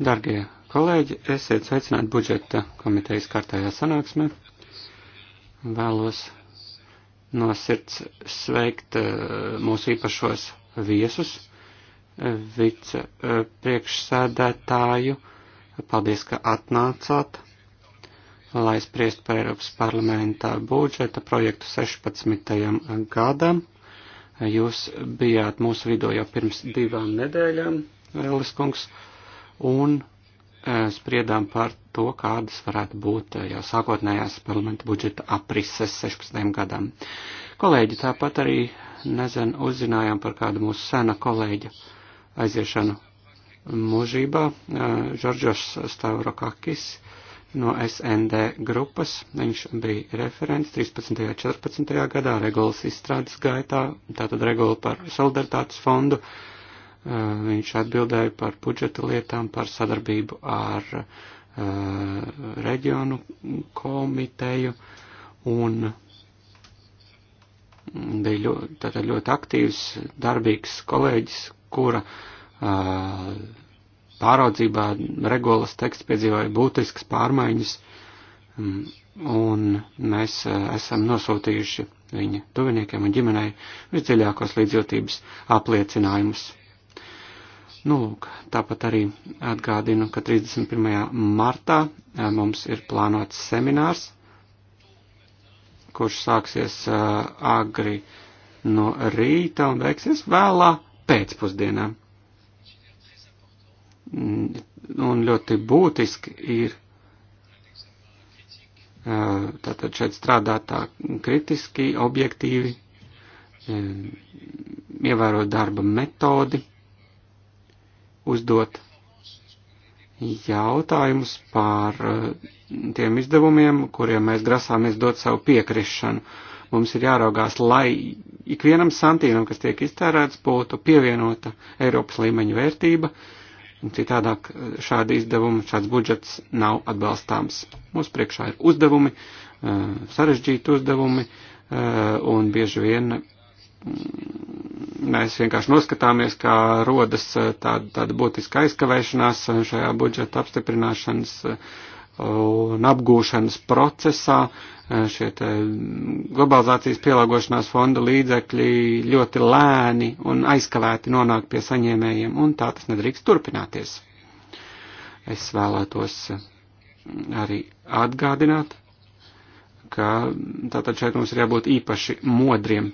Dargie kolēģi, esiet sveicināti budžeta komitejas kārtējā sanāksmē. Vēlos no sirds sveikt eh, mūsu īpašos viesus, eh, vice priekšsēdētāju. Paldies, ka atnācāt, lai spriest par Eiropas parlamentā budžeta projektu 16. gadam. Jūs bijāt mūsu vidū jau pirms divām nedēļām. Vēlis kungs, un e, spriedām par to, kādas varētu būt e, jau sākotnējās parlamenta budžeta aprises 16 gadam. Kolēģi, tāpat arī nesen uzzinājām par kādu mūsu sena kolēģa aiziešanu mūžībā, e, Žoržos Stavrokakis no SND grupas. Viņš bija referents 13. un 14. gadā regulas izstrādes gaitā, tātad regula par solidaritātes fondu. Uh, Eh, viņš atbildēja par budžeta lietām, par sadarbību ar eh, reģionu komiteju un bija ļoti, tātad ļoti aktīvs, darbīgs kolēģis, kura eh, pāraudzībā regulas teksts piedzīvoja būtiskas pārmaiņas, mm, un mēs esam nosūtījuši viņa tuviniekiem un ģimenei visdziļākos līdzjūtības apliecinājumus. Nu, lūk, tāpat arī atgādinu, ka 31. martā eh, mums ir plānots seminārs, kurš sāksies eh, agri no rīta un beigsies vēlā pēcpusdienā. Mm, un ļoti būtiski ir eh, tātad šeit strādāt tā kritiski, objektīvi, ievērot darba metodi uzdot jautājumus par eh, tiem izdevumiem, kuriem mēs grasāmies dot savu piekrišanu. Mums ir jāraugās, lai ikvienam santīnam, kas tiek iztērēts, būtu pievienota Eiropas līmeņa vērtība, citādāk eh, šādi izdevumi, šāds budžets nav atbalstāms. Mums priekšā ir uzdevumi, eh, sarežģīti uzdevumi, un bieži vien mēs vienkārši noskatāmies, kā rodas eh, tāda, tāda būtiska aizkavēšanās eh, šajā budžeta apstiprināšanas eh, un apgūšanas procesā. Šie mm, globalizācijas pielāgošanās fonda līdzekļi ļoti lēni un aizkavēti nonāk pie saņēmējiem, un tā tas nedrīkst turpināties. Es vēlētos arī atgādināt, ka tātad šeit mums ir jābūt īpaši modriem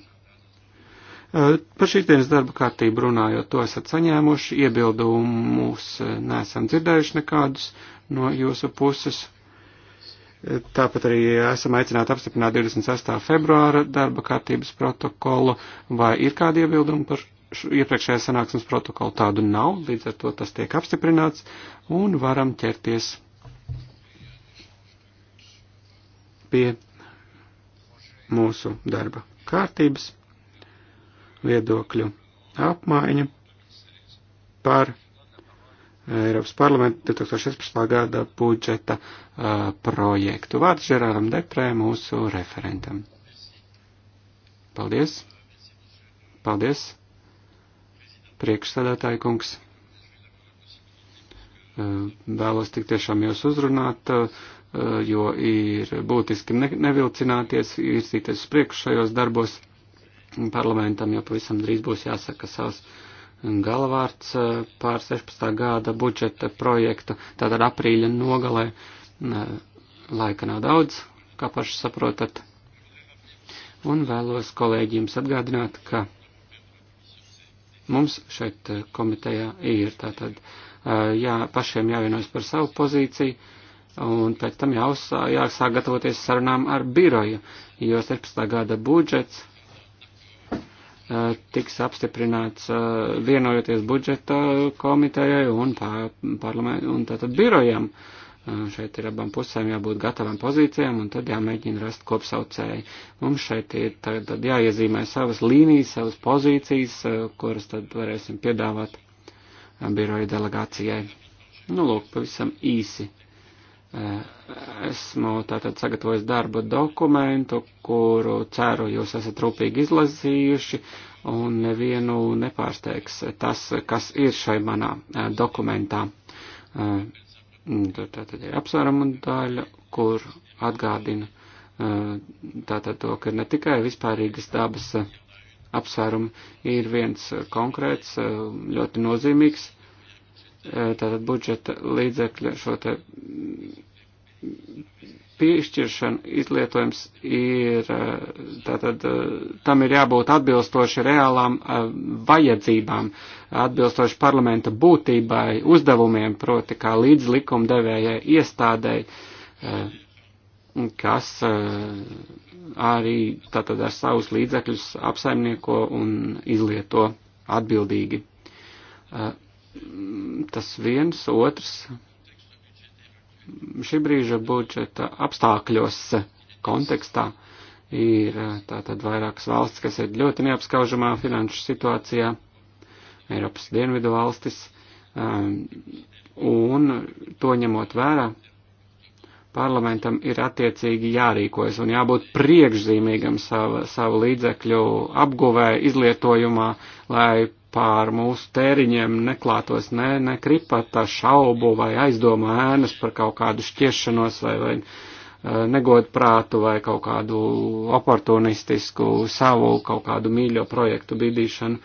Eh, par šīs dienas darba kārtību runājot, to esat saņēmuši, iebildumus eh, nesam dzirdējuši nekādus no jūsu puses. Eh, tāpat arī esam aicināti apstiprināt 28. februāra darba kārtības protokolu, vai ir kādi iebildumi par iepriekšējā sanāksmes protokolu tādu nav, līdz ar to tas tiek apstiprināts un varam ķerties pie mūsu darba kārtības viedokļu apmaiņu par eh, Eiropas parlamenta 2016. gada budžeta uh, projektu. Vārds Žerāram Deprē, mūsu referentam. Paldies! Paldies! Priekšsēdētāji kungs! Eh, vēlos tik tiešām jūs uzrunāt, jo ir būtiski nevilcināties, virzīties uz priekšu šajos darbos. Parlamentam jau pavisam drīz būs jāsaka savs galvārds eh, pār 16. gada budžeta projektu, tātad aprīļa nogalē. Eh, laika nav daudz, kā paši saprotat. Un vēlos kolēģiem atgādināt, ka mums šeit eh, komitejā ir tātad jā, pašiem jāvienojas par savu pozīciju un pēc tam jāuzsā, jāsāk gatavoties sarunām ar biroju, jo 17. gada budžets Eh, tiks apstiprināts eh, vienojoties budžeta komitejai un, pār, un tātad birojam. Eh, šeit ir abām pusēm jābūt gatavam pozīcijām un tad jāmēģina rast kopsaucēji. Mums šeit ir tad jāiezīmē savas līnijas, savas pozīcijas, kuras tad varēsim piedāvāt biroja delegācijai. Nu, lūk, pavisam īsi Eh, esmu tātad sagatavojis darba dokumentu, kuru ceru jūs esat rūpīgi izlasījuši, un nevienu nepārsteigs tas, kas ir šai manā eh, dokumentā. Eh, tātad ir apsvērama daļa, kur atgādina tātad to, ka ne tikai vispārīgas dabas apsvērumi ir viens konkrēts, ļoti nozīmīgs E, tātad budžeta līdzekļa šo te piešķiršana, izlietojums ir, e, tātad e, tam ir jābūt atbilstoši reālām vajadzībām, atbilstoši parlamenta būtībai, uzdevumiem, proti kā līdz likumdevējai iestādēji, kas arī tātad ar savus līdzekļus apsaimnieko un izlieto atbildīgi tas viens, otrs šī brīža budžeta apstākļos kontekstā ir eh, tātad vairākas valsts, kas ir ļoti neapskaužamā finanšu situācijā, Eiropas dienvidu valstis, ehm, un to ņemot vērā, parlamentam ir attiecīgi jārīkojas un jābūt priekšzīmīgam savu, savu līdzekļu apguvē, izlietojumā, lai pār mūsu tēriņiem neklātos ne, ne kripata šaubu vai aizdomā ēnas par kaut kādu šķiešanos vai, vai e, negodprātu vai kaut kādu oportunistisku savu kaut kādu mīļo projektu bidīšanu.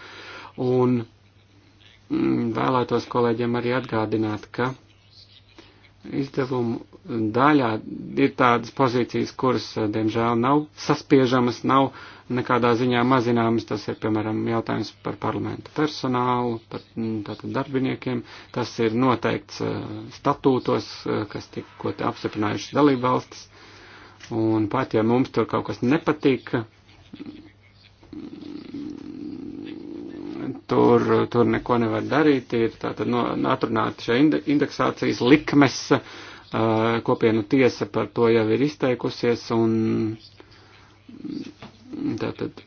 Un mm, vēlētos kolēģiem arī atgādināt, ka izdevumu daļā ir tādas pozīcijas, kuras, eh, diemžēl, nav saspiežamas, nav nekādā ziņā mazināmas. Tas ir, piemēram, jautājums par parlamentu personālu, par mm, tātad darbiniekiem. Tas ir noteikts eh, statūtos, eh, kas tikko te apstiprinājuši dalību valstis. Un pat, ja mums tur kaut kas nepatīk, mm, tur, tur neko nevar darīt, ir tātad no, atrunāti šie indeksācijas likmes, uh, Eh, kopienu tiesa par to jau ir izteikusies un tātad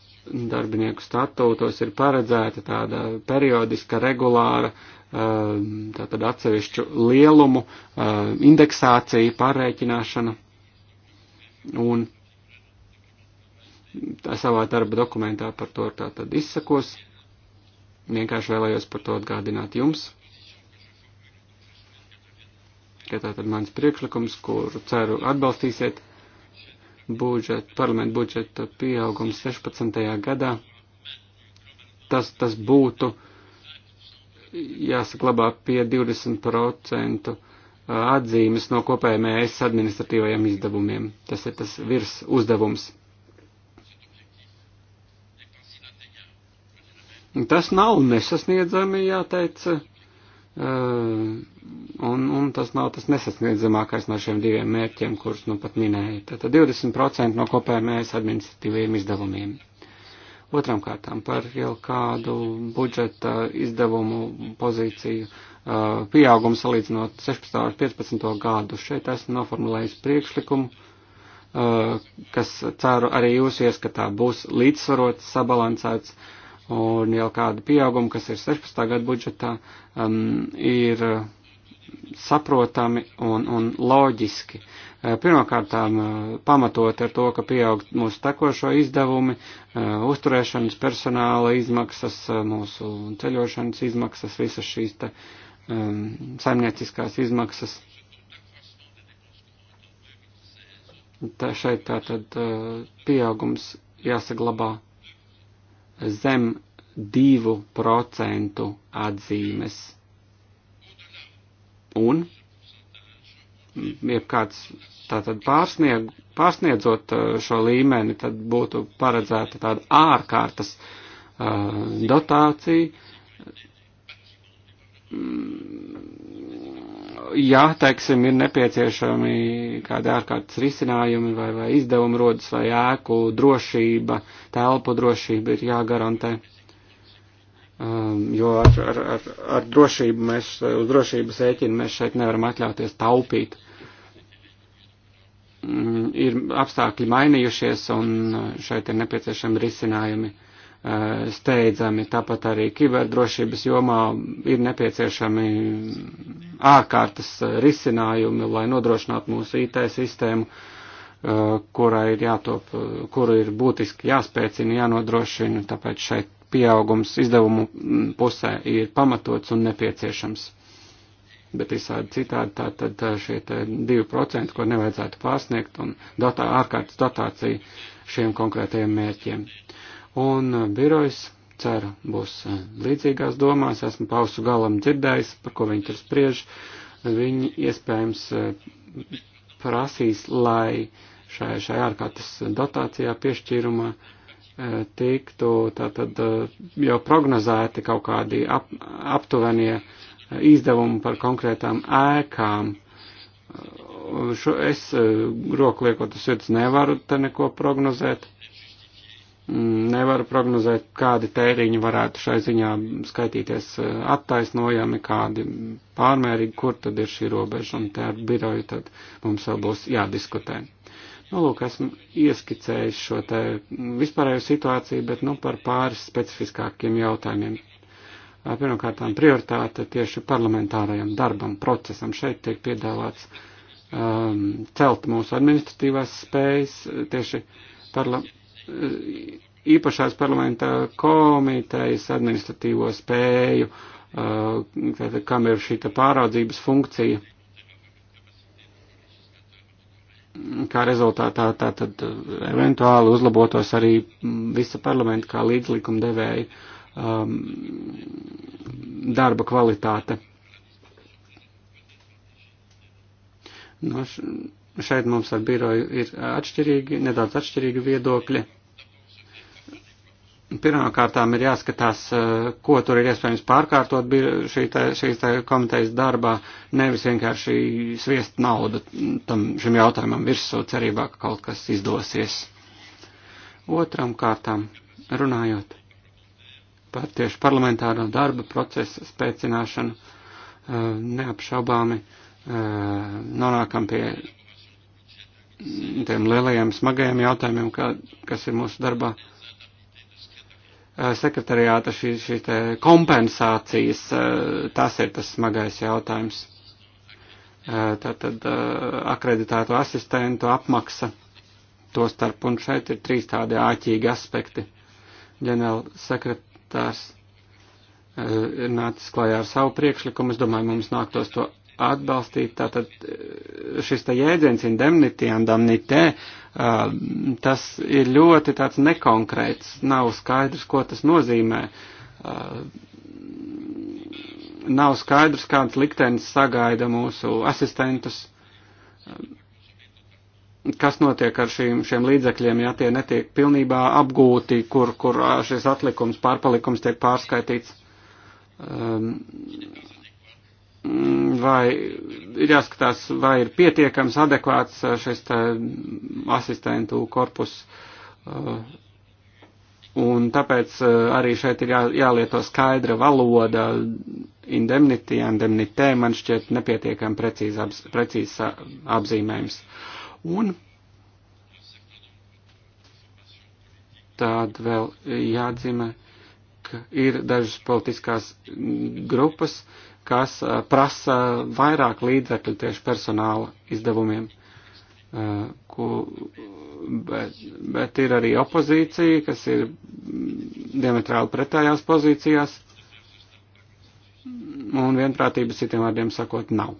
darbinieku statūtos ir paredzēta tāda periodiska, regulāra, eh, tātad atsevišķu lielumu eh, indeksācija, pārreikināšana un tā savā darba dokumentā par to tātad izsakos. Vienkārši vēlējos par to atgādināt jums tikai tātad mans priekšlikums, kuru ceru atbalstīsiet, budžet, parlamentu budžeta pieaugums 16. gadā. Tas, tas būtu jāsaklabā pie 20% atzīmes no kopējiem ES administratīvajiem izdevumiem. Tas ir tas virs uzdevums. Tas nav nesasniedzami, jāteica Ehm, un, un tas nav tas nesasniedzamākais no šiem diviem mērķiem, kurus nu pat minēju. Tātad 20% no kopējumēs administratīviem izdevumiem. Otram kārtām par jau kādu budžeta izdevumu pozīciju ehm, pieaugumu salīdzinot 16. ar 15. gadu. Šeit esmu noformulējis priekšlikumu, ehm, kas ceru arī jūsu ieskatā būs līdzsvarots, sabalansēts un jau kādu pieaugumu, kas ir 16. gadu budžetā, um, ir saprotami un, un loģiski. Uh, pirmkārtām uh, pamatot ar to, ka pieaug mūsu tekošo izdevumi, uh, uzturēšanas personāla izmaksas, mūsu ceļošanas izmaksas, visas šīs te um, saimnieciskās izmaksas. Tā šeit tātad pieaugums jāsaglabā zem 2% atzīmes. Un, ja kāds tātad pārsnieg, pārsniedzot uh, šo līmeni, tad būtu paredzēta tāda ārkārtas uh, dotācija. Mm, ja, teiksim, ir nepieciešami kādi ārkārtas risinājumi vai, vai izdevumi rodas vai ēku drošība, telpu drošība ir jāgarantē. Um, jo ar, ar, ar, ar drošību mēs, uz drošības ēķinu mēs šeit nevaram atļauties taupīt. Um, ir apstākļi mainījušies un šeit ir nepieciešami risinājumi. Uh, Eh, steidzami, tāpat arī kiberdrošības jomā ir nepieciešami ārkārtas eh, risinājumi, lai nodrošinātu mūsu IT sistēmu, eh, kurai ir jātop, kuru ir būtiski jāspēcina, jānodrošina, tāpēc šeit pieaugums izdevumu mm, pusē ir pamatots un nepieciešams. Bet visādi citādi tā tad šie 2%, ko nevajadzētu pārsniegt, un dotā, ārkārtas dotācija šiem konkrētajiem mērķiem. Uh, un uh, birojs ceru būs uh, līdzīgās domās, esmu pausu galam dzirdējis, par ko viņi tur spriež, viņi iespējams uh, prasīs, lai šai, šai ārkārtas dotācijā piešķīrumā tiktu tātad jau prognozēti kaut kādi ap, aptuvenie izdevumi par konkrētām ēkām. Šo es roku liekot uz sirds nevaru te neko prognozēt, Nevaru prognozēt, kādi tēriņi varētu šai ziņā skaitīties eh, attaisnojami, kādi pārmērīgi, kur tad ir šī robeža, un te ar biroju tad mums vēl būs jādiskutē. Nu, lūk, esmu ieskicējis šo te vispārējo situāciju, bet, nu, par pāris specifiskākiem jautājumiem. Pirmkārt, prioritāte tieši parlamentārajam darbam, procesam. Šeit tiek piedāvāts um, celt mūsu administratīvās spējas tieši parla Eh, īpašās parlamenta komitejas administratīvo spēju, eh, tātad, kam ir šī pāraudzības funkcija. Kā rezultātā tātad eh, eventuāli uzlabotos arī mm, visa parlamenta kā līdzlikuma devēja um, ehm, darba kvalitāte. No š... Šeit mums ar biroju ir atšķirīgi, nedaudz atšķirīgi viedokļi. Pirmkārtām ir jāskatās, eh, ko tur ir iespējams pārkārtot šī te, šīs te komitejas darbā, nevis vienkārši sviest naudu tam, šim jautājumam virsū cerībā, ka kaut kas izdosies. Otram kārtām runājot par tieši parlamentāro darba procesa spēcināšanu, eh, neapšaubāmi eh, nonākam pie tiem lielajiem smagajiem jautājumiem, kā, kas ir mūsu darbā eh, sekretariāta šī, šī te kompensācijas, eh, tas ir tas smagais jautājums. Eh, Tātad akreditēto asistentu apmaksa to starp, un šeit ir trīs tādi āķīgi aspekti. Ģenerāla sekretārs ir nācis klajā ar savu priekšlikumu, es domāju, mums nāktos to atbalstīt tātad eh, šis te jēdziens indemnitī, indemnitē, eh, tas ir ļoti tāds nekonkrēts, nav skaidrs, ko tas nozīmē. Eh, nav skaidrs, kāds liktenis sagaida mūsu asistentus, kas notiek ar šīm, šiem līdzekļiem, ja tie netiek pilnībā apgūti, kur, kur šis atlikums, pārpalikums tiek pārskaitīts. Um, Mm, vai ir jāskatās, vai ir pietiekams, adekvāts eh, šis eh, asistentu korpus. Eh, un tāpēc arī šeit ir jā, jālieto skaidra valoda, indemnitī, indemnitē man šķiet nepietiekami precīzi, apz, precīzi apzīmējums. Un tad vēl jāatzīmē, ka ir dažas politiskās mm, grupas, uh, kas eh, prasa vairāk līdzekļu tieši personāla izdevumiem. Eh, ku, bet, bet ir arī opozīcija, kas ir diametrāli pretējās pozīcijās, un vienprātības citiem vārdiem sakot nav.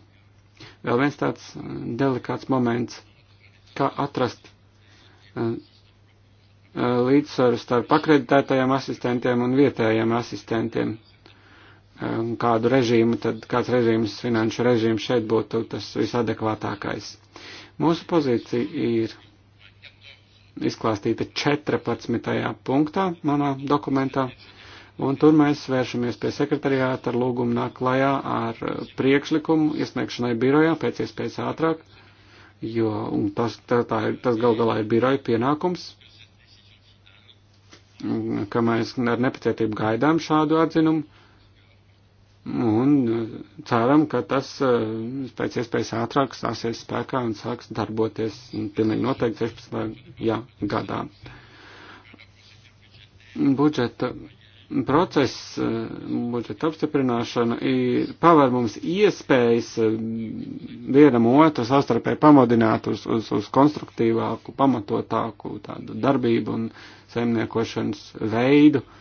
Vēl viens tāds eh, delikāts moments, kā atrast līdzsvaru starp akreditētajiem asistentiem un vietējiem asistentiem kādu režīmu, tad kāds režīms, finanšu režīms šeit būtu tas visadekvātākais. Mūsu pozīcija ir izklāstīta 14. punktā manā dokumentā, un tur mēs vēršamies pie sekretariāta ar lūgumu nāk klajā ar priekšlikumu iesniegšanai birojā pēc iespējas ātrāk, jo tas, tā, tā, tas gal galā ir biroja pienākums, ka mēs ar nepacietību gaidām šādu atzinumu un eh, ceram, ka tas eh, pēc iespējas ātrāk stāsies spēkā un sāks darboties pilnīgi noteikti 16. gadā. Budžeta process, eh, budžeta apstiprināšana ir pavēr mums iespējas vienam otru sastarpēji pamodināt uz, uz, uz konstruktīvāku, pamatotāku tādu darbību un saimniekošanas veidu. Uh,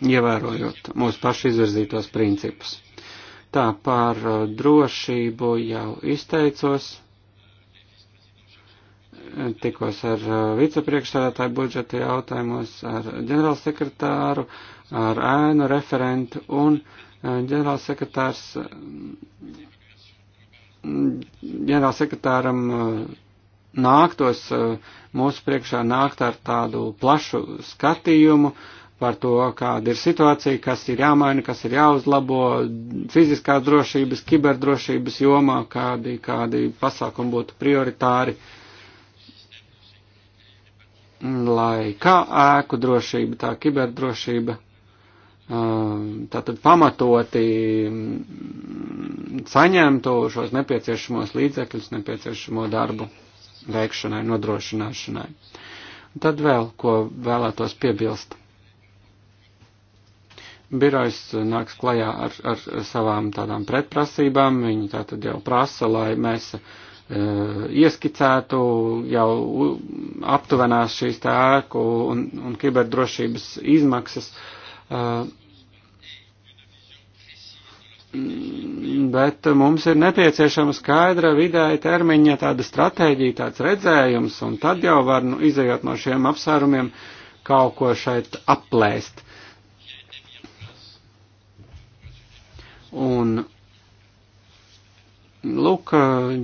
ievērojot mūsu pašu izvirzītos principus. Tā par uh, drošību jau izteicos, tikos ar uh, vicepriekšsēdētāju budžeta jautājumos, ar ģenerālsekretāru, ar ēnu referentu un uh, ģenerālsekretārs. Mm, ģenerālsekretāram nāktos mūsu priekšā nākt ar tādu plašu skatījumu, uh, par to, kāda ir situācija, kas ir jāmaina, kas ir jāuzlabo fiziskās drošības, kiberdrošības jomā, kādi, kādi pasākumi būtu prioritāri, lai kā ēku drošība, tā kiberdrošība, um, tātad pamatoti mm, saņemtu šos nepieciešamos līdzekļus, nepieciešamo darbu veikšanai, nodrošināšanai. Tad vēl, ko vēlētos piebilst Birojs nāks klajā ar, ar savām tādām pretprasībām. Viņi tātad jau prasa, lai mēs e, ieskicētu jau aptuvenās šīs tēku un, un kiberdrošības izmaksas. E, bet mums ir nepieciešama skaidra vidēja termiņa tāda stratēģija, tāds redzējums, un tad jau var nu, izējot no šiem apsvērumiem kaut ko šeit aplēst. Un Lūk,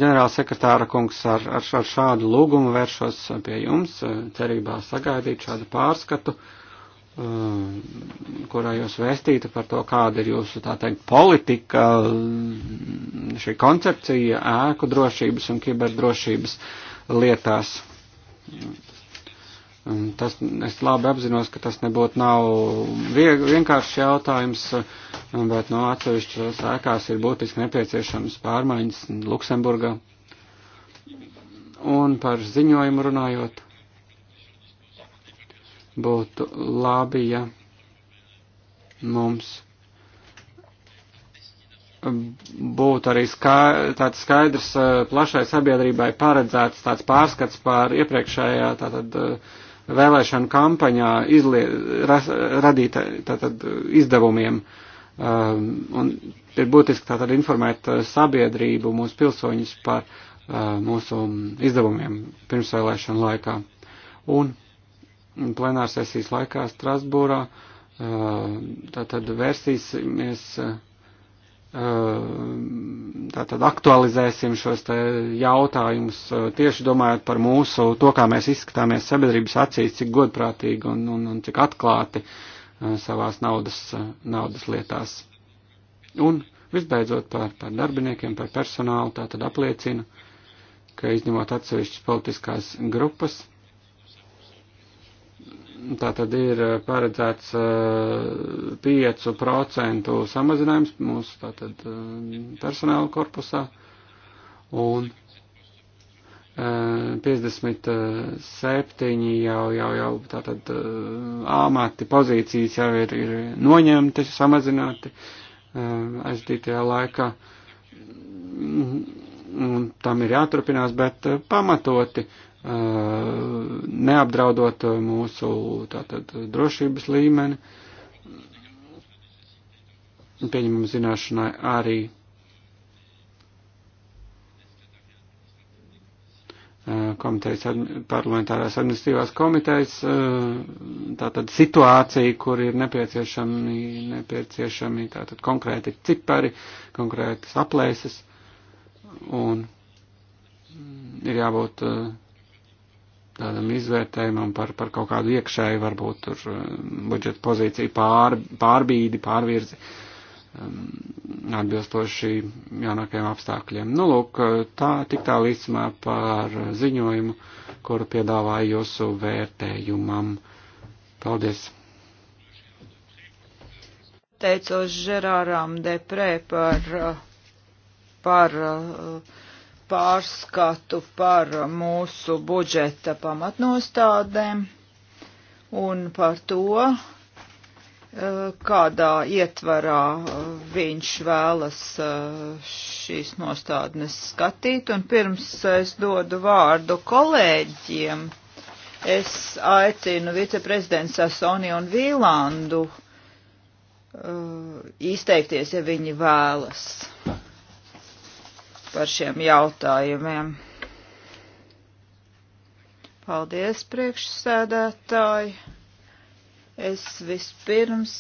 ģenerāla sekretāra kungs ar, ar, ar šādu lūgumu vēršos pie jums, cerībā sagaidīt šādu pārskatu, um, kurā jūs vēstītu par to, kāda ir jūsu, tā teikt, politika, šī koncepcija ēku drošības un kiberdrošības lietās. Tas, es labi apzinos, ka tas nebūtu nav vieg, vienkāršs jautājums, bet no nu, atsevišķas ēkās ir būtiski nepieciešams pārmaiņas Luksemburgā. Un par ziņojumu runājot, būtu labi, ja mums būtu arī skai, tāds skaidrs eh, plašai sabiedrībai paredzēts tāds pārskats par iepriekšējā tātad. Uh, vēlēšanu kampaņā izlie, ra, radīta tātad izdevumiem. Um, un ir būtiski tātad informēt uh, sabiedrību, mūsu pilsoņus par uh, mūsu izdevumiem pirmsvēlēšanu laikā. Un plenārsesijas laikā Strasbūrā uh, tātad vērsīsimies. Uh, Ehm, tātad aktualizēsim šos te jautājumus eh, tieši domājot par mūsu, to, kā mēs izskatāmies sabiedrības acīs, cik godprātīgi un, un, un cik atklāti eh, savās naudas, eh, naudas lietās. Un visbeidzot par, par darbiniekiem, par personālu, tātad apliecina, ka izņemot atsevišķas politiskās grupas, Tā tad ir eh, paredzēts 5% eh, samazinājums mūsu tātad eh, personāla korpusā un 57 jau, jau, jau tātad āmati pozīcijas jau ir, ir noņemti, samazināti aizdītajā laikā. Mm, un tam ir jāturpinās, bet pamatoti. Uh, Uh, neapdraudot uh, mūsu tātad, drošības līmeni. Pieņemam zināšanai arī uh, komitejas, parlamentārās administratīvās komitejas, tātad situācija, kur ir nepieciešami, nepieciešami tātad konkrēti cipari, konkrētas aplēses, un ir jābūt uh, tādam izvērtējumam par, par kaut kādu iekšēju, varbūt tur eh, budžeta pozīciju pār, pārbīdi, pārvirzi um, atbilstoši jaunākajiem apstākļiem. Nu, lūk, tā tik tā līdzsumā par ziņojumu, kuru piedāvāju jūsu vērtējumam. Paldies! Teicos Žerāram Deprē par, par uh, pārskatu par mūsu budžeta pamatnostādēm un par to, kādā ietvarā viņš vēlas eh, šīs nostādnes skatīt. Un pirms es dodu vārdu kolēģiem, es aicinu viceprezidents Sasoni un Vīlandu eh, izteikties, ja viņi vēlas par šiem jautājumiem. Paldies, priekšsēdētāji. Es vispirms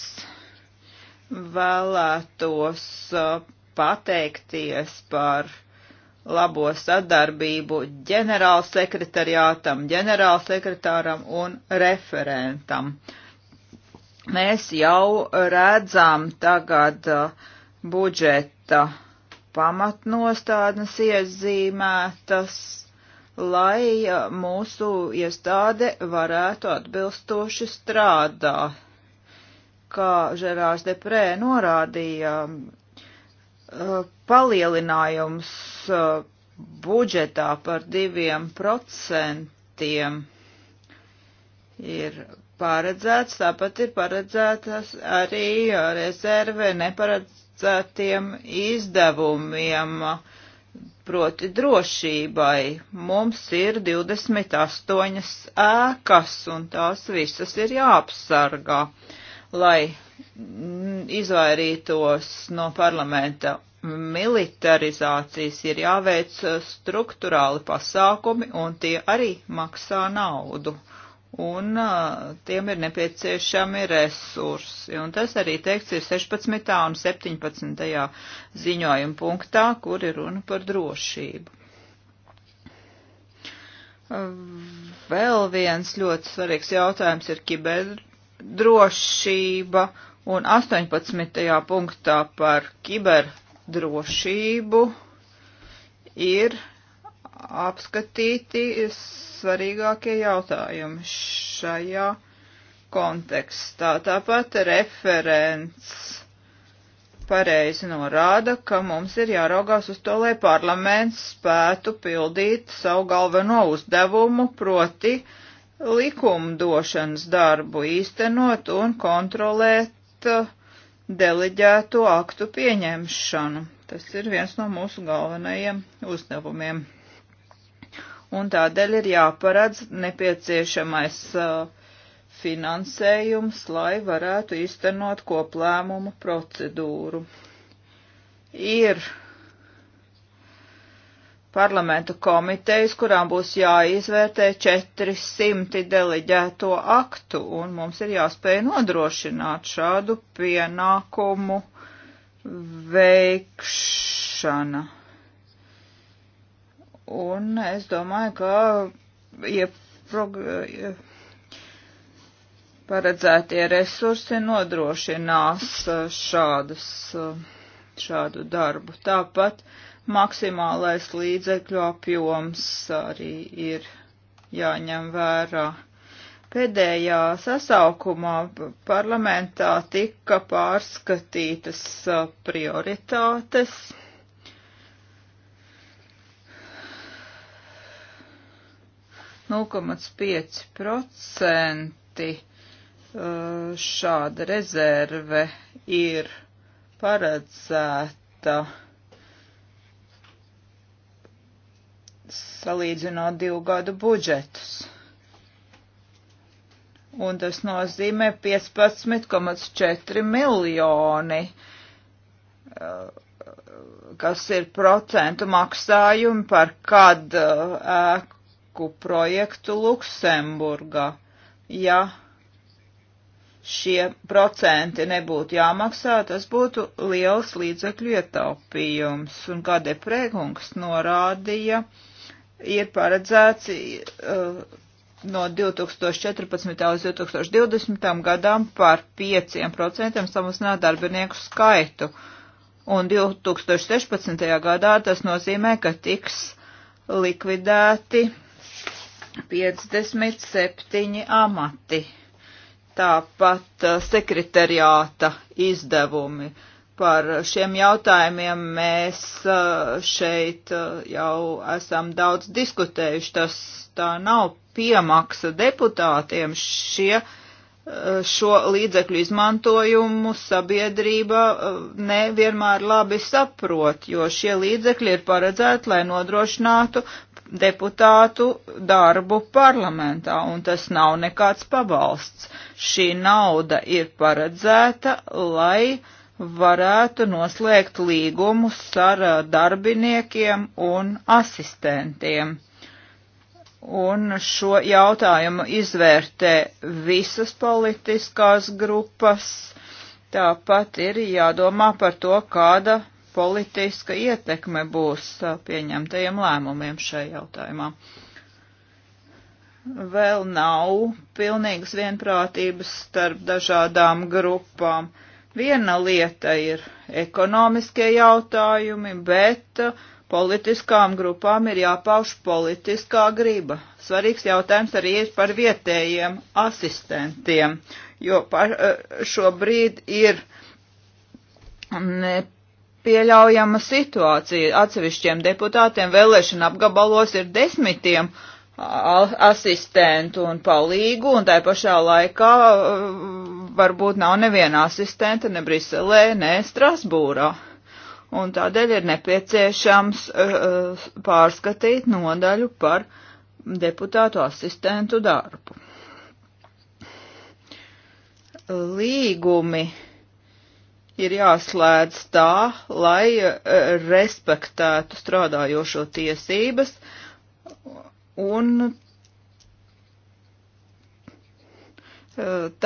vēlētos uh, pateikties par labo sadarbību ģenerālsekretariātam, ģenerālsekretāram un referentam. Mēs jau redzam tagad uh, budžeta pamatnostādnes iezīmētas, lai uh, mūsu iestāde varētu atbilstoši strādāt. Kā Žerārs Deprē norādīja, uh, palielinājums uh, budžetā par diviem procentiem ir paredzēts, tāpat ir paredzētas arī rezerve neparedz paredzētiem izdevumiem, proti drošībai. Mums ir 28 ēkas, un tās visas ir jāapsargā, lai izvairītos no parlamenta militarizācijas, ir jāveic struktūrāli pasākumi, un tie arī maksā naudu un tiem ir nepieciešami resursi. Un tas arī teikts ir 16. un 17. ziņojuma punktā, kur ir runa par drošību. Vēl viens ļoti svarīgs jautājums ir kiberdrošība un 18. punktā par kiberdrošību ir apskatīti svarīgākie jautājumi šajā kontekstā. Tāpat referents pareizi norāda, ka mums ir jāraugās uz to, lai parlaments spētu pildīt savu galveno uzdevumu, proti likumdošanas darbu īstenot un kontrolēt uh, deleģēto aktu pieņemšanu. Tas ir viens no mūsu galvenajiem uzdevumiem un tādēļ ir jāparedz nepieciešamais uh, finansējums, lai varētu iztenot koplēmumu procedūru. Ir parlamenta komitejas, kurām būs jāizvērtē 400 deleģēto aktu, un mums ir jāspēj nodrošināt šādu pienākumu veikšana. Un es domāju, ka ieprog... paredzētie resursi nodrošinās uh, šādas, uh, šādu darbu. Tāpat maksimālais līdzekļu apjoms arī ir jāņem vērā. Pēdējā sasaukumā parlamentā tika pārskatītas uh, prioritātes 0,5% uh, šāda rezerve ir paredzēta salīdzinot divu gadu budžetus. Un tas nozīmē 15,4 miljoni, uh, kas ir procentu maksājumi par kad uh, ēku banku projektu Luksemburgā. Ja šie procenti nebūtu jāmaksā, tas būtu liels līdzekļu ietaupījums. Un kā deprēkungs norādīja, ir paredzēts uh, no 2014. līdz 2020. gadam par 5% samazināt darbinieku skaitu. Un 2016. gadā tas nozīmē, ka tiks likvidēti 57 amati, tāpat eh, sekretariāta izdevumi. Par šiem jautājumiem mēs eh, šeit eh, jau esam daudz diskutējuši. Tas tā nav piemaksa deputātiem. Šie, šo līdzekļu izmantojumu sabiedrība nevienmēr labi saprot, jo šie līdzekļi ir paredzēti, lai nodrošinātu deputātu darbu parlamentā, un tas nav nekāds pabalsts. Šī nauda ir paredzēta, lai varētu noslēgt līgumus ar darbiniekiem un asistentiem. Un šo jautājumu izvērtē visas politiskās grupas. Tāpat ir jādomā par to, kāda politiska ietekme būs uh, pieņemtajiem lēmumiem šajā jautājumā. Vēl nav pilnīgas vienprātības starp dažādām grupām. Viena lieta ir ekonomiskie jautājumi, bet uh, politiskām grupām ir jāpauž politiskā griba. Svarīgs jautājums arī ir par vietējiem asistentiem, jo par, uh, šobrīd ir ne, nepieļaujama situācija. Atsevišķiem deputātiem vēlēšana apgabalos ir desmitiem asistentu un palīgu, un tai pašā laikā varbūt nav neviena asistenta ne Briselē, ne Strasbūrā. Un tādēļ ir nepieciešams uh, pārskatīt nodaļu par deputātu asistentu darbu. Līgumi uh, ir jāslēdz tā, lai e, respektētu strādājošo tiesības un e,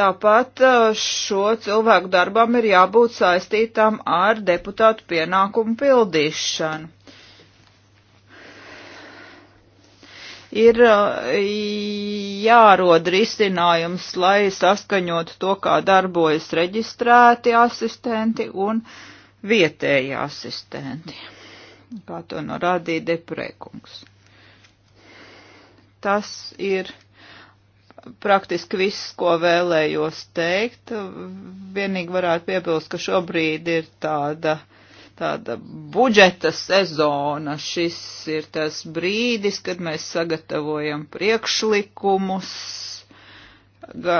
Tāpat e, šo cilvēku darbam ir jābūt saistītam ar deputātu pienākumu pildīšanu. ir jārod risinājums, lai saskaņotu to, kā darbojas reģistrēti asistenti un vietēji asistenti, kā to norādīja deprēkungs. Tas ir praktiski viss, ko vēlējos teikt. Vienīgi varētu piebilst, ka šobrīd ir tāda uh, tāda budžeta sezona. Šis ir tas brīdis, kad mēs sagatavojam priekšlikumus, ga,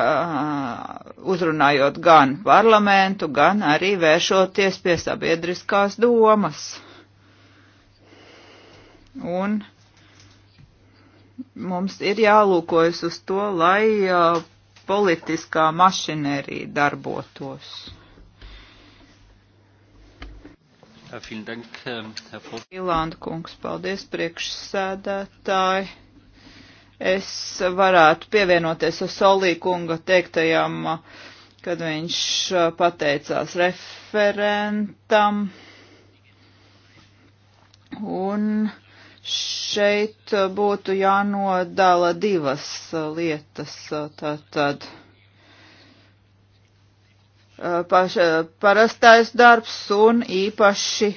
uzrunājot gan parlamentu, gan arī vēršoties pie sabiedriskās domas. Un mums ir jālūkojas uz to, lai uh, politiskā mašinērija darbotos. Ähm, Ilanda kungs, paldies priekšsēdētāji. Es varētu pievienoties Solī kunga teiktajam, kad viņš uh, pateicās referentam. Un šeit uh, būtu jānodala divas uh, lietas. Tātad. Tā paša, eh, parastais darbs un īpaši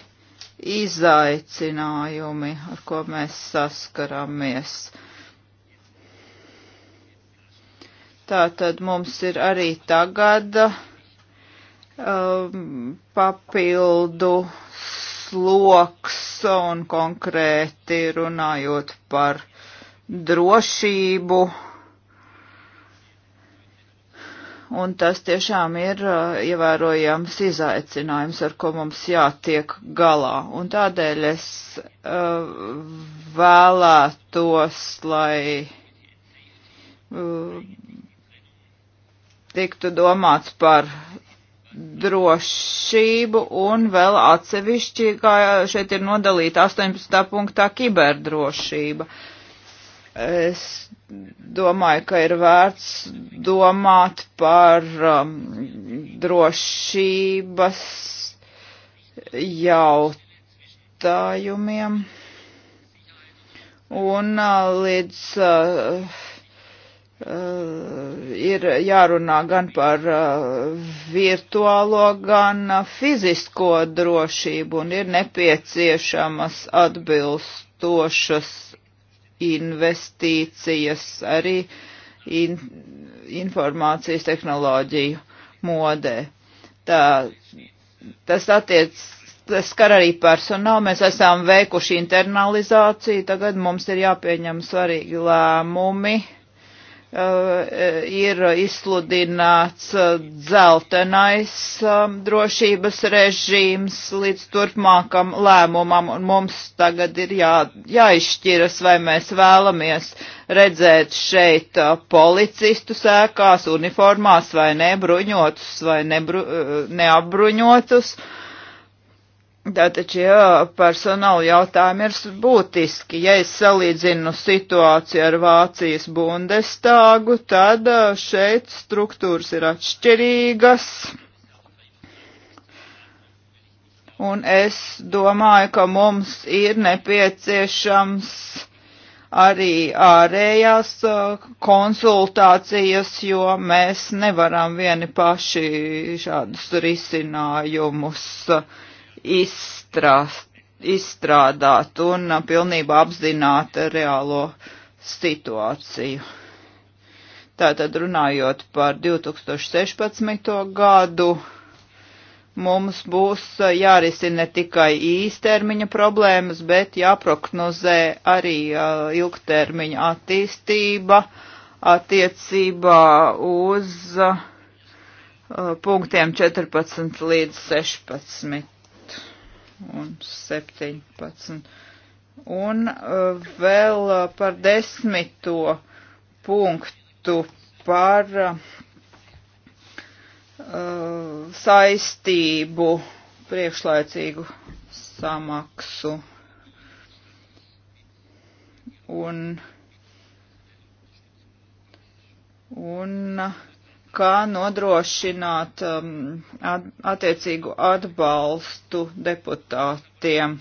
izaicinājumi, ar ko mēs saskaramies. Tā tad mums ir arī tagad um, papildu sloks un konkrēti runājot par drošību un tas tiešām ir uh, ievērojams izaicinājums, ar ko mums jātiek galā. Un tādēļ es uh, vēlētos, lai uh, tiktu domāts par drošību un vēl atsevišķi, kā šeit ir nodalīta 18. punktā, kiberdrošība. Uh, Es domāju, ka ir vērts domāt par um, drošības jautājumiem. Un uh, līdz uh, Uh, ir jārunā gan par uh, virtuālo, gan uh, fizisko drošību un ir nepieciešamas atbilstošas investīcijas arī in, informācijas tehnoloģiju modē. Tā, tas attiec, tas skar arī personālu, mēs esam veikuši internalizāciju, tagad mums ir jāpieņem svarīgi lēmumi Eh, ir izsludināts eh, dzeltenais eh, drošības režīms līdz turpmākam lēmumam, un mums tagad ir jā, jāizšķiras, vai mēs vēlamies redzēt šeit policistus ēkās, uniformās vai nebruņotus vai nebru, neapbruņotus. Uh, Tātad šie personāla jautājumi ir būtiski. Ja es salīdzinu situāciju ar Vācijas bundestāgu, tad šeit struktūras ir atšķirīgas. Un es domāju, ka mums ir nepieciešams arī ārējās konsultācijas, jo mēs nevaram vieni paši šādus risinājumus uh, izstrast, izstrādāt un uh, pilnībā apzināt uh, reālo situāciju. Tātad runājot par 2016. gadu, mums būs uh, jārisina ne tikai īstermiņa problēmas, bet jāprognozē arī ilgtermiņa attīstība attiecībā uz punktiem 14 līdz 16 un 17. Un uh, vēl uh, par desmito punktu par uh, saistību priekšlaicīgu samaksu. Un, un uh, kā nodrošināt um, at, attiecīgu atbalstu deputātiem.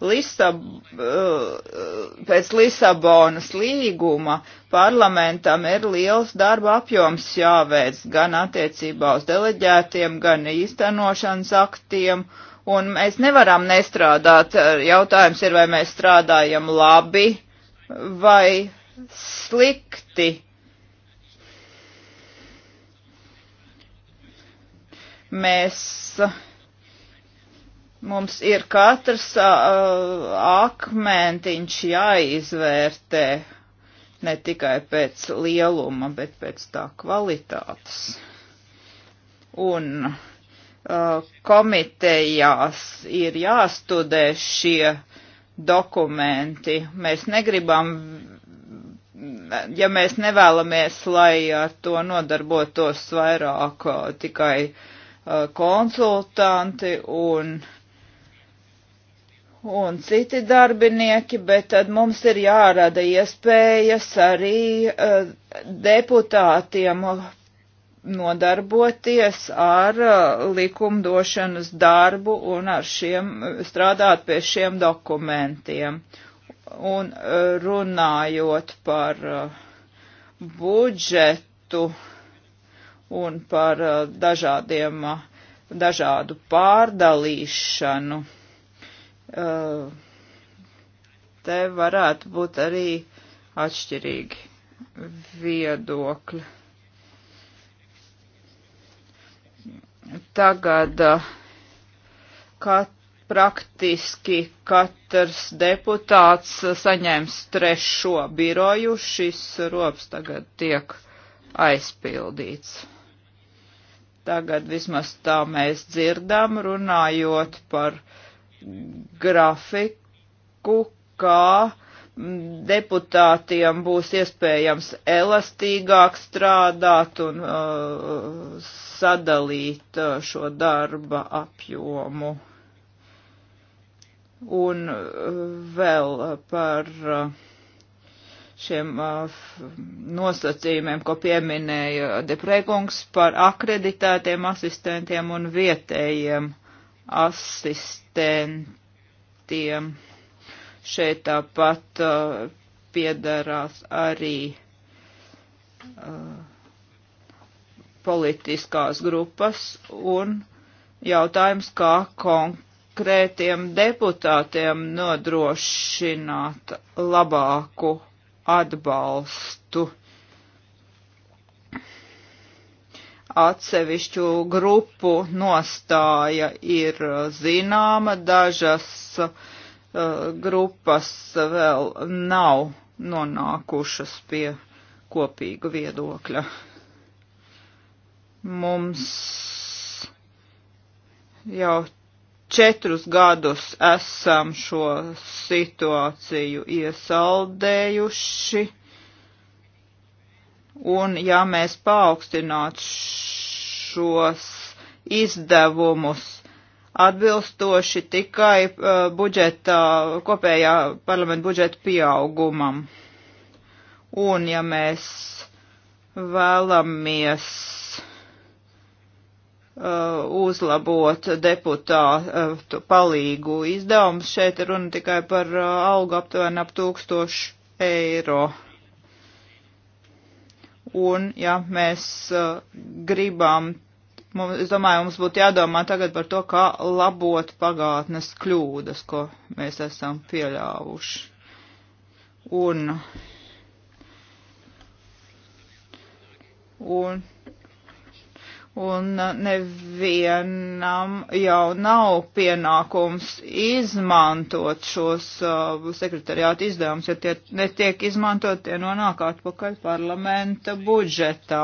Lisab, uh, pēc Lisabonas līguma parlamentam ir liels darba apjoms jāveic gan attiecībā uz deleģētiem, gan īstenošanas aktiem, un mēs nevaram nestrādāt. Jautājums ir, vai mēs strādājam labi vai slikti Mēs, mums ir katrs uh, akmentiņš jāizvērtē ne tikai pēc lieluma, bet pēc tā kvalitātes. Un uh, komitejās ir jāstudē šie dokumenti. Mēs negribam, ja mēs nevēlamies, lai ar to nodarbotos vairāk tikai uh, Uh, konsultanti un, un citi darbinieki, bet tad mums ir jārada iespējas arī uh, deputātiem nodarboties ar uh, likumdošanas darbu un ar šiem, strādāt pie šiem dokumentiem. Un runājot par budžetu, uh, un par uh, dažādiem, uh, dažādu pārdalīšanu. Uh, te varētu būt arī atšķirīgi viedokļi. Tagad kat, praktiski katrs deputāts saņems trešo biroju, šis robs tagad tiek aizpildīts. Tagad vismaz tā mēs dzirdam, runājot par grafiku, kā deputātiem būs iespējams elastīgāk strādāt un uh, sadalīt uh, šo darba apjomu. Un uh, vēl par uh, šiem uh, nosacījumiem, ko pieminēja Deprekungs par akreditētiem asistentiem un vietējiem asistentiem. Šeit tāpat uh, piedarās arī uh, politiskās grupas un jautājums, kā konkrētiem deputātiem nodrošināt labāku atbalstu atsevišķu grupu nostāja ir zināma, dažas uh, grupas vēl nav nonākušas pie kopīga viedokļa. Mums jau četrus gadus esam šo situāciju iesaldējuši. Un ja mēs paaugstinātu šos izdevumus atbilstoši tikai uh, budžeta, kopējā parlamenta budžeta pieaugumam. Un ja mēs vēlamies Uh, uzlabot deputātu palīgu izdevumus. Šeit runa tikai par uh, algu aptuveni ap tūkstošu eiro. Un, ja mēs uh, gribam, mums, es domāju, mums būtu jādomā tagad par to, kā labot pagātnes kļūdas, ko mēs esam pieļāvuši. Un, un un uh, nevienam jau nav pienākums izmantot šos uh, sekretariāta izdevumus, ja tie netiek izmantot, tie nonāk atpakaļ parlamenta budžetā.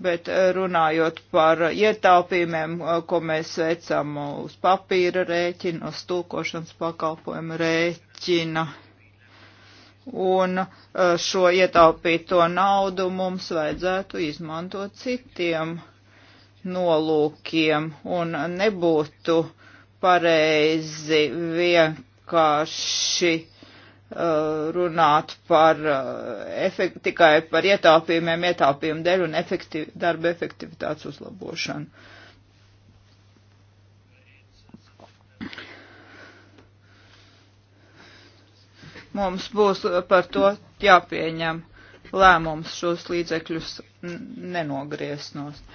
Bet uh, runājot par ietaupījumiem, uh, ko mēs veicam uz papīra rēķina, uz tulkošanas pakalpojumu rēķina, un šo ietaupīto naudu mums vajadzētu izmantot citiem uh, nolūkiem un nebūtu pareizi vienkārši uh, runāt par uh, efekt, tikai par ietaupījumiem, ietaupījumu dēļ un efektiv, darba efektivitātes uzlabošanu. Mums būs par to jāpieņem lēmums šos līdzekļus nenogriezt nost. Uh,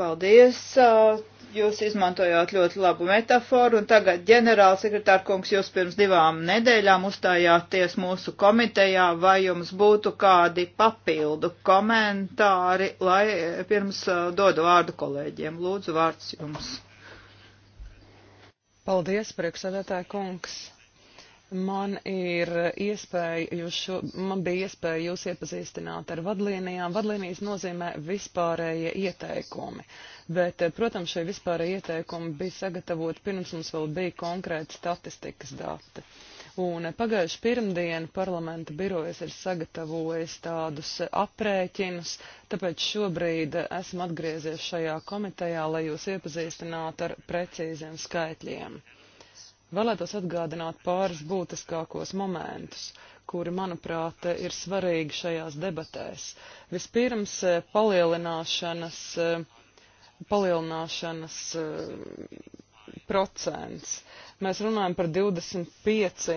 Paldies! Uh, jūs izmantojāt ļoti labu metaforu, un tagad ģenerālsekretārkungs jūs pirms divām nedēļām uzstājāties mūsu komitejā, vai jums būtu kādi papildu komentāri, lai pirms uh, dodu vārdu kolēģiem. Lūdzu, vārds jums. Paldies, priekšsēdētāja kungs. Man ir iespēja, jūs šo, man bija iespēja jūs iepazīstināt ar vadlīnijām. Vadlīnijas nozīmē vispārējie ieteikumi, bet, eh, protams, šie vispārējie ieteikumi bija sagatavoti pirms mums vēl bija konkrēti statistikas dati. Un eh, pagājuši pirmdien parlamenta birojas ir sagatavojis tādus eh, aprēķinus, tāpēc šobrīd esmu atgriezies šajā komitejā, lai jūs iepazīstinātu ar precīziem skaitļiem. Vēlētos atgādināt pāris būtiskākos momentus, kuri, manuprāt, ir svarīgi šajās debatēs. Vispirms eh, palielināšanas, eh, palielināšanas eh, procents. Mēs runājam par 25,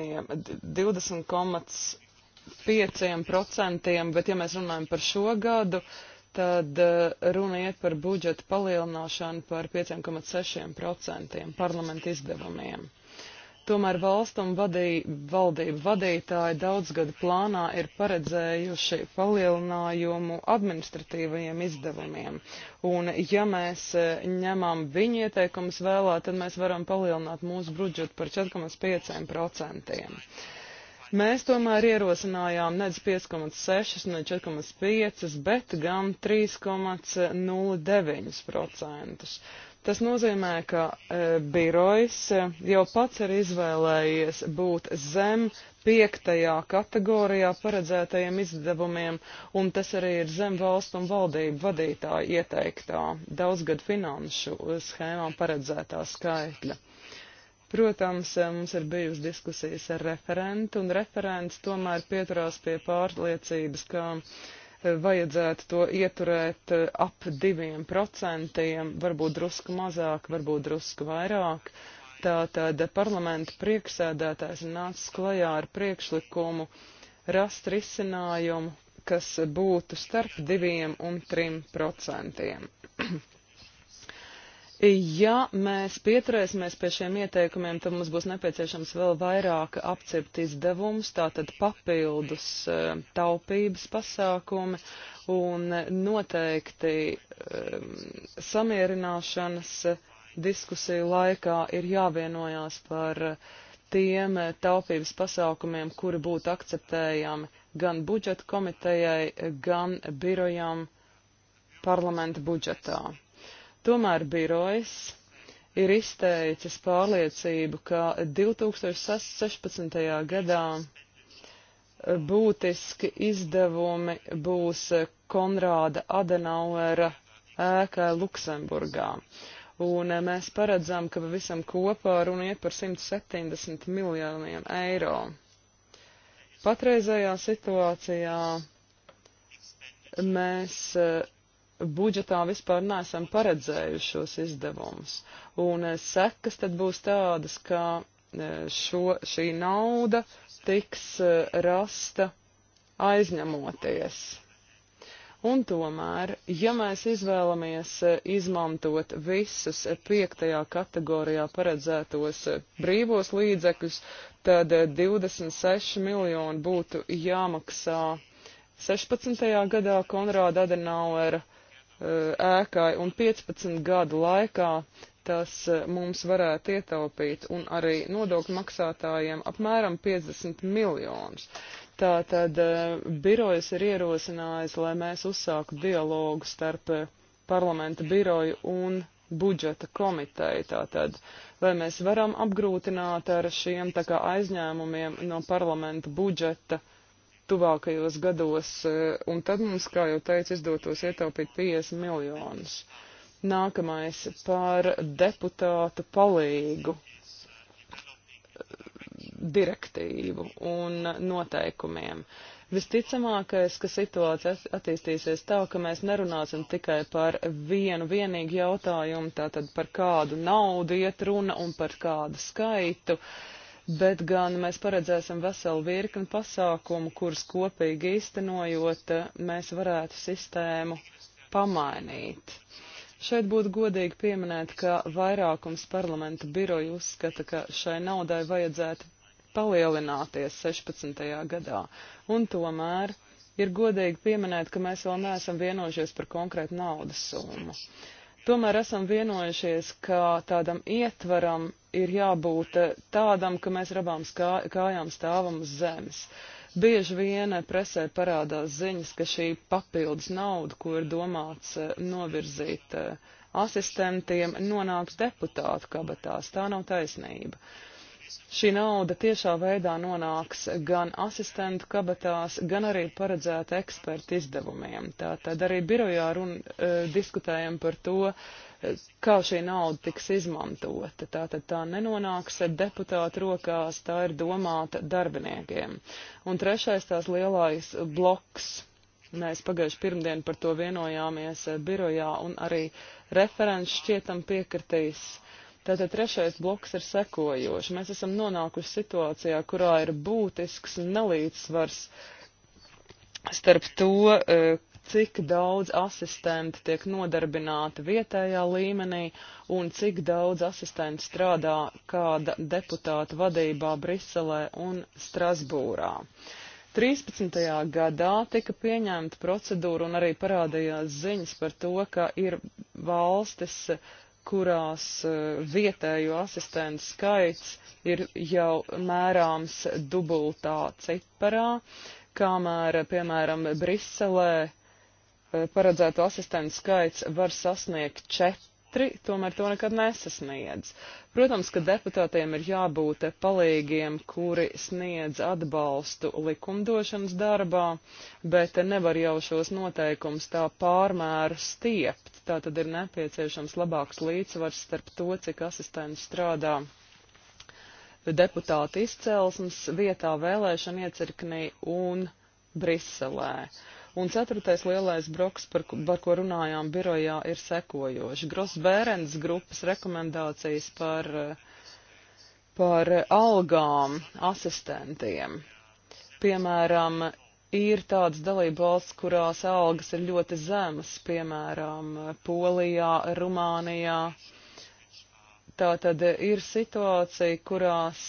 20,5%, bet ja mēs runājam par šo gadu, tad runa iet par budžeta palielināšanu par 5,6% parlamentu izdevumiem. Tomēr valsts un vadī, valdību vadītāji daudzgadu plānā ir paredzējuši palielinājumu administratīvajiem izdevumiem. Un ja mēs e, ņemam viņu ieteikumus vēlā, tad mēs varam palielināt mūsu budžetu par 4,5%. Mēs tomēr ierosinājām nedz 5,6 ne 4,5, bet gan 3,09%. Tas nozīmē, ka e, birojs e, jau pats ir izvēlējies būt zem piektajā kategorijā paredzētajiem izdevumiem, un tas arī ir zem valstu un valdību vadītāja ieteiktā daudzgad finanšu e, schēmām paredzētā skaitļa. Protams, e, mums ir bijusi diskusijas ar referentu, un referents tomēr pieturās pie pārliecības, ka uh, vajadzētu to ieturēt eh, ap diviem procentiem, varbūt drusku mazāk, varbūt drusku vairāk. Tātad parlamenta priekšsēdētājs nāca klajā ar priekšlikumu rast risinājumu, kas būtu starp diviem un trim procentiem. Ja mēs pieturēsimies pie šiem ieteikumiem, tad mums būs nepieciešams vēl vairāk apcept izdevums, tātad papildus e, taupības pasākumi un noteikti um, samierināšanas diskusiju laikā ir jāvienojās par tiem taupības pasākumiem, kuri būtu akceptējami gan budžeta komitejai, gan birojam parlamenta budžetā. Tomēr birojs ir izteicis pārliecību, ka 2016. gadā būtiski izdevumi būs Konrāda Adenauera ēkā Luksemburgā. Un mēs paredzam, ka visam kopā runa iet par 170 miljoniem eiro. Patreizajā situācijā mēs budžetā vispār nesam paredzējuši šos izdevumus. Un eh, sekas tad būs tādas, ka eh, šo, šī nauda tiks eh, rasta aizņemoties. Un tomēr, ja mēs izvēlamies izmantot visus piektajā kategorijā paredzētos brīvos līdzekļus, tad 26 miljoni būtu jāmaksā 16. gadā Konrāda Adenauera Eh, ēkai, un 15 gadu laikā tas eh, mums varētu ietaupīt un arī nodokļu maksātājiem apmēram 50 miljonus. Tātad eh, birojas ir ierosinājis, lai mēs uzsāktu dialogu starp parlamenta biroju un budžeta komiteju, tātad, vai mēs varam apgrūtināt ar šiem tā kā aizņēmumiem no parlamenta budžeta uh, tuvākajos gados, eh, un tad mums, kā jau teicu, izdotos ietaupīt 50 miljonus. Nākamais par deputātu palīgu eh, direktīvu un noteikumiem. Visticamākais, ka situācija attīstīsies tā, ka mēs nerunāsim tikai par vienu vienīgu jautājumu, tātad par kādu naudu iet runa un par kādu skaitu. Uh, bet gan mēs paredzēsim veselu virkni pasākumu, kurus kopīgi īstenojot, mēs varētu sistēmu pamainīt. Šeit būtu godīgi pieminēt, ka vairākums parlamenta biroju uzskata, ka šai naudai vajadzētu palielināties 16. gadā, un tomēr ir godīgi pieminēt, ka mēs vēl neesam vienojušies par konkrētu naudas summu. Tomēr esam vienojušies, ka tādam ietvaram ir jābūt eh, tādam, ka mēs rabām skā, kājām stāvam uz zemes. Bieži vien eh, presē parādās ziņas, ka šī papildus nauda, ko ir domāts eh, novirzīt asistentiem, nonāks deputātu kabatās. Tā nav taisnība. Šī nauda tiešā veidā nonāks gan asistentu kabatās, gan arī paredzēta eksperta izdevumiem. Tātad arī birojā run, uh, diskutējam par to, uh, kā šī nauda tiks izmantota. Tātad tā nenonāks deputātu rokās, tā ir domāta darbiniekiem. Un trešais tās lielais bloks. Mēs pagājuši pirmdien par to vienojāmies birojā un arī referents šķietam piekritīs. Tātad trešais bloks ir sekojošs. Mēs esam nonākuši situācijā, kurā ir būtisks nelīdzsvars starp to, eh, cik daudz asistenti tiek nodarbināti vietējā līmenī un cik daudz asistenti strādā kāda deputāta vadībā Briselē un Strasbūrā. 13. gadā tika pieņemta procedūra un arī parādījās ziņas par to, ka ir valstis, kurās eh, vietējo asistentu skaits ir jau mērāms dubultā ciparā, kamēr, piemēram, Briselē E, paredzēto asistentu skaits var sasniegt četri, tomēr to nekad nesasniedz. Protams, ka deputātiem ir jābūt palīgiem, kuri sniedz atbalstu likumdošanas darbā, bet nevar jau šos noteikumus tā pārmēru stiept. Tā tad ir nepieciešams labāks līdzsvars starp to, cik asistents strādā deputāta izcelsmes vietā vēlēšana iecirknī un Briselē. Uh, Un ceturtais lielais broks, par, par ko runājām birojā, ir sekojoši. Grosbērens grupas rekomendācijas par, par algām asistentiem. Piemēram, ir tādas dalībvalsts, kurās algas ir ļoti zemas, piemēram, Polijā, Rumānijā. Tā tad ir situācija, kurās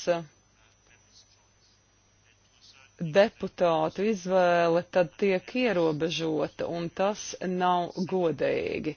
deputātu izvēle tad tiek ierobežota, un tas nav godīgi.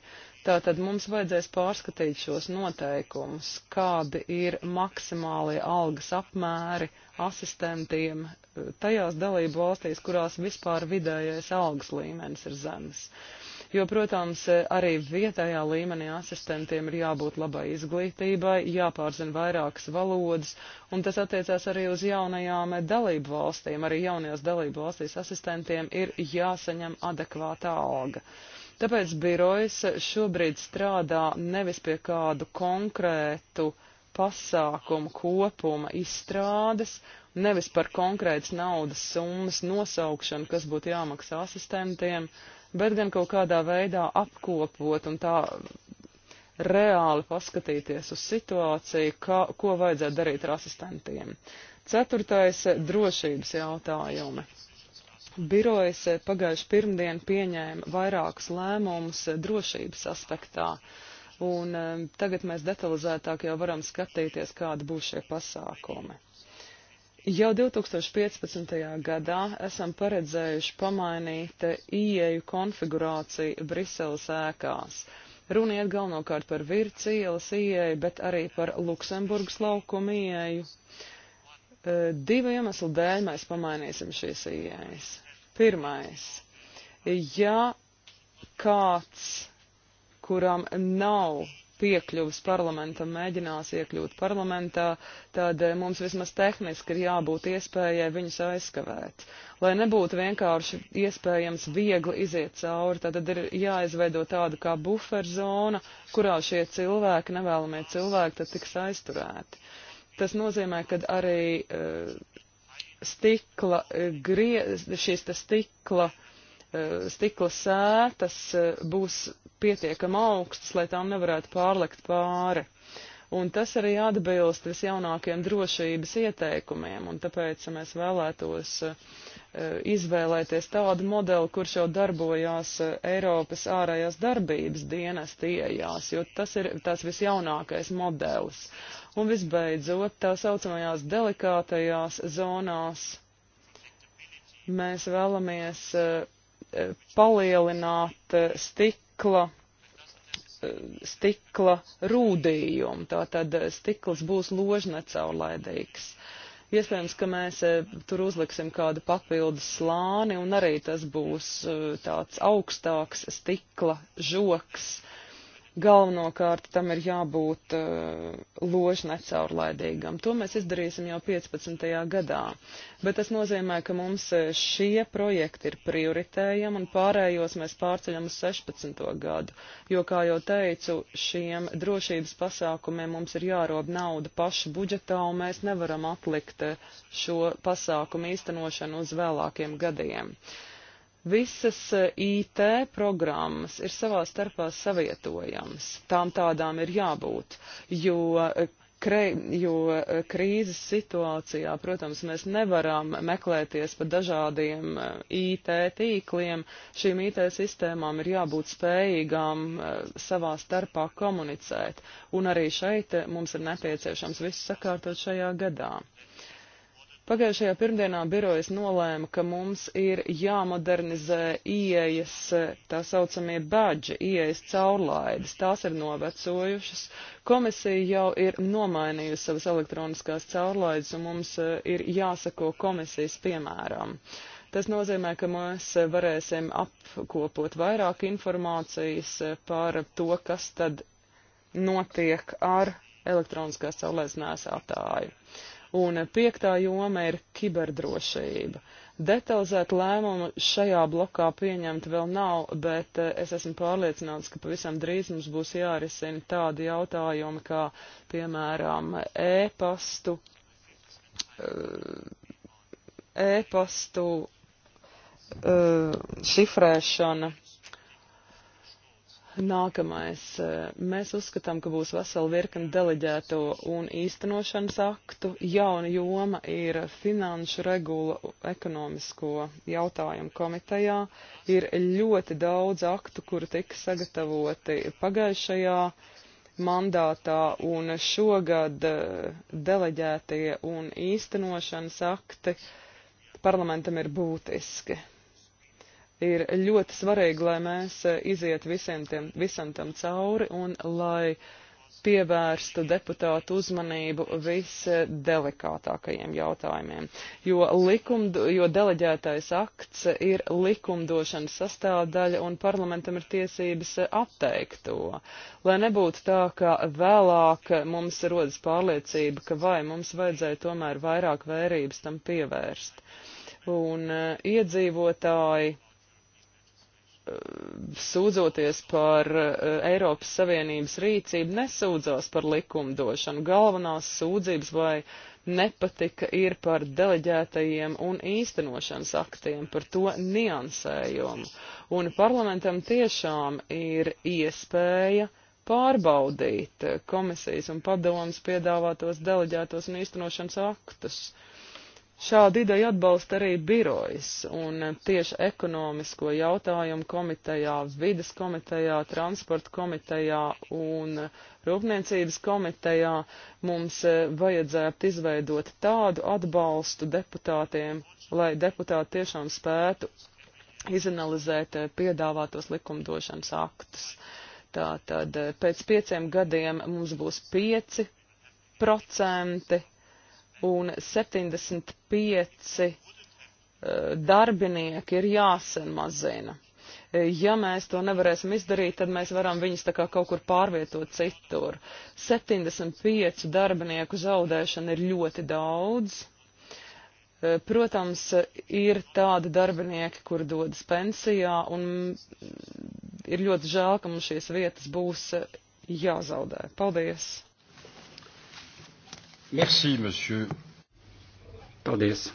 Tātad mums vajadzēs pārskatīt šos noteikumus, kādi ir maksimālie algas apmēri asistentiem eh, tajās dalību valstīs, kurās vispār vidējais algas līmenis ir zemes. Uh, jo, protams, arī vietējā līmenī asistentiem ir jābūt labai izglītībai, jāpārzina vairākas valodas, un tas attiecās arī uz jaunajām dalību valstīm. Arī jaunajās dalību valstīs asistentiem ir jāsaņem adekvāta alga. Tāpēc birojas šobrīd strādā nevis pie kādu konkrētu pasākumu kopuma izstrādes, nevis par konkrētas naudas summas nosaukšanu, kas būtu jāmaksā asistentiem, uh, bet gan kaut kādā veidā apkopot un tā reāli paskatīties uz situāciju, kā, ko vajadzētu darīt ar asistentiem. Ceturtais - drošības jautājumi. Birojas pagājuši pirmdien pieņēma vairākus lēmumus drošības aspektā, un um, tagad mēs detalizētāk jau varam skatīties, kādi būs šie pasākumi. Jau 2015. gadā esam paredzējuši pamainīt ieeju konfigurāciju Briseles ēkās. Runa iet galvenokārt par Virts ielas ieeju, bet arī par Luksemburgas laukumu ieeju. E, divu iemeslu dēļ mēs pamainīsim šīs ieejas. Pirmais. Ja kāds, kuram nav piekļuvas parlamentam mēģinās iekļūt parlamentā, tad eh, mums vismaz tehniski ir jābūt iespējai viņus aizskavēt. Lai nebūtu vienkārši iespējams viegli iziet cauri, tad ir jāizveido tāda kā buferzona, kurā šie cilvēki, nevēlamie cilvēki, tad tiks aizturēti. Tas nozīmē, ka arī uh, stikla, uh, eh, griez, šīs stikla uh, Eh, stikla sētas eh, būs pietiekami augstas, lai tām nevarētu pārlekt pāri. Un tas arī atbilst visjaunākiem drošības ieteikumiem, un tāpēc mēs vēlētos eh, izvēlēties tādu modeli, kurš jau darbojās Eiropas ārējās darbības dienas tiejās, jo tas ir tās visjaunākais modelis. Un visbeidzot, tā saucamajās delikātajās zonās mēs vēlamies palielināt eh, stikla, eh, stikla rūdījumu. Tātad eh, stikls būs ložnecaurlaidīgs. Iespējams, ka mēs tur uzliksim kādu papildus slāni un arī tas būs tāds augstāks stikla žoks. Uh, galvenokārt tam ir jābūt uh, eh, loži necaurlaidīgam. To mēs izdarīsim jau 15. gadā, bet tas nozīmē, ka mums eh, šie projekti ir prioritējami un pārējos mēs pārceļam uz 16. gadu, jo, kā jau teicu, šiem drošības pasākumiem mums ir jārob nauda paša budžetā un mēs nevaram atlikt eh, šo pasākumu īstenošanu uz vēlākiem gadiem. Uh, Visas eh, IT programmas ir savā starpā savietojamas. Tām tādām ir jābūt, jo eh, Kre, jo eh, krīzes situācijā, protams, mēs nevaram meklēties pa dažādiem IT tīkliem. Šīm IT sistēmām ir jābūt spējīgām savā starpā komunicēt, un arī šeit mums ir nepieciešams viss sakārtot šajā gadā. Pagājušajā pirmdienā birojas nolēma, ka mums ir jāmodernizē ieejas, tā saucamie badži, ieejas caurlaides. Tās ir novecojušas. Komisija jau ir nomainījusi savas elektroniskās caurlaides, un mums e, ir jāsako komisijas piemēram. Tas nozīmē, ka mēs varēsim apkopot vairāk informācijas e, par to, kas tad notiek ar elektroniskās caurlaides nēsātāju. Un piektā joma ir kiberdrošība. Detalizētu lēmumu šajā blokā pieņemt vēl nav, bet eh, es esmu pārliecināts, ka pavisam drīz mums būs jārisina tādi jautājumi, kā piemēram e-pastu, eh, e-pastu eh, šifrēšana Nākamais. Mēs uzskatām, ka būs vesela virkna deleģēto un īstenošanas aktu. Jauna joma ir finanšu regula ekonomisko jautājumu komitejā. Ir ļoti daudz aktu, kuri tika sagatavoti pagājušajā mandātā un šogad eh, deleģētie un īstenošanas akti parlamentam ir būtiski ir ļoti svarīgi, lai mēs e, iziet visiem tiem, visam tam cauri un lai pievērstu deputātu uzmanību visdelikātākajiem jautājumiem, jo, likumdo, jo deleģētais akts ir likumdošanas sastāvdaļa un parlamentam ir tiesības e, atteikt to. Lai nebūtu tā, ka vēlāk mums rodas pārliecība, ka vai mums vajadzēja tomēr vairāk vērības tam pievērst. Un uh, iedzīvotāji Eh, sūdzoties par eh, Eiropas Savienības rīcību, nesūdzās par likumdošanu. Galvenās sūdzības vai nepatika ir par deleģētajiem un īstenošanas aktiem, par to niansējumu. Un parlamentam tiešām ir iespēja pārbaudīt eh, komisijas un padomas piedāvātos deleģētos un īstenošanas aktus. Uh, Šādu ideju atbalsta arī birojas un tieši ekonomisko jautājumu komitejā, vidas komitejā, transporta komitejā un rūpniecības komitejā mums e, vajadzētu izveidot tādu atbalstu deputātiem, lai deputāti tiešām spētu izanalizēt e, piedāvātos likumdošanas aktus. Tātad e, pēc pieciem gadiem mums būs pieci procenti un 75 eh, darbinieki ir jāsamazina. Eh, ja mēs to nevarēsim izdarīt, tad mēs varam viņus tā kā kaut kur pārvietot citur. 75 darbinieku zaudēšana ir ļoti daudz. Eh, protams, ir tādi darbinieki, kur dodas pensijā, un ir ļoti žēl, ka mums šīs vietas būs jāzaudē. Paldies! Merci, monsieur. Paldies,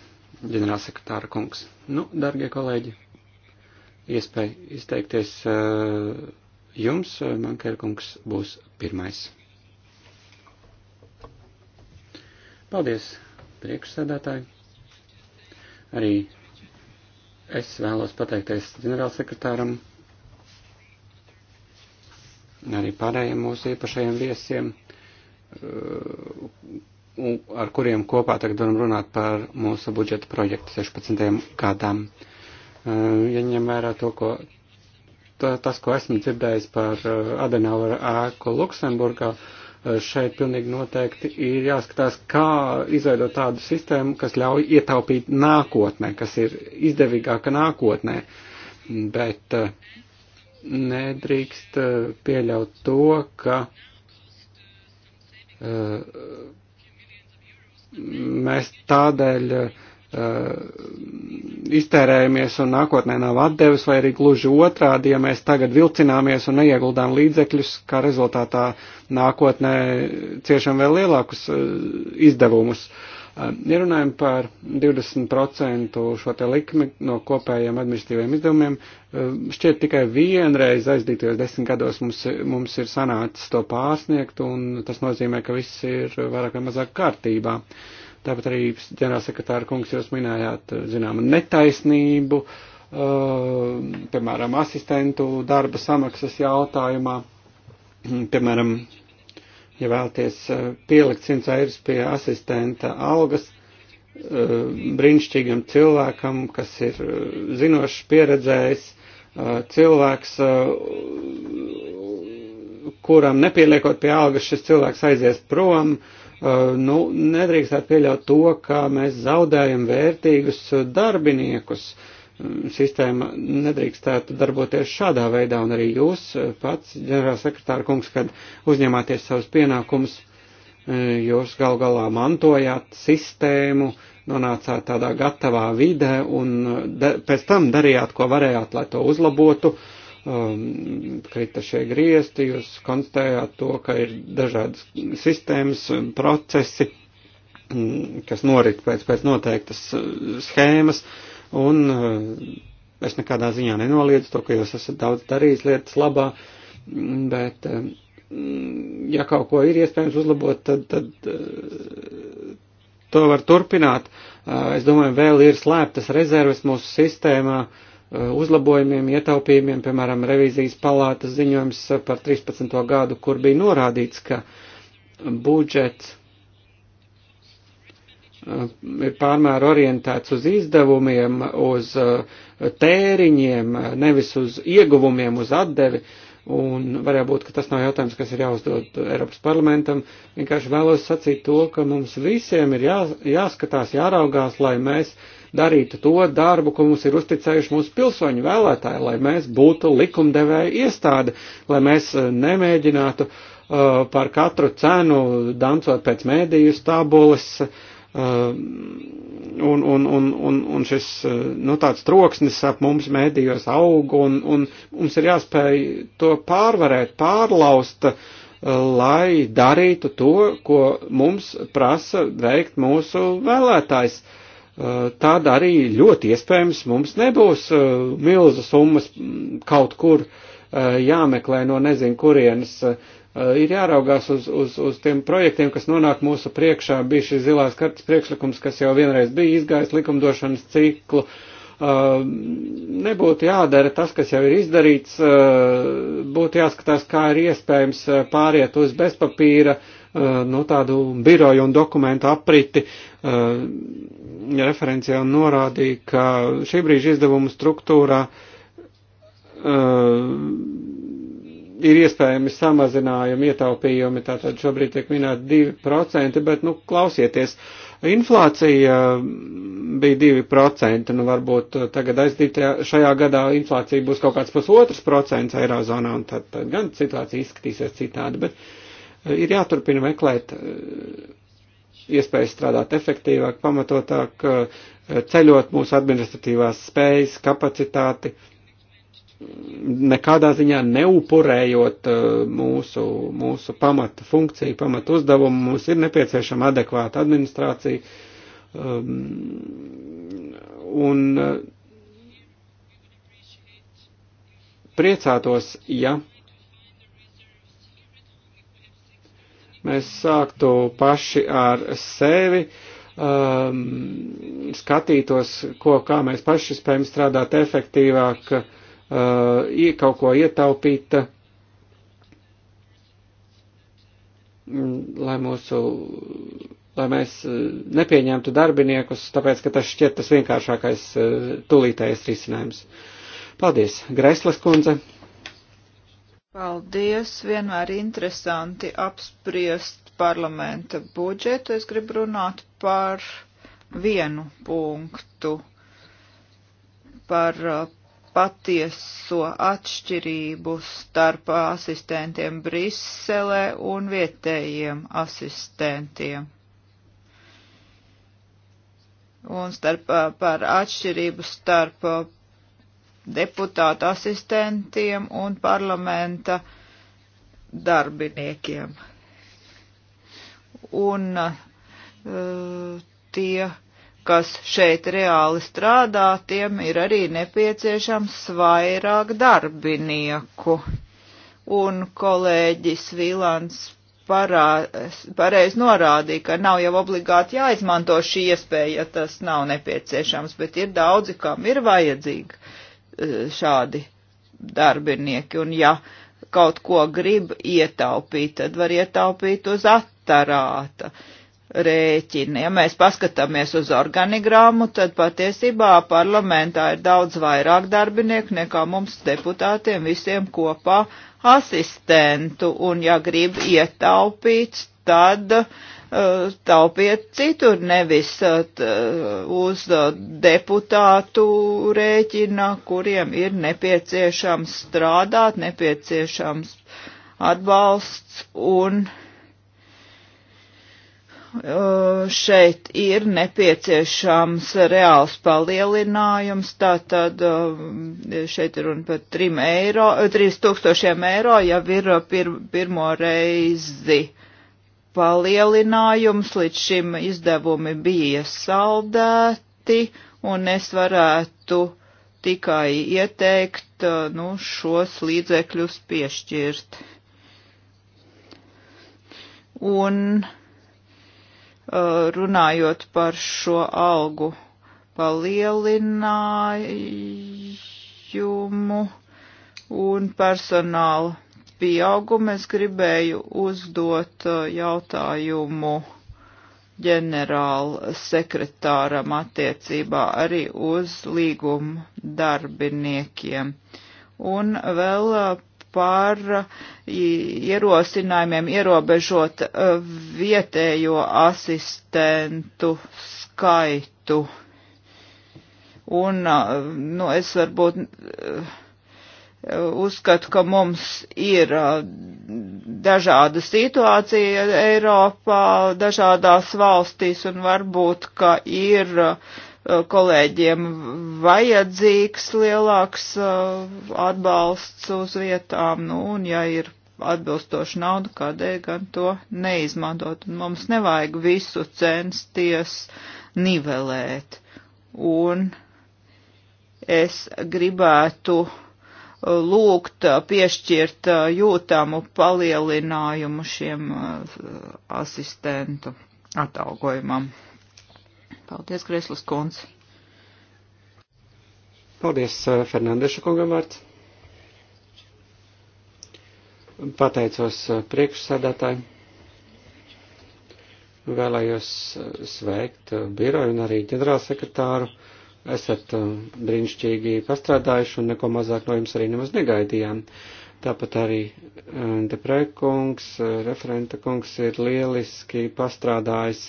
ģenerālsekretāra kungs. Nu, dargie kolēģi, iespēja izteikties uh, jums, eh, Mankēra kungs, būs pirmais. Paldies, priekšsēdētāji. Arī es vēlos pateikties ģenerālsekretāram, arī pārējiem mūsu iepašajiem viesiem, eh, ar kuriem kopā tagad varam runāt par mūsu budžeta projektu 16. gadam. Ja ņem vērā to, ko, tas, ko esmu dzirdējis par Adenauer ēku Luksemburgā, šeit pilnīgi noteikti ir jāskatās, kā izveidot tādu sistēmu, kas ļauj ietaupīt nākotnē, kas ir izdevīgāka nākotnē. Bet nedrīkst pieļaut to, ka uh, mēs tādēļ uh, iztērējamies un nākotnē nav atdevis, vai arī gluži otrādi, ja mēs tagad vilcināmies un neieguldām līdzekļus, kā rezultātā nākotnē ciešam vēl lielākus uh, izdevumus. Uh, Ja runājam par 20% šo te likmi no kopējiem administratīviem izdevumiem, šķiet tikai vienreiz aizdītajos desmit gados mums, mums ir sanācis to pārsniegt, un tas nozīmē, ka viss ir vairāk vai mazāk kārtībā. Tāpat arī ģenerālsekretāra kungs jūs minējāt, zinām, netaisnību, piemēram, asistentu darba samaksas jautājumā, piemēram, ja vēlaties eh, pielikt 100 eirus pie asistenta algas eh, brīnišķīgam cilvēkam, kas ir eh, zinošs, pieredzējis cilvēks, kuram nepieliekot pie algas šis cilvēks aizies prom, nu, nedrīkstētu pieļaut to, ka mēs zaudējam vērtīgus darbiniekus. Uh, sistēma nedrīkstētu darboties šādā veidā, un arī jūs eh, pats, ģenerālsekretāra kungs, kad uzņemāties savus pienākumus, eh, jūs gal galā mantojāt sistēmu, nonācāt tādā gatavā vidē un eh, de, pēc tam darījāt, ko varējāt, lai to uzlabotu. Um, krita šie griezti, jūs konstatējāt to, ka ir dažādas sistēmas, procesi, mm, kas norit pēc, pēc noteiktas schēmas. Uh, un uh, es nekādā ziņā nenoliedzu to, ka jūs esat daudz darījis lietas labā, bet uh, mm, ja kaut ko ir iespējams uzlabot, tad, tad uh, to var turpināt. Es domāju, vēl ir slēptas rezerves mūsu sistēmā uzlabojumiem, ietaupījumiem, piemēram, revīzijas palātas ziņojums par 13. gadu, kur bija norādīts, ka budžets Eh, ir pārmēr orientēts uz izdevumiem, uz eh, tēriņiem, nevis uz ieguvumiem, uz atdevi. Un varētu būt, ka tas nav jautājums, kas ir jāuzdod Eiropas parlamentam. Vienkārši vēlos sacīt to, ka mums visiem ir jā, jāskatās, jāraugās, lai mēs darītu to darbu, ko mums ir uzticējuši mūsu pilsoņu vēlētāji, lai mēs būtu likumdevēja iestāde, lai mēs eh, nemēģinātu uh, par katru cenu dancot pēc mēdīju stābules, uh, un, un, un, un, un šis, nu, tāds troksnis ap mums mēdījos aug, un, un mums ir jāspēj to pārvarēt, pārlaust, lai darītu to, ko mums prasa veikt mūsu vēlētājs tad arī ļoti iespējams mums nebūs milzu summas kaut kur jāmeklē no nezinu kurienes. Eh, ir jāraugās uz, uz, uz tiem projektiem, kas nonāk mūsu priekšā. Bija šis zilās kartas priekšlikums, kas jau vienreiz bija izgājis likumdošanas ciklu. Eh, nebūtu jādara tas, kas jau ir izdarīts, eh, būtu jāskatās, kā ir iespējams pāriet uz bezpapīra, no nu, tādu biroju un dokumentu apriti. Referencijā norādīja, ka šī brīža izdevumu struktūrā ir iespējami samazinājumi, ietaupījumi, tātad šobrīd tiek minēti 2%, bet, nu, klausieties, inflācija bija 2%, nu, varbūt eh, tagad aizdītajā šajā gadā inflācija būs kaut kāds pusotrs procents Eirozonā, un tad, tad gan situācija izskatīsies citādi, bet eh, ir jāturpina meklēt eh, iespējas strādāt efektīvāk, pamatotāk, ceļot mūsu administratīvās spējas, kapacitāti, nekādā ziņā neupurējot uh, mūsu, mūsu pamata funkciju, pamata uzdevumu, mums ir nepieciešama adekvāta administrācija. Um, un uh, priecātos, ja mēs sāktu paši ar sevi, um, skatītos, ko, kā mēs paši spējam strādāt efektīvāk, uh, Uh, kaut ko ietaupīt, mm, lai mūsu, lai mēs uh, nepieņemtu darbiniekus, tāpēc, ka tas šķiet tas vienkāršākais uh, tūlītējais risinājums. Paldies, Greslas kundze! Paldies, vienmēr interesanti apspriest parlamenta budžetu. Es gribu runāt par vienu punktu, par patieso atšķirību starp asistentiem Briselē un vietējiem asistentiem. Un starp, par atšķirību starp deputātu asistentiem un parlamenta darbiniekiem. Un uh, tie uh, kas šeit reāli strādā, tiem ir arī nepieciešams vairāk darbinieku. Un kolēģis Vilans pareizi norādīja, ka nav jau obligāti jāizmanto šī iespēja, ja tas nav nepieciešams, bet ir daudzi, kam ir vajadzīgi e, šādi darbinieki. Un ja kaut ko grib ietaupīt, tad var ietaupīt uz attarāta. Uh, rēķini. Ja mēs paskatāmies uz organigrammu, tad patiesībā parlamentā ir daudz vairāk darbinieku nekā mums deputātiem visiem kopā asistentu, un ja grib ietaupīt, tad uh, taupiet citur, nevis t, eh, uz eh, deputātu rēķina, kuriem ir nepieciešams strādāt, nepieciešams atbalsts un uh, Eh, šeit ir nepieciešams reāls palielinājums, tātad eh, šeit ir runa par 3 eiro, 3000 eh, eiro, jau ir pir, pirmo reizi palielinājums, līdz šim izdevumi bija saldēti, un es varētu tikai ieteikt, nu, šos līdzekļus piešķirt. Un Eh, runājot par šo algu palielinājumu un personāla pieaugumu, es gribēju uzdot eh, jautājumu ģenerāla sekretāram attiecībā arī uz līgumu darbiniekiem. Un vēl eh, par uh, ierosinājumiem ierobežot uh, vietējo asistentu skaitu. Un, uh, nu, es varbūt uzskatu, ka mums ir dažāda situācija Eiropā, dažādās valstīs, un varbūt, ka ir uh, Uh, kolēģiem vajadzīgs lielāks uh, atbalsts uz vietām, nu, un ja ir atbilstoši naudu, kādēļ gan to neizmantot. Un mums nevajag visu censties nivelēt. Un es gribētu uh, lūgt piešķirt jūtamu palielinājumu šiem asistentu atalgojumam. Paldies, Kreslis Kunds. Paldies, uh, Fernandeša kungam vārds. Pateicos uh, priekšsēdētājiem. Vēlējos uh, sveikt biroju un arī ģenerālsekretāru. Esat brīnišķīgi pastrādājuši un neko mazāk no jums arī nemaz negaidījām. Tāpat arī Deprē kungs, referenta kungs ir lieliski pastrādājis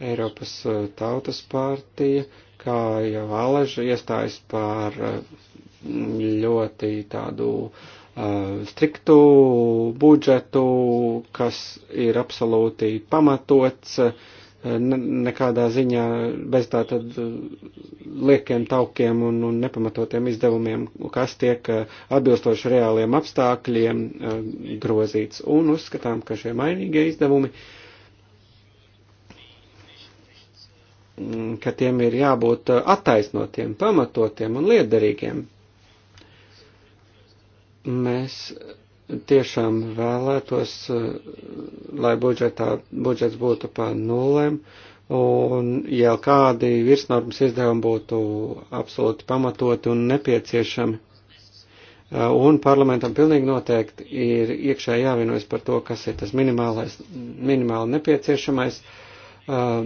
Eiropas e, tautas partija, kā jau Aleža iestājas par e, ļoti tādu uh, striktu budžetu, kas ir absolūti pamatots, ne, nekādā ziņā bez tā tad liekiem taukiem un, un nepamatotiem izdevumiem, kas tiek atbilstoši reāliem apstākļiem uh, grozīts. Un uzskatām, ka šie mainīgie izdevumi uh, Mm, ka tiem ir jābūt uh, attaisnotiem, pamatotiem un liederīgiem. Mēs tiešām vēlētos, uh, lai budžetā, budžets būtu pa nulēm, un ja kādi virsnormas izdevumi būtu absolūti pamatoti un nepieciešami. Uh, un parlamentam pilnīgi noteikti ir iekšēji jāvienojas par to, kas ir tas minimālais, minimāli nepieciešamais. Uh, Uh,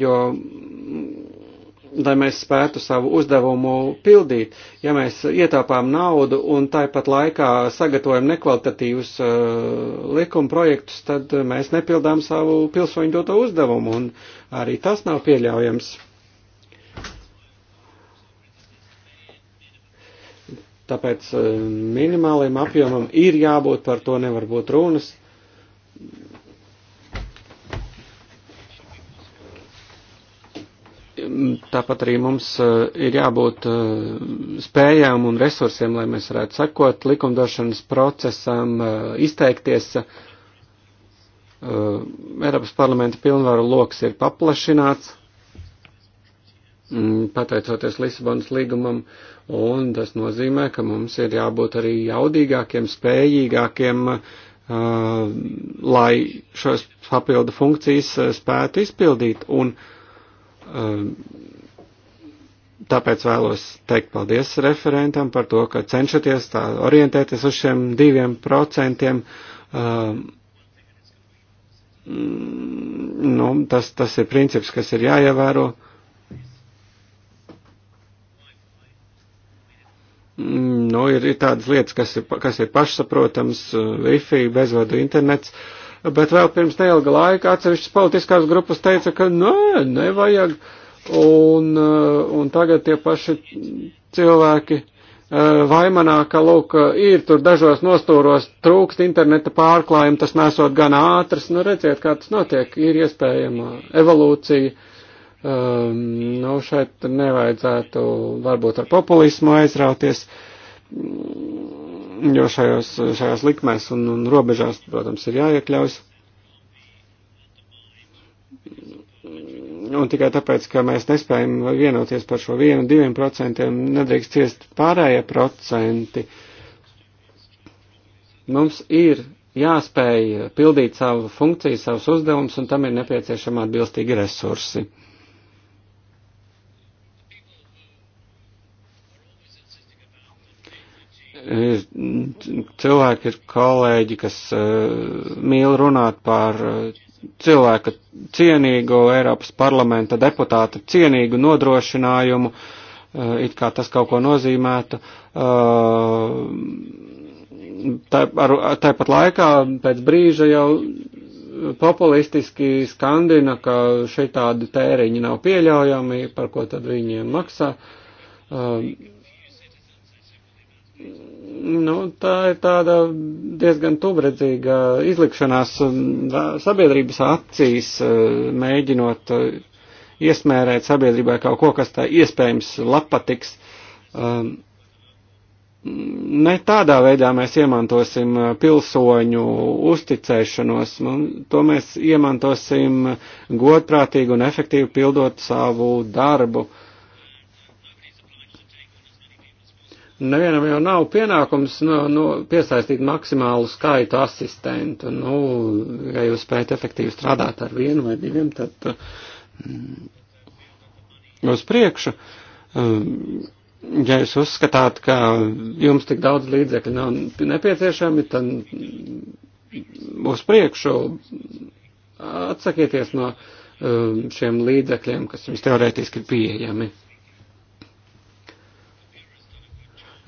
jo, mm, lai mēs spētu savu uzdevumu pildīt, ja mēs ietaupām naudu un tāpat laikā sagatavojam nekvalitatīvus uh, likuma projektus, tad mēs nepildām savu pilsoņu doto uzdevumu, un arī tas nav pieļaujams. Tāpēc uh, minimāliem apjomam ir jābūt, par to nevar būt runas. tāpat arī mums e, ir jābūt e, spējām un resursiem, lai mēs varētu sekot likumdošanas procesam, e, izteikties. Eiropas parlamenta pilnvaru loks ir paplašināts, mm, pateicoties Lisabonas līgumam, un tas nozīmē, ka mums ir jābūt arī jaudīgākiem, spējīgākiem, lai šos papildu funkcijas spētu izpildīt. Un, uh, Ehm, tāpēc vēlos teikt paldies referentam par to, ka cenšaties tā orientēties uz šiem diviem procentiem. Ehm, mm, nu, tas, tas ir princips, kas ir jāievēro. Mm, nu, ir, ir tādas lietas, kas ir, kas ir pašsaprotams, eh, Wi-Fi, bezvadu internets. Uh, bet vēl pirms neilga laika atsevišķas politiskās grupas teica, ka nē, nevajag, un, eh, un tagad tie paši cilvēki eh, vaimanā, ka, lūk, ir tur dažos nostūros trūkst interneta pārklājuma, tas nesot gan ātrs, nu redziet, kā tas notiek, ir iespējama evolūcija. Um, nu, šeit nevajadzētu varbūt ar populismu aizrauties. Um, jo šajos, šajās likmēs un, un robežās, protams, ir jāiekļaus. Un tikai tāpēc, ka mēs nespējam vienoties par šo vienu, diviem procentiem, nedrīkst ciest pārējie procenti. Mums ir jāspēj pildīt savu funkciju, savus uzdevumus, un tam ir nepieciešama atbilstīgi resursi. cilvēki ir kolēģi, kas eh, mīl runāt par eh, cilvēka cienīgu Eiropas parlamenta deputāta cienīgu nodrošinājumu, eh, it kā tas kaut ko nozīmētu. Tāpat laikā pēc brīža jau populistiski skandina, ka šitādi tēriņi nav pieļaujami, par ko tad viņiem maksā. Uh, nu, tā ir tāda diezgan tubredzīga izlikšanās sabiedrības acīs, mēģinot iesmērēt sabiedrībai kaut ko, kas tā iespējams lapatiks. Ne tādā veidā mēs iemantosim pilsoņu uzticēšanos, un to mēs iemantosim godprātīgi un efektīvi pildot savu darbu. Uh, Nevienam jau nav pienākums no, no, piesaistīt maksimālu skaitu asistentu. Nu, ja jūs spējat efektīvi strādāt ar vienu vai diviem, tad mm, uz priekšu. Mm, ja jūs uzskatāt, ka jums tik daudz līdzekļu nav nepieciešami, tad mm, uz priekšu atsakieties no mm, šiem līdzekļiem, kas jums teorētiski ir pieejami.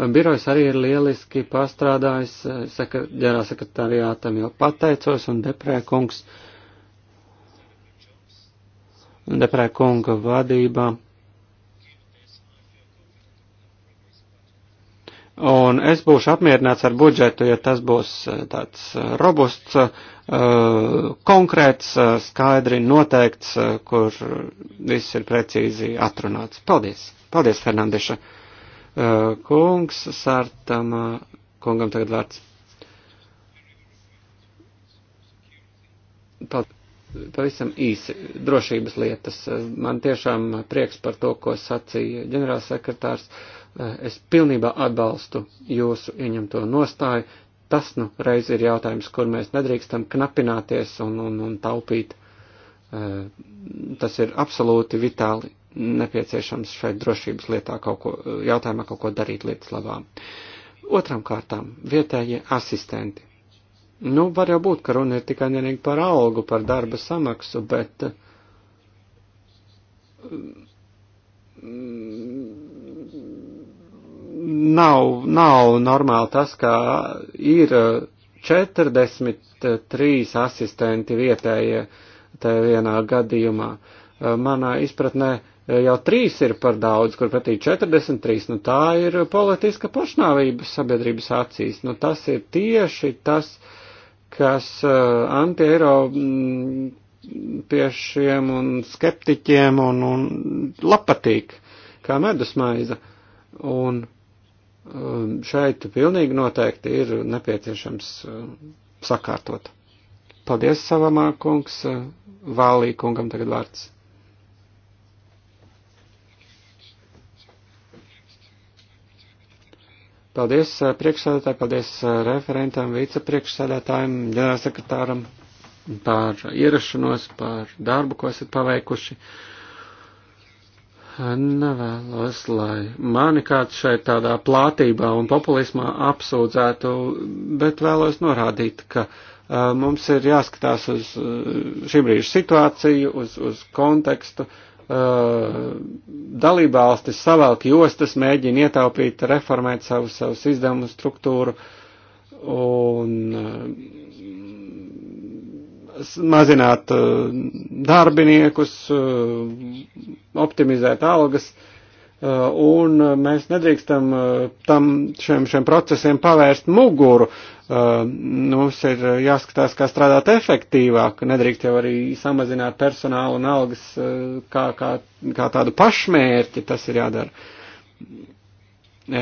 Birojs arī ir lieliski pastrādājis, e, saka, ģerā sekretariātam jau pateicos un deprē kungs, deprē kunga vadībā. Un es būšu apmierināts ar budžetu, ja tas būs e, tāds e, robusts, konkrēts, skaidri noteikts, kur viss ir precīzi atrunāts. Paldies! Paldies, Fernandeša! Uh, kungs, Sārtam uh, kungam tagad vārds. Pavisam īsi drošības lietas. Uh, man tiešām prieks par to, ko sacīja ģenerālsekretārs. Es pilnībā atbalstu jūsu ieņemto nostāju. Tas nu reiz ir jautājums, kur mēs nedrīkstam knapināties un, un, un taupīt. Tas ir absolūti vitāli nepieciešams šeit drošības lietā kaut ko, jautājumā kaut ko darīt lietas labā. Otram kārtām vietējie asistenti. Nu, var jau būt, ka runa ir tikai vienīgi par algu, par darba samaksu, bet mm, nav, nav normāli tas, ka ir 43 asistenti vietējie tajā vienā gadījumā. Manā izpratnē Eh, jau trīs ir par daudz, kur pretī 43, nu tā ir politiska pašnāvība sabiedrības acīs. Nu tas ir tieši tas, kas uh, anti-eiro mm, piešiem un skeptiķiem un, un labpatīk, kā medus maiza. Un um, šeit pilnīgi noteikti ir nepieciešams uh, sakārtot. Paldies, Savamā kungs, Vālī kungam tagad vārds. Paldies priekšsēdētāji, paldies referentam, vicepriekšsēdētājiem, ģenerālsekretāram par ierašanos, par darbu, ko esat paveikuši. Nevēlos, lai mani kāds šeit tādā plātībā un populismā apsūdzētu, bet vēlos norādīt, ka mums ir jāskatās uz šī brīža situāciju, uz, uz kontekstu. Uh, Eh, dalībvalstis savelk jostas, mēģina ietaupīt, reformēt savu, savus izdevumu struktūru un eh, mazināt eh, darbiniekus, optimizēt algas. Un mēs nedrīkstam tam šiem, šiem procesiem pavērst muguru. Uh, nu, mums ir uh, jāskatās, kā strādāt efektīvāk. Nedrīkst jau arī samazināt personālu un algas uh, kā, kā, kā tādu pašmērķi, tas ir jādara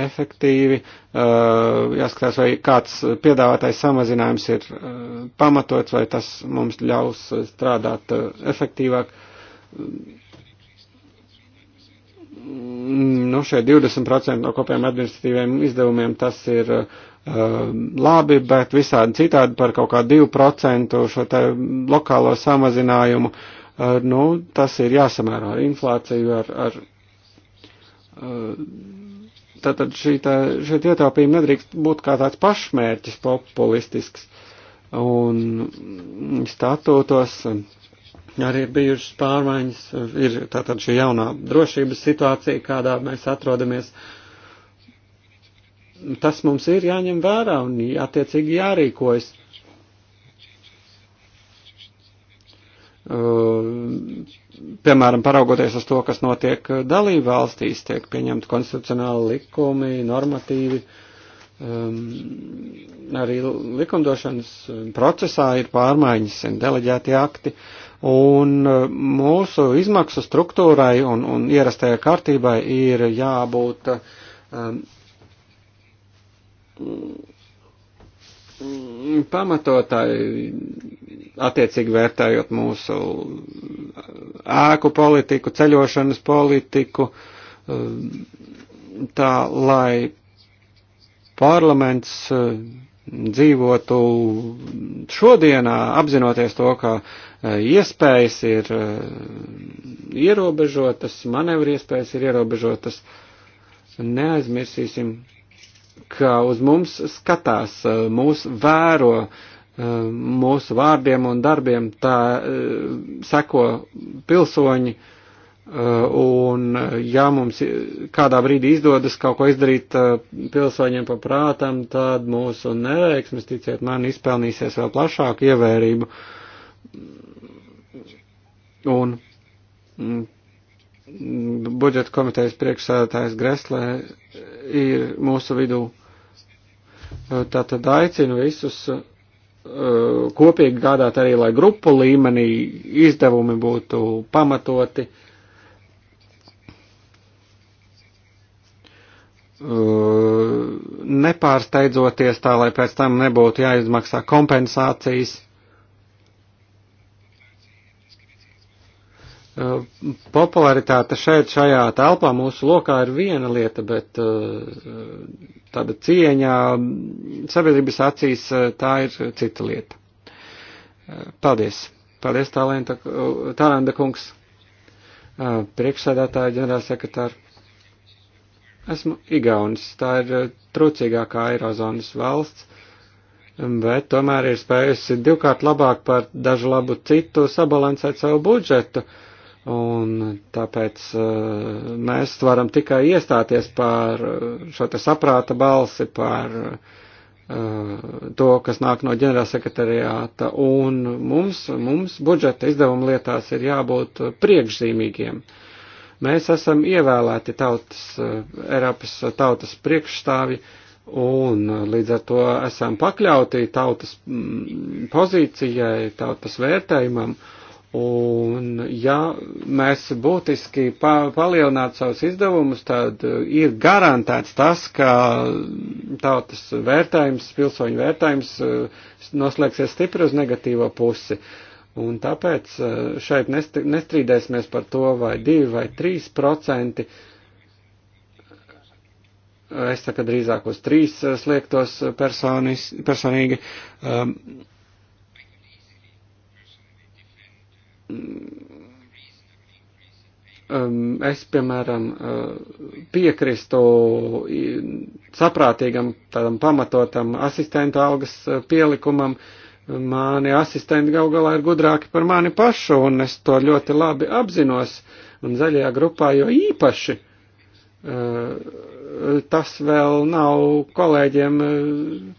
efektīvi. Jāskatās, vai kāds piedāvātais samazinājums ir pamatots, vai tas mums ļaus strādāt efektīvāk. Mm, nu, šie 20% no kopējiem administratīviem izdevumiem tas ir uh, Ehm, labi, bet visādi citādi par kaut kādu 2% šo te lokālo samazinājumu, ehm, nu, tas ir jāsamērā ar inflāciju, ar, ar ehm, tātad šī tā, šie ietaupījumi nedrīkst būt kā tāds pašmērķis populistisks. Un statūtos arī ir bijušas pārmaiņas, ir tātad šī jaunā drošības situācija, kādā mēs atrodamies. Uh, tas mums ir jāņem vērā un attiecīgi jārīkojas. Uh, piemēram, paraugoties uz to, kas notiek dalību valstīs, tiek pieņemti konstitucionāli likumi, normatīvi, um, arī likumdošanas procesā ir pārmaiņas, deleģēti akti, un uh, mūsu izmaksu struktūrai un, un ierastajai kārtībai ir jābūt uh, um, Mm, pamatotāji, attiecīgi vērtējot mūsu ēku politiku, ceļošanas politiku, mm, tā lai parlaments mm, dzīvotu šodienā, apzinoties to, ka iespējas ir ierobežotas, manevri iespējas ir ierobežotas, neaizmirsīsim ka uz mums skatās, mūs vēro, mūsu vārdiem un darbiem tā seko pilsoņi. Un, ja mums kādā brīdī izdodas kaut ko izdarīt pilsoņiem pa prātam, tad mūsu neveiksmes, ticiet man, izpelnīsies vēl plašāku ievērību. Un mm, budžeta komitejas priekšsēdētājs Greslē ir mūsu vidū. Tātad aicinu visus kopīgi gādāt arī, lai grupu līmenī izdevumi būtu pamatoti. nepārsteidzoties tā, lai pēc tam nebūtu jāizmaksā kompensācijas. Eh, popularitāte šeit, šajā telpā, mūsu lokā ir viena lieta, bet eh, tāda cieņā sabiedrības acīs eh, tā ir cita lieta. Paldies. Paldies, Tālenta, Tālenta kungs, priekšsēdētāja ģenerālsekretāra. Esmu Igaunis, tā ir trūcīgākā Eirozonas valsts bet tomēr ir spējusi divkārt labāk par dažu labu citu sabalansēt savu budžetu. Uh, Un tāpēc eh, mēs varam tikai iestāties par eh, šo te saprāta balsi, par eh, to, kas nāk no ģenerālsekretariāta, un mums, mums budžeta izdevuma lietās ir jābūt priekšzīmīgiem. Mēs esam ievēlēti tautas, Eiropas tautas priekšstāvi, un līdz ar to esam pakļauti tautas mm, pozīcijai, tautas vērtējumam, uh, Un, ja mēs būtiski pa, palielinātu savus izdevumus, tad uh, ir garantēts tas, ka tautas vērtējums, pilsoņu vērtējums uh, noslēgsies stipri uz negatīvo pusi. Un tāpēc uh, šeit nestrīdēsimies par to, vai 2 vai 3 procenti. Es tagad drīzāk uz 3 sliektos personis, personīgi. Um, um, es, piemēram, eh, piekristu saprātīgam, tādam pamatotam asistentu algas eh, pielikumam. Mani asistenti gal galā ir gudrāki par mani pašu, un es to ļoti labi apzinos, un zaļajā grupā jo īpaši. Eh, tas vēl nav kolēģiem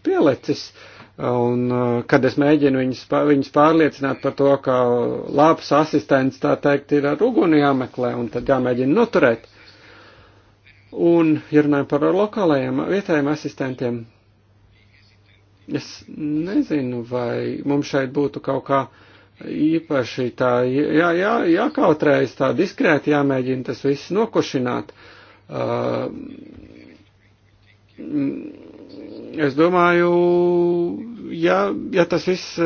pielicis. Uh, Un, uh, kad es mēģinu viņus, viņus pārliecināt par to, ka labs asistents, tā teikt, ir ar uguni jāmeklē un tad jāmēģina noturēt. Un, ja runājam par lokālajiem, vietējiem asistentiem, es nezinu, vai mums šeit būtu kaut kā īpaši tā jā, jā, jākautrējas, tā diskrēti jāmēģina tas viss nokušināt. Uh, es domāju, ja, ja tas viss eh,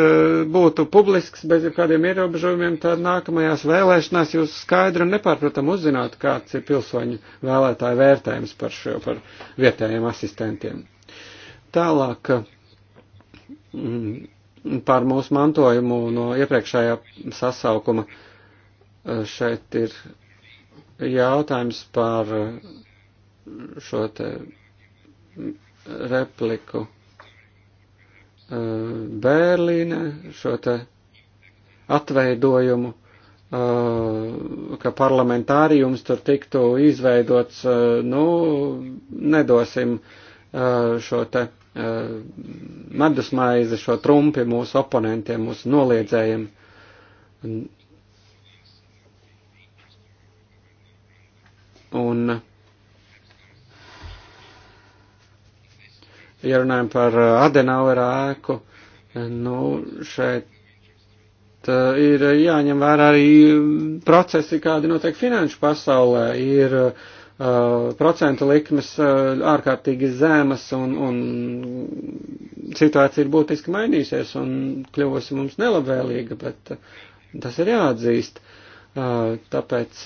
būtu publisks bez kādiem ierobežojumiem, tad nākamajās vēlēšanās jūs skaidri un nepārprotam uzzinātu, kāds ir pilsoņu vēlētāju vērtējums par šo, par vietējiem asistentiem. Tālāk mm, par mūsu mantojumu no iepriekšējā sasaukuma eh, šeit ir jautājums par eh, šo te repliku. Eh, Bērlīne šo te atveidojumu, eh, ka parlamentārijums tur tiktu izveidots, eh, nu, nedosim šo te medusmaizi, šo trumpi mūsu oponentiem, mūsu noliedzējiem. Un, un Ja runājam par eh, Adenauera ēku, eh, nu, šeit eh, ir jāņem vērā arī procesi, kādi notiek finanšu pasaulē. Ir uh, procentu likmes uh, ārkārtīgi zemas un, un situācija ir būtiski mainīsies un kļuvusi mums nelabvēlīga, bet uh, tas ir jāatzīst. Tāpēc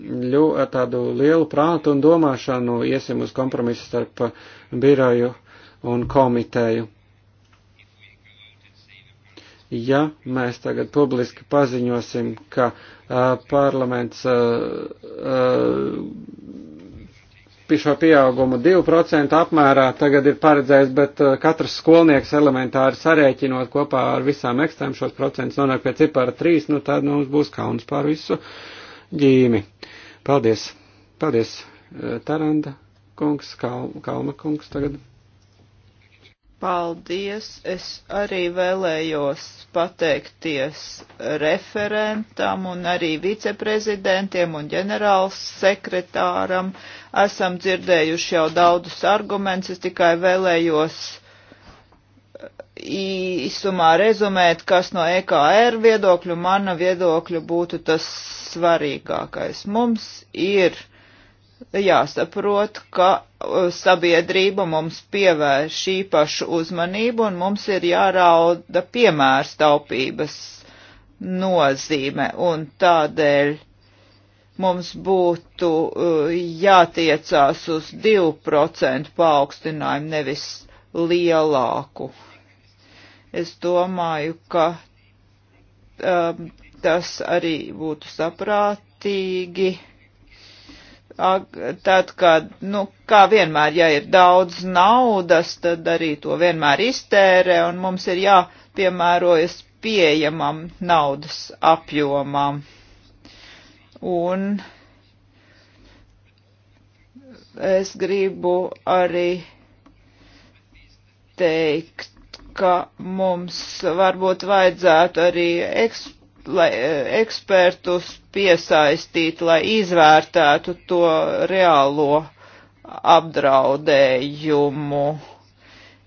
ļu, ar tādu lielu prātu un domāšanu iesim uz kompromisu starp biroju un komiteju. Ja mēs tagad publiski paziņosim, ka uh, parlaments uh, uh, šo pieaugumu 2% apmērā tagad ir paredzējis, bet uh, katrs skolnieks elementāri sarēķinot kopā ar visām ekstēm šos procentus nonāk pie cipara 3, nu tad nu, mums būs kauns par visu. Uh, ģīmi. Paldies! Paldies, eh, Taranda kungs, Kal Kalma kungs tagad. Paldies! Es arī vēlējos pateikties referentam un arī viceprezidentiem un ģenerāls sekretāram. Esam dzirdējuši jau daudzus argumentus, es tikai vēlējos eh, īsumā rezumēt, kas no EKR viedokļu, mana viedokļu būtu tas svarīgākais. Mums ir jāsaprot, ka uh, sabiedrība mums pievērš īpašu uzmanību un mums ir jārauda piemērs taupības nozīme un tādēļ mums būtu uh, jātiecās uz 2% paaugstinājumu, nevis lielāku. Es domāju, ka um, tas arī būtu saprātīgi. Tad, kad, nu, kā vienmēr, ja ir daudz naudas, tad arī to vienmēr iztērē, un mums ir jāpiemērojas pieejamam naudas apjomam. Un es gribu arī teikt, ka mums varbūt vajadzētu arī eks lai e, ekspertus piesaistītu, lai izvērtētu to reālo apdraudējumu.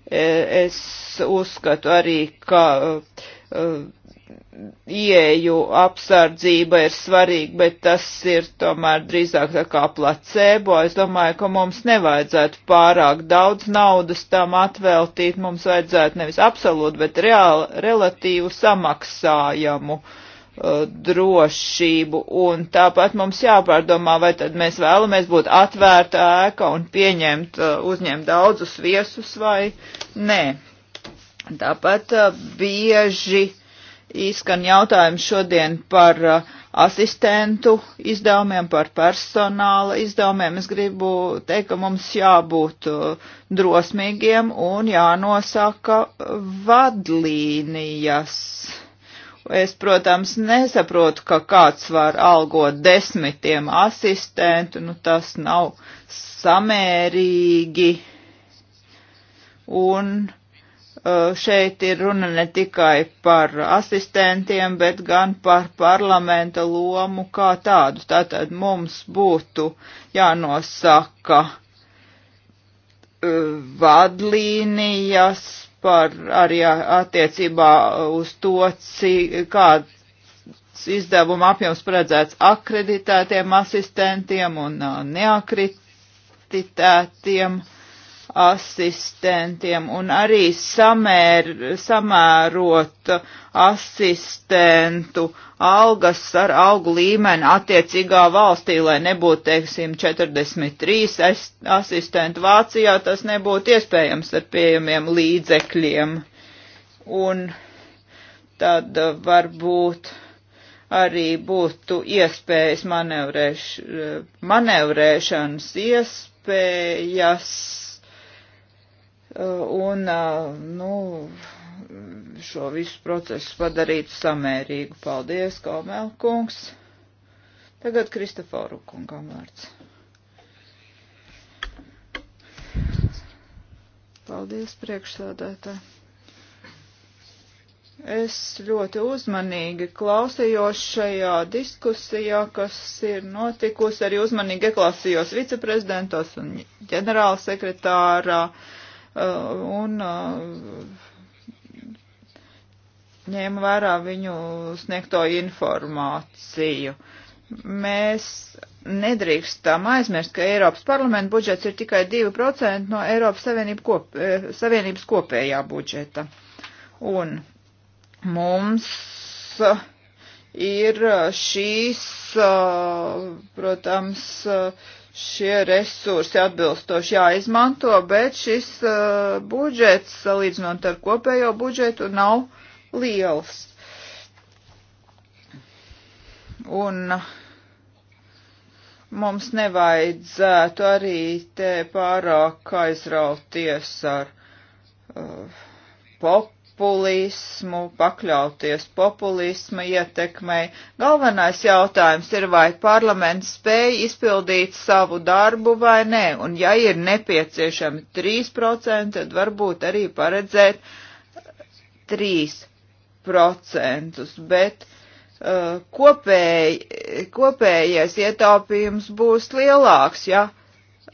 E, es uzskatu arī, ka e, ieju apsardzība ir svarīga, bet tas ir tomēr drīzāk tā kā placebo. Es domāju, ka mums nevajadzētu pārāk daudz naudas tam atveltīt, mums vajadzētu nevis absolūti, bet reāli, relatīvu samaksājumu uh, Uh, drošību, un tāpat mums jāpārdomā, vai tad mēs vēlamies būt atvērta ēka un pieņemt, uh, uzņemt daudzus viesus vai nē. Tāpat uh, bieži izskan jautājums šodien par asistentu izdevumiem, par personāla izdevumiem. Es gribu teikt, ka mums jābūt drosmīgiem un jānosaka vadlīnijas Es, protams, nesaprotu, ka kāds var algot desmitiem asistentu, nu tas nav samērīgi. Un eh, šeit ir runa ne tikai par asistentiem, bet gan par parlamenta lomu kā tādu. Tātad mums būtu jānosaka eh, vadlīnijas par arī attiecībā uz to, cik, kāds izdevuma apjoms paredzēts akreditētiem asistentiem un neakreditētiem asistentiem asistentiem un arī samēr, samērot asistentu algas ar algu līmeni attiecīgā valstī, lai nebūtu, teiksim, 43 asistentu Vācijā, tas nebūtu iespējams ar pieejamiem līdzekļiem. Un tad varbūt arī būtu iespējas manevrēš, manevrēšanas iespējas Uh, un uh, nu, šo visu procesu padarīt samērīgu. Paldies, Kalmēl kungs. Tagad Kristoforu kungam vārds. Paldies, priekšsādētāji. Es ļoti uzmanīgi klausījos šajā diskusijā, kas ir notikusi. Arī uzmanīgi ieklausījos viceprezidentos un ģenerālsekretārā. sekretārā Uh, un uh, ņēma vērā viņu sniegto informāciju. Mēs nedrīkstam aizmirst, ka Eiropas parlamenta budžets ir tikai 2% no Eiropas Savienība kop, eh, Savienības kopējā budžeta. Un mums eh, ir eh, šīs, protams, uh, šie resursi atbilstoši jāizmanto, bet šis uh, budžets, salīdzinot ar kopējo budžetu, nav liels. Un mums nevajadzētu arī te pārāk aizrauties ar uh, pop populismu, pakļauties populisma ietekmei. Galvenais jautājums ir, vai parlaments spēj izpildīt savu darbu vai nē, un ja ir nepieciešami 3%, tad varbūt arī paredzēt 3%, bet uh, kopēj, kopējais ietaupījums būs lielāks, ja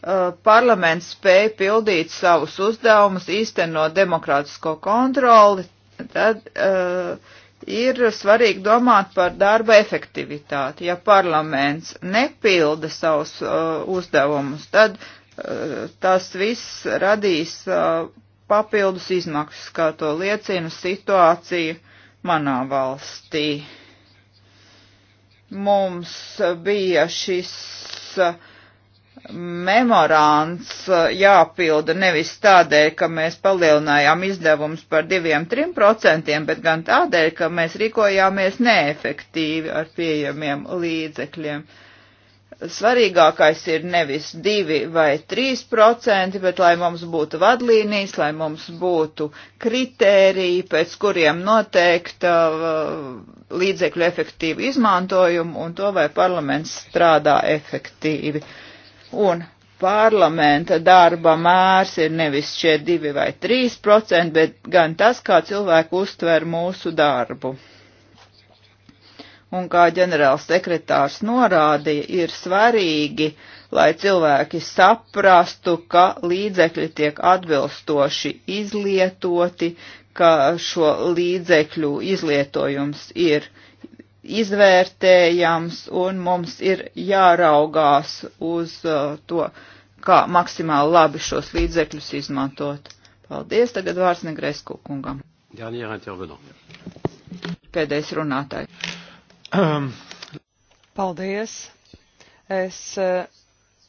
Uh, parlaments spēja pildīt savus uzdevumus, īstenot demokrātisko kontroli, tad uh, ir svarīgi domāt par darba efektivitāti. Ja parlaments nepilda savus uh, uzdevumus, tad uh, tas viss radīs uh, papildus izmaksas, kā to liecina situācija manā valstī. Mums bija šis uh, memorāns uh, jāpilda nevis tādēļ, ka mēs palielinājām izdevumus par 2-3%, bet gan tādēļ, ka mēs rīkojāmies neefektīvi ar pieejamiem līdzekļiem. Svarīgākais ir nevis 2 vai 3%, bet lai mums būtu vadlīnijas, lai mums būtu kritēriji, pēc kuriem noteikta uh, līdzekļu efektīvu izmantojumu un to, vai parlaments strādā efektīvi. Uh, Un parlamenta darba mērs ir nevis šie divi vai trīs procenti, bet gan tas, kā cilvēku uztver mūsu darbu. Un kā ģenerāls sekretārs norādīja, ir svarīgi, lai cilvēki saprastu, ka līdzekļi tiek atbilstoši izlietoti, ka šo līdzekļu izlietojums ir uh, izvērtējams un mums ir jāraugās uz uh, to, kā maksimāli labi šos līdzekļus izmantot. Paldies, tagad vārds Negresku kungam. Pēdējais runātājs. Um. Paldies. Es uh,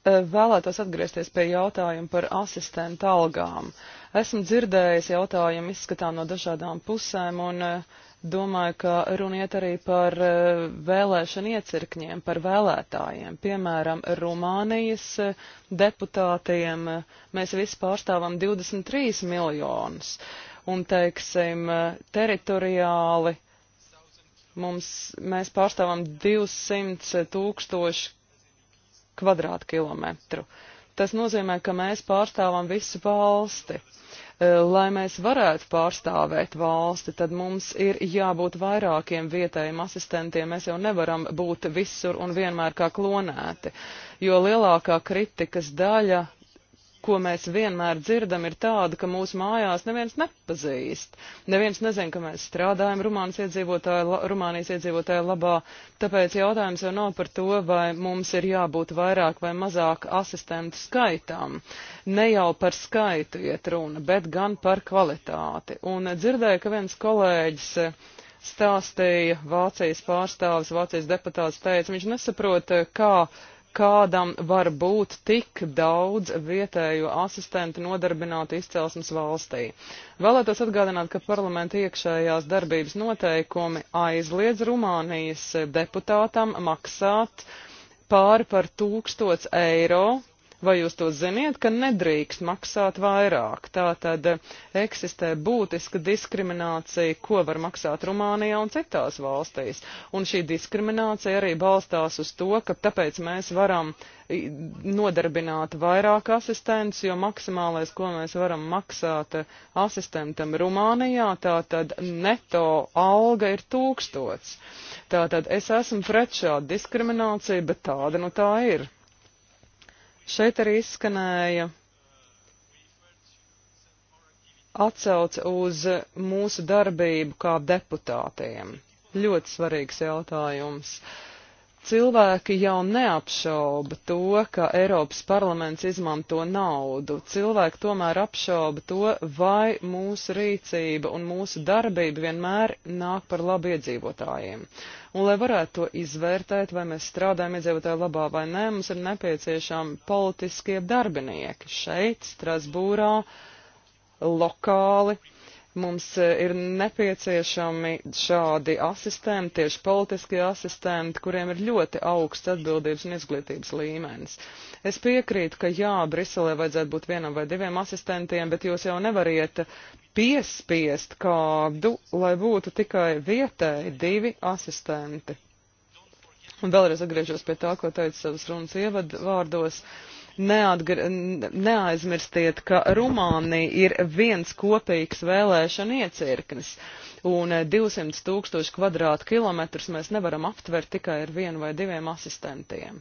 vēlētos atgriezties pie jautājuma par asistentu algām. Esmu dzirdējis jautājumu izskatām no dažādām pusēm, un uh, domāju, ka runiet arī par eh, vēlēšanu iecirkņiem, par vēlētājiem. Piemēram, Rumānijas eh, deputātiem eh, mēs visi pārstāvam 23 miljonus. Un, teiksim, teritoriāli mums, mēs pārstāvam 200 tūkstoši kvadrātkilometru. Tas nozīmē, ka mēs pārstāvam visu valsti. Uh, Eh, lai mēs varētu pārstāvēt valsti, tad mums ir jābūt vairākiem vietējiem asistentiem. Mēs jau nevaram būt visur un vienmēr kā klonēti, jo lielākā kritikas daļa ko mēs vienmēr dzirdam, ir tāda, ka mūsu mājās neviens nepazīst. Neviens nezin, ka mēs strādājam Rumānijas iedzīvotāju, Rumānijas iedzīvotāju labā, tāpēc jautājums jau nav par to, vai mums ir jābūt vairāk vai mazāk asistentu skaitām. Ne jau par skaitu iet runa, bet gan par kvalitāti. Un dzirdēju, ka viens kolēģis eh, stāstīja Vācijas pārstāvis, Vācijas deputāts teica, viņš nesaprot, eh, kā kādam var būt tik daudz vietējo asistentu nodarbināti izcelsmes valstī. Vēlētos atgādināt, ka parlamenta iekšējās darbības noteikumi aizliedz Rumānijas deputātam maksāt pāri par 1000 eiro Vai jūs to ziniet, ka nedrīkst maksāt vairāk? Tā tad eh, eksistē būtiska diskriminācija, ko var maksāt Rumānijā un citās valstīs. Un šī diskriminācija arī balstās uz to, ka tāpēc mēs varam nodarbināt vairāk asistents, jo maksimālais, ko mēs varam maksāt eh, asistentam Rumānijā, tā tad neto alga ir tūkstots. Tātad es esmu pret šādu diskrimināciju, bet tāda nu tā ir. Šeit arī izskanēja atcauc uz mūsu darbību kā deputātiem. Ļoti svarīgs jautājums. Uh, Cilvēki jau neapšauba to, ka Eiropas parlaments izmanto naudu. Cilvēki tomēr apšauba to, vai mūsu rīcība un mūsu darbība vienmēr nāk par labu iedzīvotājiem. Un, lai varētu to izvērtēt, vai mēs strādājam iedzīvotāju labā vai nē, mums ir nepieciešami politiskie darbinieki šeit, Strasbūrā, lokāli Mums e, ir nepieciešami šādi asistenti, tieši politiskie asistenti, kuriem ir ļoti augsts atbildības un izglītības līmenis. Es piekrītu, ka jā, Briselē vajadzētu būt vienam vai diviem asistentiem, bet jūs jau nevariet piespiest kādu, lai būtu tikai vietēji divi asistenti. Un vēlreiz atgriežos pie tā, ko teicu savas runas ievadvārdos. vārdos neatgr... neaizmirstiet, ka Rumānija ir viens kopīgs vēlēšana iecirknis, un 200 eh, tūkstoši kvadrātkilometrus mēs nevaram aptvert tikai ar vienu vai diviem asistentiem.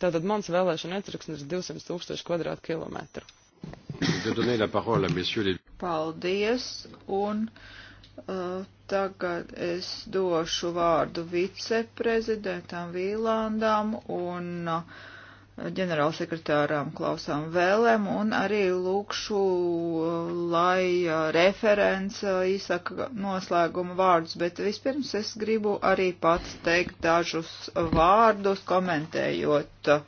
Tātad mans vēlēšana iecirksnis ir 200 tūkstoši kvadrātkilometru. Paldies, un uh, tagad es došu vārdu viceprezidentam Vīlandam un uh, ģenerālsekretārām Klausām Vēlēm un arī lūkšu, lai uh, referents uh, izsaka noslēguma vārdus, bet vispirms es gribu arī pats teikt dažus vārdus, komentējot uh,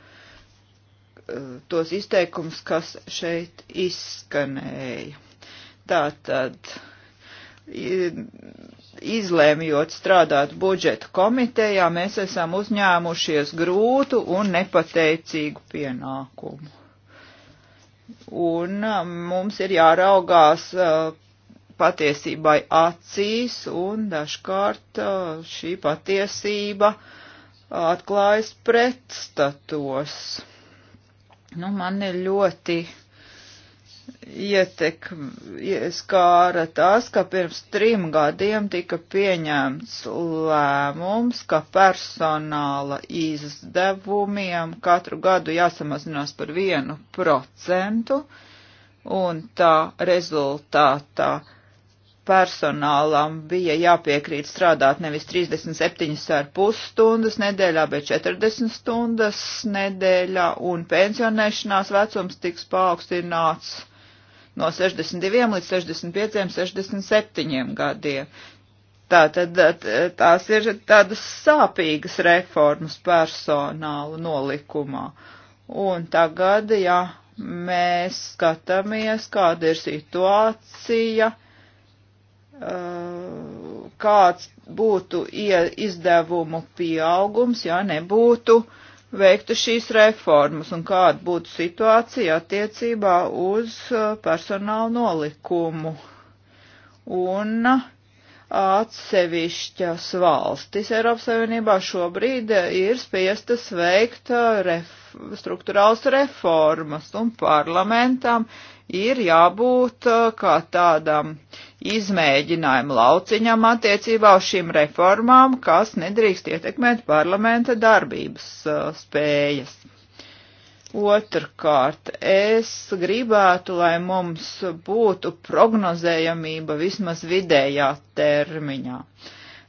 tos izteikums, kas šeit izskanēja. Tātad izlēmjot strādāt budžeta komitejā, mēs esam uzņēmušies grūtu un nepateicīgu pienākumu. Un uh, mums ir jāraugās uh, patiesībai acīs, un dažkārt uh, šī patiesība atklājas pretstatos. Nu, man ir ļoti ietekm, skāra tas, ka pirms trim gadiem tika pieņemts lēmums, ka personāla izdevumiem katru gadu jāsamazinās par vienu procentu, un tā rezultātā personālam bija jāpiekrīt strādāt nevis 37,5 stundas nedēļā, bet 40 stundas nedēļā, un pensionēšanās vecums tiks paaugstināts no 62 līdz 65, 67 gadiem. Tātad tās ir tādas sāpīgas reformas personāla nolikumā. Un tagad, ja mēs skatāmies, kāda ir situācija, kāds būtu izdevumu pieaugums, ja nebūtu uh, veiktu šīs reformas un kāda būtu situācija attiecībā uz uh, personāla nolikumu. Un uh, atsevišķas valstis Eiropas Savienībā šobrīd uh, ir spiestas veikt ref, struktūrāls reformas, un parlamentam ir jābūt uh, kā tādam izmēģinājumu lauciņam attiecībā uz šīm reformām, kas nedrīkst ietekmēt parlamenta darbības uh, spējas. Otrkārt, es gribētu, lai mums būtu prognozējamība vismaz vidējā termiņā.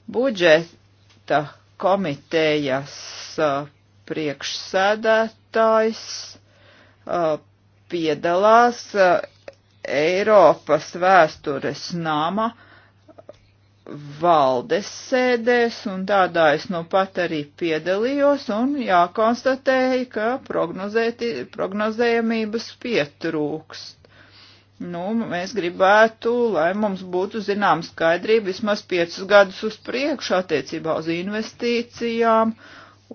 Budžeta komitejas uh, priekšsēdētājs piedalās eh, Eiropas vēstures nama valdes sēdēs, un tādā es nu pat arī piedalījos, un jākonstatēja, ka prognozējamības pietrūkst. Nu, mēs gribētu, lai mums būtu zinām skaidrība vismaz piecus gadus uz priekšu attiecībā uz investīcijām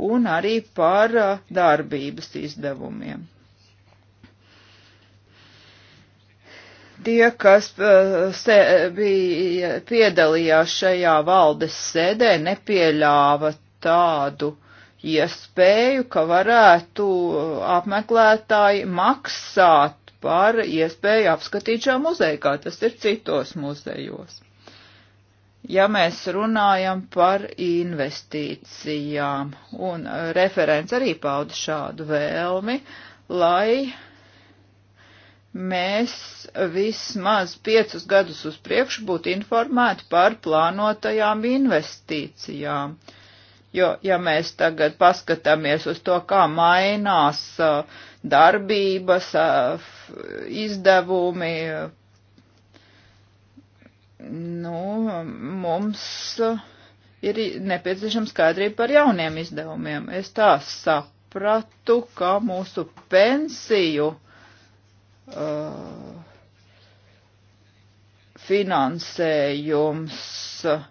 un arī par eh, darbības izdevumiem. tie, kas eh, se, bija piedalījās šajā valdes sēdē, nepieļāva tādu iespēju, ka varētu apmeklētāji maksāt par iespēju apskatīt šo muzeju, kā tas ir citos muzejos. Ja mēs runājam par investīcijām, un referents arī pauda šādu vēlmi, lai uh, mēs vismaz piecus gadus uz priekšu būtu informēti par plānotajām investīcijām. Jo, ja mēs tagad paskatāmies uz to, kā mainās uh, darbības, uh, izdevumi, nu, mums uh, ir nepieciešama skaidrība par jauniem izdevumiem. Es tā sapratu, ka mūsu pensiju uh, finansējums uh,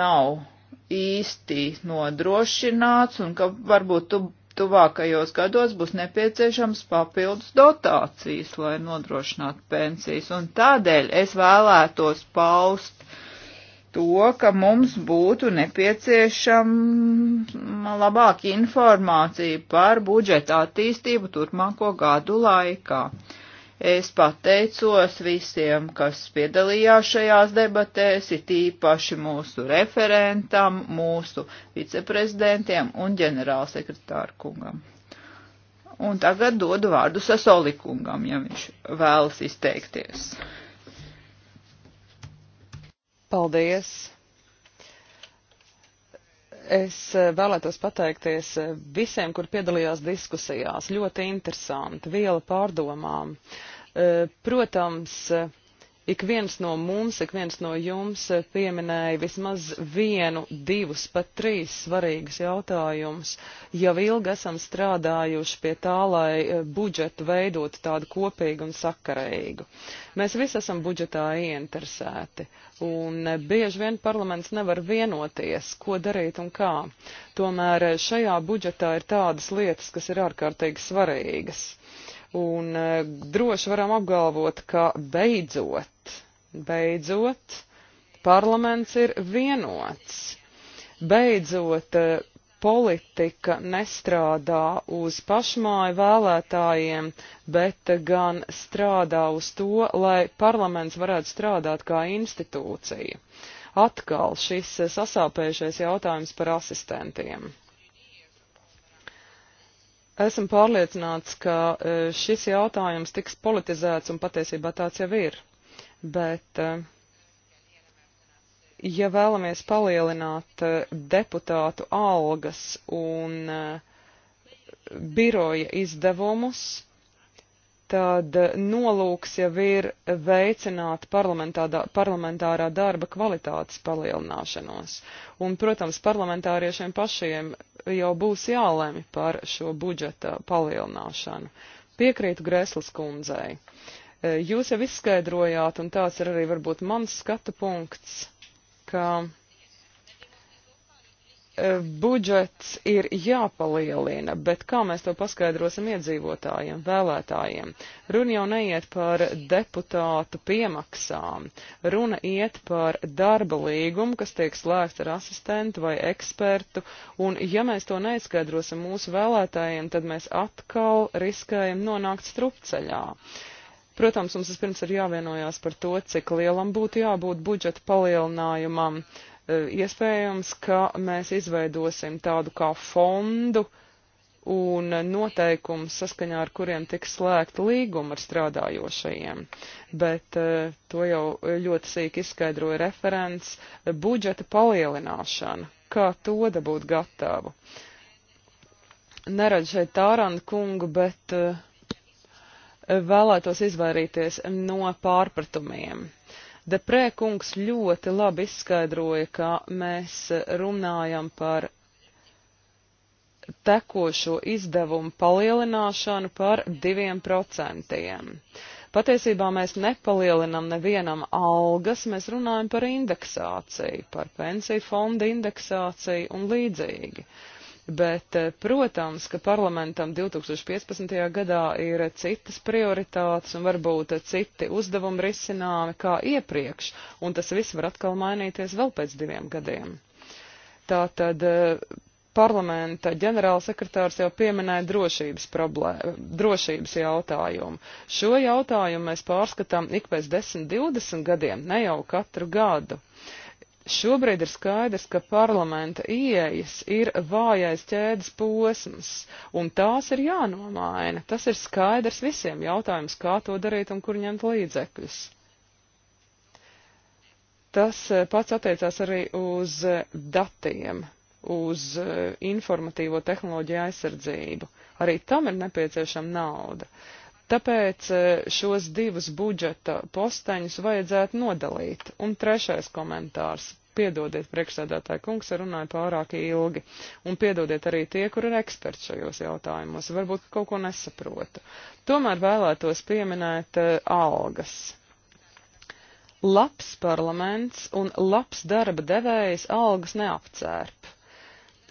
nav īsti nodrošināts un ka varbūt tu, tuvākajos gados būs nepieciešams papildus dotācijas, lai nodrošinātu pensijas. Un tādēļ es vēlētos paust uh, to, ka mums būtu nepieciešama labāka informācija par budžeta attīstību turpmāko gadu laikā. Es pateicos visiem, kas piedalījās šajās debatēs, it īpaši mūsu referentam, mūsu viceprezidentiem un ģenerālsekretāru kungam. Un tagad dodu vārdu Sasolikungam, ja viņš vēlas izteikties. Paldies! Es eh, vēlētos pateikties eh, visiem, kur piedalījās diskusijās. Ļoti interesanti, viela pārdomām. Eh, protams, Ik viens no mums, ik viens no jums eh, pieminēja vismaz vienu, divus, pat trīs svarīgus jautājumus. Jau ilgi esam strādājuši pie tā, lai eh, budžetu veidotu tādu kopīgu un sakarīgu. Mēs visi esam budžetā ieinteresēti, un eh, bieži vien parlaments nevar vienoties, ko darīt un kā. Tomēr šajā budžetā ir tādas lietas, kas ir ārkārtīgi svarīgas un e, droši varam apgalvot, ka beidzot, beidzot, parlaments ir vienots. Beidzot, e, politika nestrādā uz pašmāju vēlētājiem, bet gan strādā uz to, lai parlaments varētu strādāt kā institūcija. Atkal šis sasāpējušais jautājums par asistentiem. Esmu pārliecināts, ka e, šis jautājums tiks politizēts, un patiesībā tāds jau ir. Bet, e, ja vēlamies palielināt e, deputātu algas un biroja izdevumus, tad nolūks jau ir veicināt parlamentārā darba kvalitātes palielināšanos. Un, protams, parlamentāriešiem pašiem jau būs jālemi par šo budžeta palielināšanu. Piekrītu Greslas kundzei. E, jūs jau izskaidrojāt, un tāds ir arī varbūt mans skatu punkts, ka Eh, budžets ir jāpalielina, bet kā mēs to paskaidrosim iedzīvotājiem, vēlētājiem? Runa jau neiet par deputātu piemaksām, runa iet par darba līgumu, kas tiek slēgts ar asistentu vai ekspertu, un ja mēs to neizskaidrosim mūsu vēlētājiem, tad mēs atkal riskējam nonākt strupceļā. Protams, mums vispirms ir jāvienojās par to, cik lielam būtu jābūt budžeta palielinājumam. Uh, E, iespējams, ka mēs izveidosim tādu kā fondu un noteikumus, saskaņā ar kuriem tiks slēgta līguma ar strādājošajiem. Bet e, to jau ļoti sīk izskaidroja referents e, budžeta palielināšana. Kā to dabūt gatavu? neredzu šeit Tāranda kungu, bet uh, vēlētos izvairīties no pārpratumiem. Deprēkungs ļoti labi izskaidroja, ka mēs runājam par tekošo izdevumu palielināšanu par diviem procentiem. Patiesībā mēs nepalielinam nevienam algas, mēs runājam par indeksāciju, par pensiju fonda indeksāciju un līdzīgi. Uh, Bet, eh, protams, ka parlamentam 2015. gadā ir citas prioritātes un varbūt citi uzdevumi risināmi kā iepriekš, un tas viss var atkal mainīties vēl pēc diviem gadiem. Tātad eh, parlamenta ģenerālsekretārs jau pieminēja drošības, problēma, drošības jautājumu. Šo jautājumu mēs pārskatām ik pēc 10-20 gadiem, ne jau katru gadu. Uh, Šobrīd ir skaidrs, ka parlamenta ieejas ir vājais ķēdes posms, un tās ir jānomaina. Tas ir skaidrs visiem jautājums, kā to darīt un kur ņemt līdzekļus. Tas eh, pats attiecās arī uz eh, datiem, uz eh, informatīvo tehnoloģiju aizsardzību. Arī tam ir nepieciešama nauda. Uh, Tāpēc e, šos divus budžeta posteņus vajadzētu nodalīt. Un trešais komentārs. Piedodiet, priekšsēdētāji kungs, runāju pārāk ilgi. Un piedodiet arī tie, kur ir eksperti šajos jautājumos. Varbūt kaut ko nesaprotu. Tomēr vēlētos pieminēt uh, algas labs parlaments un labs darba devējs algas neapcērp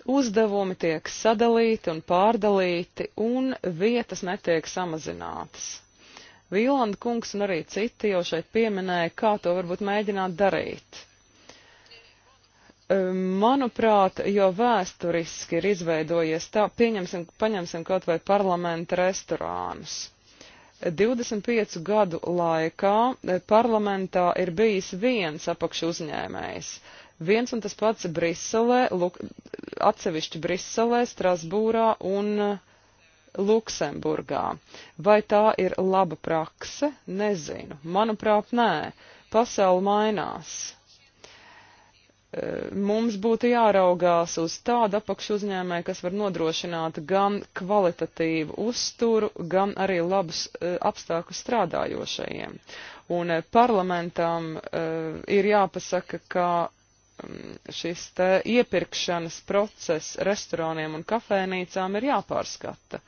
uzdevumi tiek sadalīti un pārdalīti, un vietas netiek samazinātas. Vīlanda kungs un arī citi jau šeit pieminēja, kā to varbūt mēģināt darīt. Ehm, manuprāt, jo vēsturiski ir izveidojies tā, pieņemsim, paņemsim kaut vai parlamenta restorānus. 25 gadu laikā eh, parlamentā ir bijis viens apakšu uzņēmējs. Uh, Viens un tas pats Briselē, luk, atsevišķi Briselē, Strasbūrā un eh, Luksemburgā. Vai tā ir laba prakse? Nezinu. Manuprāt, nē. Pasauli mainās. Eh, mums būtu jāraugās uz tādu apakšuzņēmēju, kas var nodrošināt gan kvalitatīvu uzturu, gan arī labus eh, apstākļus strādājošajiem. Un parlamentam ir jāpasaka, ka Um, šis te iepirkšanas process restorāniem un kafēnīcām ir jāpārskata.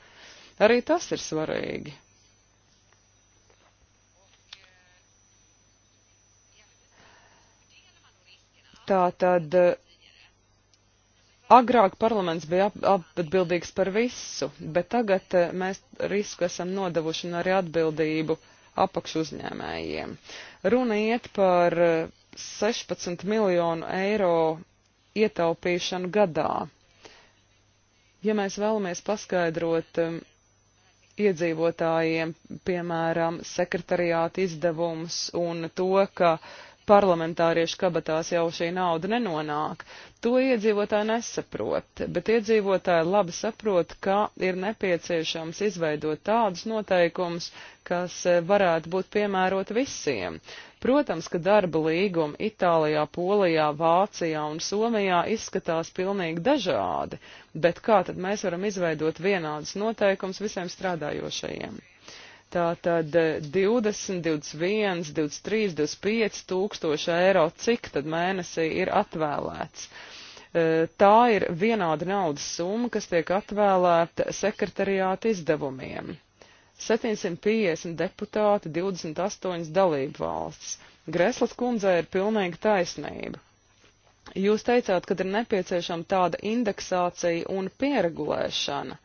Arī tas ir svarīgi. Tātad agrāk parlaments bija atbildīgs par visu, bet tagad eh, mēs risku esam nodevuši un arī atbildību apakšuzņēmējiem. Runa iet par eh, 16 miljonu eiro ietaupīšanu gadā. Ja mēs vēlamies paskaidrot um, iedzīvotājiem, piemēram, sekretariāta izdevumus un to, ka uh, parlamentāriešu kabatās jau šī nauda nenonāk. To iedzīvotāji nesaprot, bet iedzīvotāji labi saprot, ka ir nepieciešams izveidot tādus noteikumus, kas eh, varētu būt piemēroti visiem. Protams, ka darba līgumi Itālijā, Polijā, Vācijā un Somijā izskatās pilnīgi dažādi, bet kā tad mēs varam izveidot vienādas noteikums visiem strādājošajiem? Tātad 20, 21, 23, 25 tūkstoši eiro, cik tad mēnesī ir atvēlēts. Eh, tā ir vienāda naudas summa, kas tiek atvēlēta sekretariāta izdevumiem. 750 deputāti, 28 dalību valsts. Greslas kundzei ir pilnīga taisnība. Jūs teicāt, ka ir nepieciešama tāda indeksācija un pieregulēšana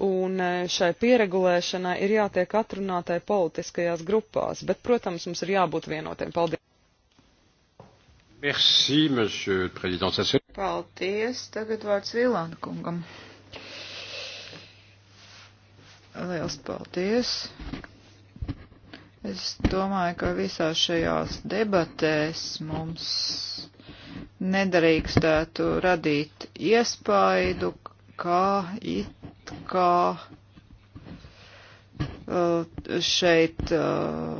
un e, šai pieregulēšanai ir jātiek atrunātai politiskajās grupās, bet, protams, mums ir jābūt vienotiem. Paldies! Merci, monsieur le président. Paldies! Tagad vārds Vīlāna kungam. Liels paldies! Es domāju, ka visās šajās debatēs mums nedrīkstētu radīt iespaidu, kā it ka uh, šeit uh,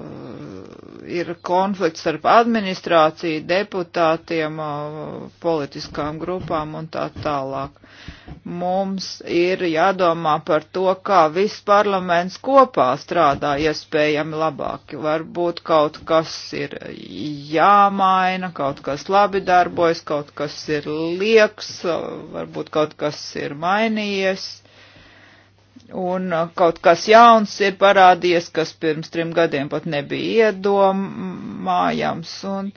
ir konflikts starp administrāciju, deputātiem, uh, politiskām grupām un tā tālāk. Mums ir jādomā par to, kā viss parlaments kopā strādā iespējami labāk. Varbūt kaut kas ir jāmaina, kaut kas labi darbojas, kaut kas ir lieks, varbūt kaut kas ir mainījies Un uh, kaut kas jauns ir parādījies, kas pirms trim gadiem pat nebija iedomājams. Un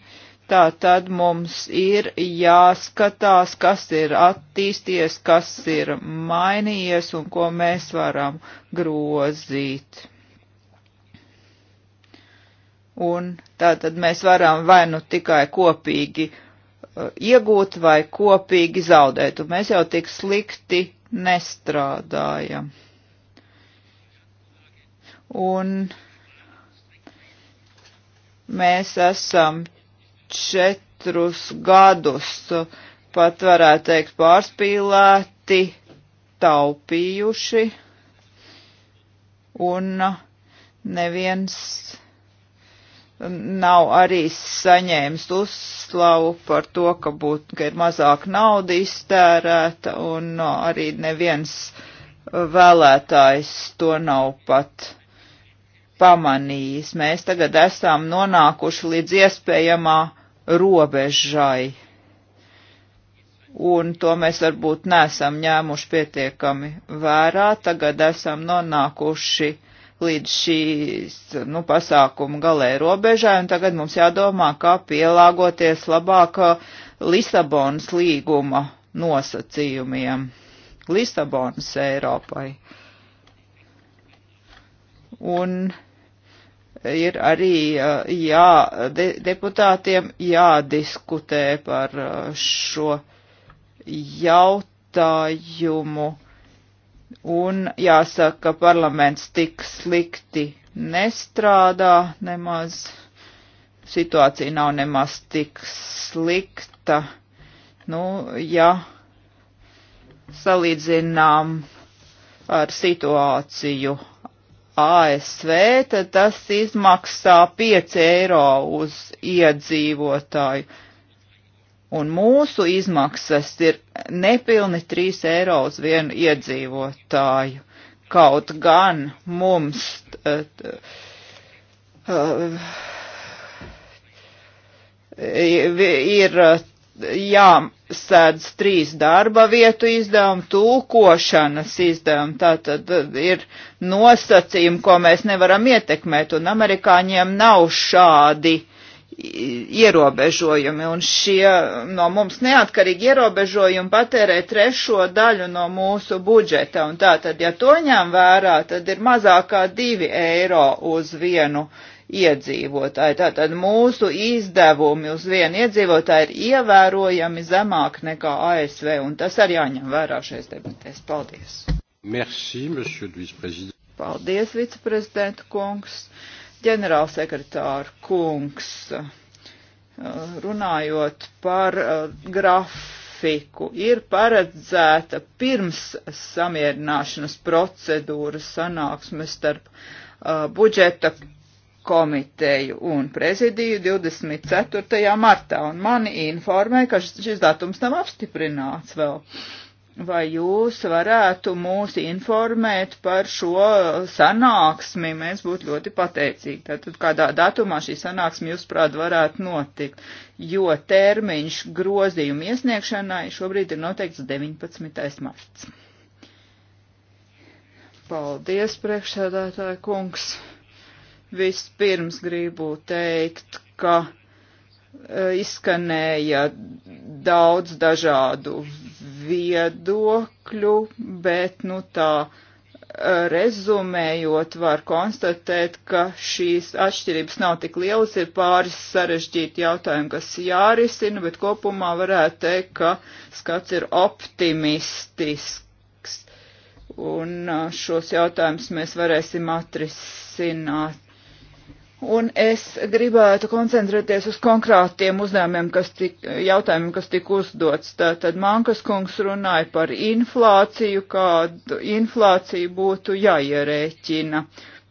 tā tad mums ir jāskatās, kas ir attīsties, kas ir mainījies un ko mēs varam grozīt. Un tā tad mēs varam vai nu tikai kopīgi uh, iegūt vai kopīgi zaudēt, un mēs jau tik slikti nestrādājam un mēs esam četrus gadus, pat varētu teikt, pārspīlēti taupījuši, un neviens nav arī saņēmis uzslavu par to, ka, būt, ka ir mazāk nauda iztērēta, un arī neviens vēlētājs to nav pat pamanījis. Mēs tagad esam nonākuši līdz iespējamā robežai. Un to mēs varbūt nesam ņēmuši pietiekami vērā. Tagad esam nonākuši līdz šīs nu, pasākuma galē robežai, un tagad mums jādomā, kā pielāgoties labāk Lisabonas līguma nosacījumiem. Lisabonas Eiropai. Un ir arī uh, jā, de, deputātiem jādiskutē par uh, šo jautājumu. Un jāsaka, parlaments tik slikti nestrādā nemaz. Situācija nav nemaz tik slikta. Nu, ja salīdzinām ar situāciju ASV, tad tas izmaksā 5 eiro uz iedzīvotāju. Un mūsu izmaksas ir nepilni 3 eiro uz vienu iedzīvotāju. Kaut gan mums tad, uh, ir jāsēdz trīs darba vietu izdevumi, tūkošanas izdevumi. Tā tad ir nosacījumi, ko mēs nevaram ietekmēt, un amerikāņiem nav šādi ierobežojumi, un šie no mums neatkarīgi ierobežojumi patērē trešo daļu no mūsu budžeta, un tā tad, ja to ņem vērā, tad ir mazākā divi eiro uz vienu uh, iedzīvotāji. Tātad mūsu izdevumi uz vienu iedzīvotāju ir ievērojami zemāk nekā ASV, un tas arī jāņem vērā šais debatēs. Paldies! Merci, Paldies, viceprezidenta kungs, ģenerālsekretāra kungs, runājot par grafu eh, grafiku ir paredzēta pirms samierināšanas procedūras sanāksmes starp uh, budžeta komiteju un prezidiju 24. martā, un mani informē, ka šis datums nav apstiprināts vēl. Vai jūs varētu mūs informēt par šo sanāksmi? Mēs būtu ļoti pateicīgi. Tātad kādā datumā šī sanāksme jūs prāt varētu notikt, jo termiņš grozījumu iesniegšanai šobrīd ir noteikts 19. marts. Paldies, priekšsēdētāja kungs. Vispirms gribu teikt, ka e, izskanēja daudz dažādu viedokļu, bet, nu, tā e, rezumējot, var konstatēt, ka šīs atšķirības nav tik lielas, ir pāris sarežģīti jautājumi, kas jārisina, bet kopumā varētu teikt, ka skats ir optimistisks. Un e, šos jautājumus mēs varēsim atrisināt Un es gribētu koncentrēties uz konkrētiem uzdevumiem, kas tik, jautājumiem, kas tika uzdots. Tātad Mankas kungs runāja par inflāciju, kādu inflāciju būtu jāierēķina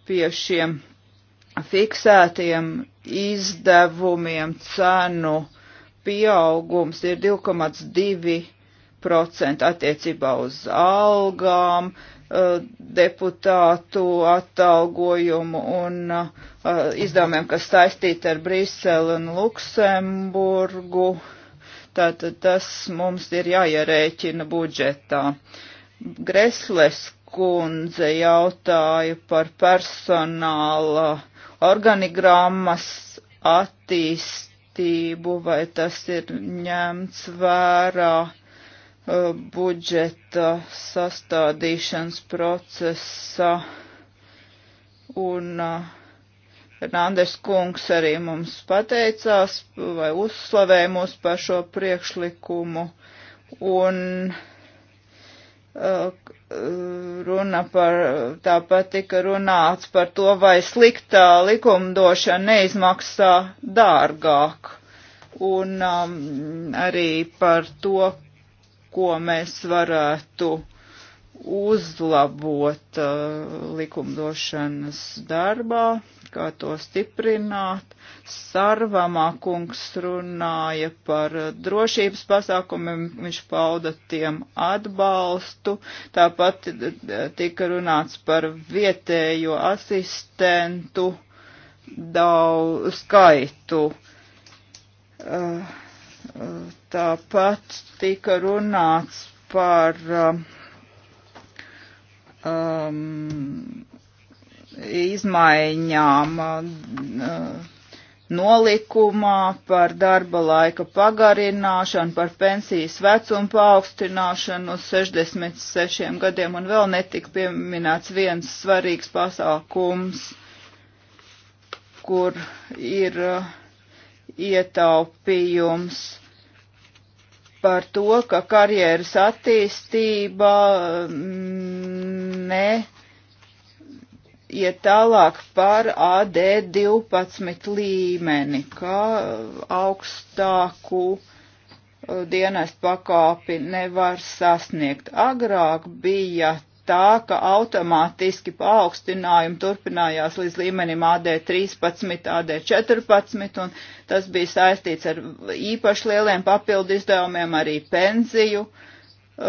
pie šiem fiksētiem izdevumiem cenu pieaugums ir 2,2% attiecībā uz algām, deputātu atalgojumu un uh, izdevumiem, kas saistīti ar Briseli un Luksemburgu. Tātad tas mums ir jāierēķina budžetā. Gresles kundze jautāja par personāla organigrammas attīstību, vai tas ir ņemts vērā Uh, budžeta sastādīšanas procesa un uh, Fernandes kungs arī mums pateicās vai uzslavēja mūs par šo priekšlikumu un uh, runa par, tāpat tika runāts par to, vai sliktā likumdošana neizmaksā dārgāk un um, arī par to, ko mēs varētu uzlabot uh, likumdošanas darbā, kā to stiprināt. Sarvamā kungs runāja par drošības pasākumiem, viņš pauda tiem atbalstu. Tāpat uh, tika runāts par vietējo asistentu daudz skaitu. Uh, Tāpat tika runāts par um, um izmaiņām um, nolikumā, par darba laika pagarināšanu, par pensijas vecumu paaugstināšanu uz 66 gadiem un vēl netika pieminēts viens svarīgs pasākums, kur ir uh, ietaupījums par to, ka karjeras attīstība mm, ne iet tālāk par AD12 līmeni, kā augstāku uh, dienestu pakāpi nevar sasniegt. Agrāk bija tā, ka automātiski paaugstinājumi turpinājās līdz līmenim AD13, AD14, un tas bija saistīts ar īpaši lieliem papildu izdevumiem arī pensiju uh,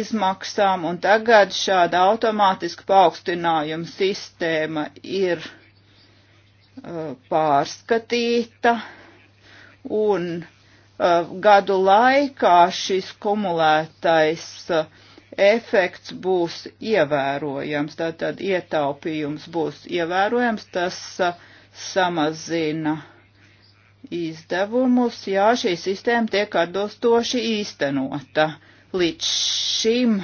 izmaksām, un tagad šāda automātiska paaugstinājuma sistēma ir uh, pārskatīta, un uh, gadu laikā šis kumulētais uh, efekts būs ievērojams, tātad ietaupījums būs ievērojams, tas samazina izdevumus, jā, šī sistēma tiek atbilstoši īstenota. Līdz šim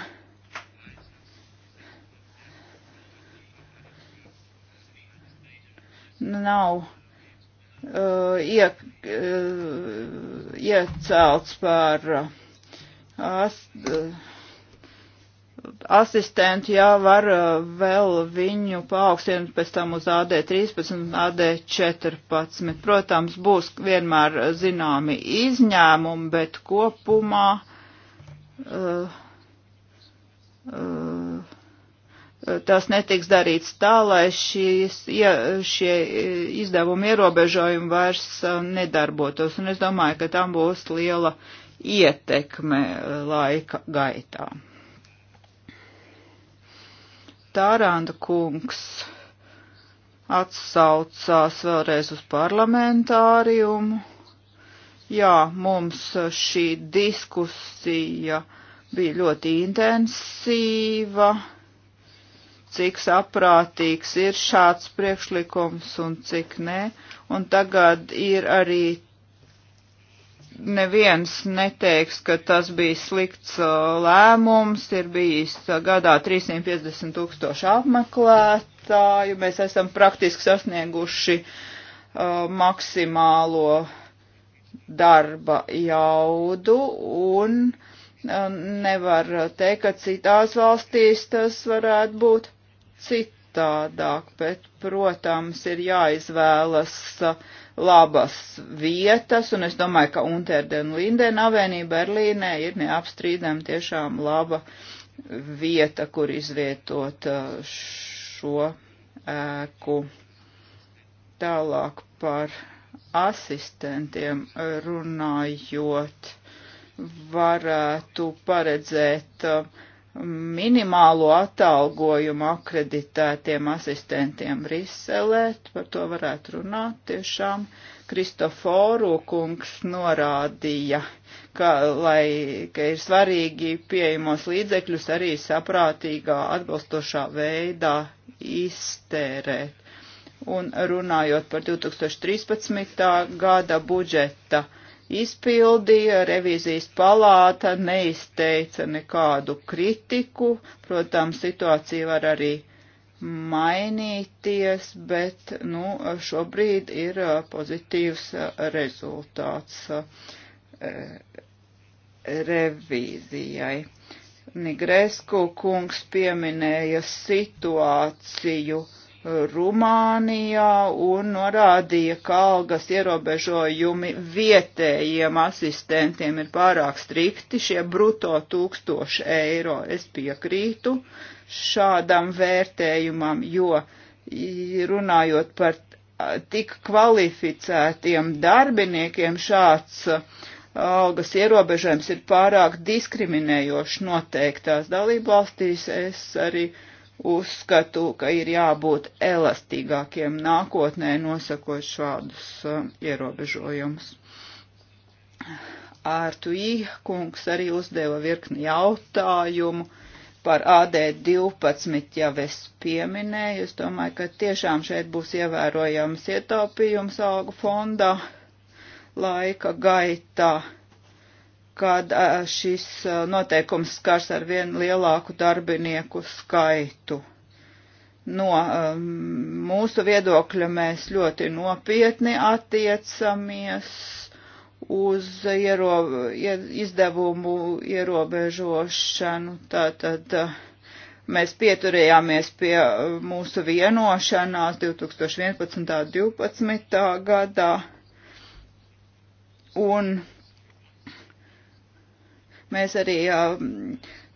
nav uh, ie, uh, iecelts par uh, ast, uh, asistenti, jā, var uh, vēl viņu paaugstināt pēc tam uz AD13, AD14. Protams, būs vienmēr zināmi izņēmumi, bet kopumā uh, uh, tas netiks darīts tā, lai šīs, ja, šie izdevumi ierobežojumi vairs uh, nedarbotos. Un es domāju, ka tam būs liela ietekme uh, laika gaitā. Tāranda kungs atsaucās vēlreiz uz parlamentāriumu. Jā, mums šī diskusija bija ļoti intensīva, cik saprātīgs ir šāds priekšlikums un cik nē. Un tagad ir arī neviens neteiks, ka tas bija slikts uh, lēmums, ir bijis uh, gadā 350 tūkstoši apmeklētāju, mēs esam praktiski sasnieguši uh, maksimālo darba jaudu un uh, nevar teikt, ka citās valstīs tas varētu būt citādāk, bet, protams, ir jāizvēlas uh, labas vietas, un es domāju, ka Unterden Linden avēnī Berlīnē ir neapstrīdam tiešām laba vieta, kur izvietot uh, šo ēku. Tālāk par asistentiem runājot, varētu paredzēt uh, minimālo atalgojumu akreditētiem asistentiem Briselē, par to varētu runāt tiešām. Kristoforu kungs norādīja, ka, lai, ka ir svarīgi pieejamos līdzekļus arī saprātīgā atbalstošā veidā iztērēt. Un runājot par 2013. gada budžeta izpildīja, revīzijas palāta neizteica nekādu kritiku. Protams, situācija var arī mainīties, bet nu, šobrīd ir pozitīvs rezultāts revīzijai. Nigresku kungs pieminēja situāciju Rumānijā un norādīja, ka algas ierobežojumi vietējiem asistentiem ir pārāk strikti, šie bruto tūkstoši eiro. Es piekrītu šādam vērtējumam, jo runājot par tik kvalificētiem darbiniekiem šāds algas ierobežojums ir pārāk diskriminējošs noteiktās dalībvalstīs. Es arī uh, uzskatu, ka ir jābūt elastīgākiem nākotnē nosakot šādus uh, ierobežojumus. Ārtuī kungs arī uzdeva virkni jautājumu par AD12 jau es pieminēju. Es domāju, ka tiešām šeit būs ievērojams ietaupījums augu fonda laika gaitā kad šis noteikums skars ar vien lielāku darbinieku skaitu. No um, mūsu viedokļa mēs ļoti nopietni attiecamies uz iero, izdevumu ierobežošanu, tātad mēs pieturējāmies pie mūsu vienošanās 2011. un 2012. gadā. Un Mēs arī um,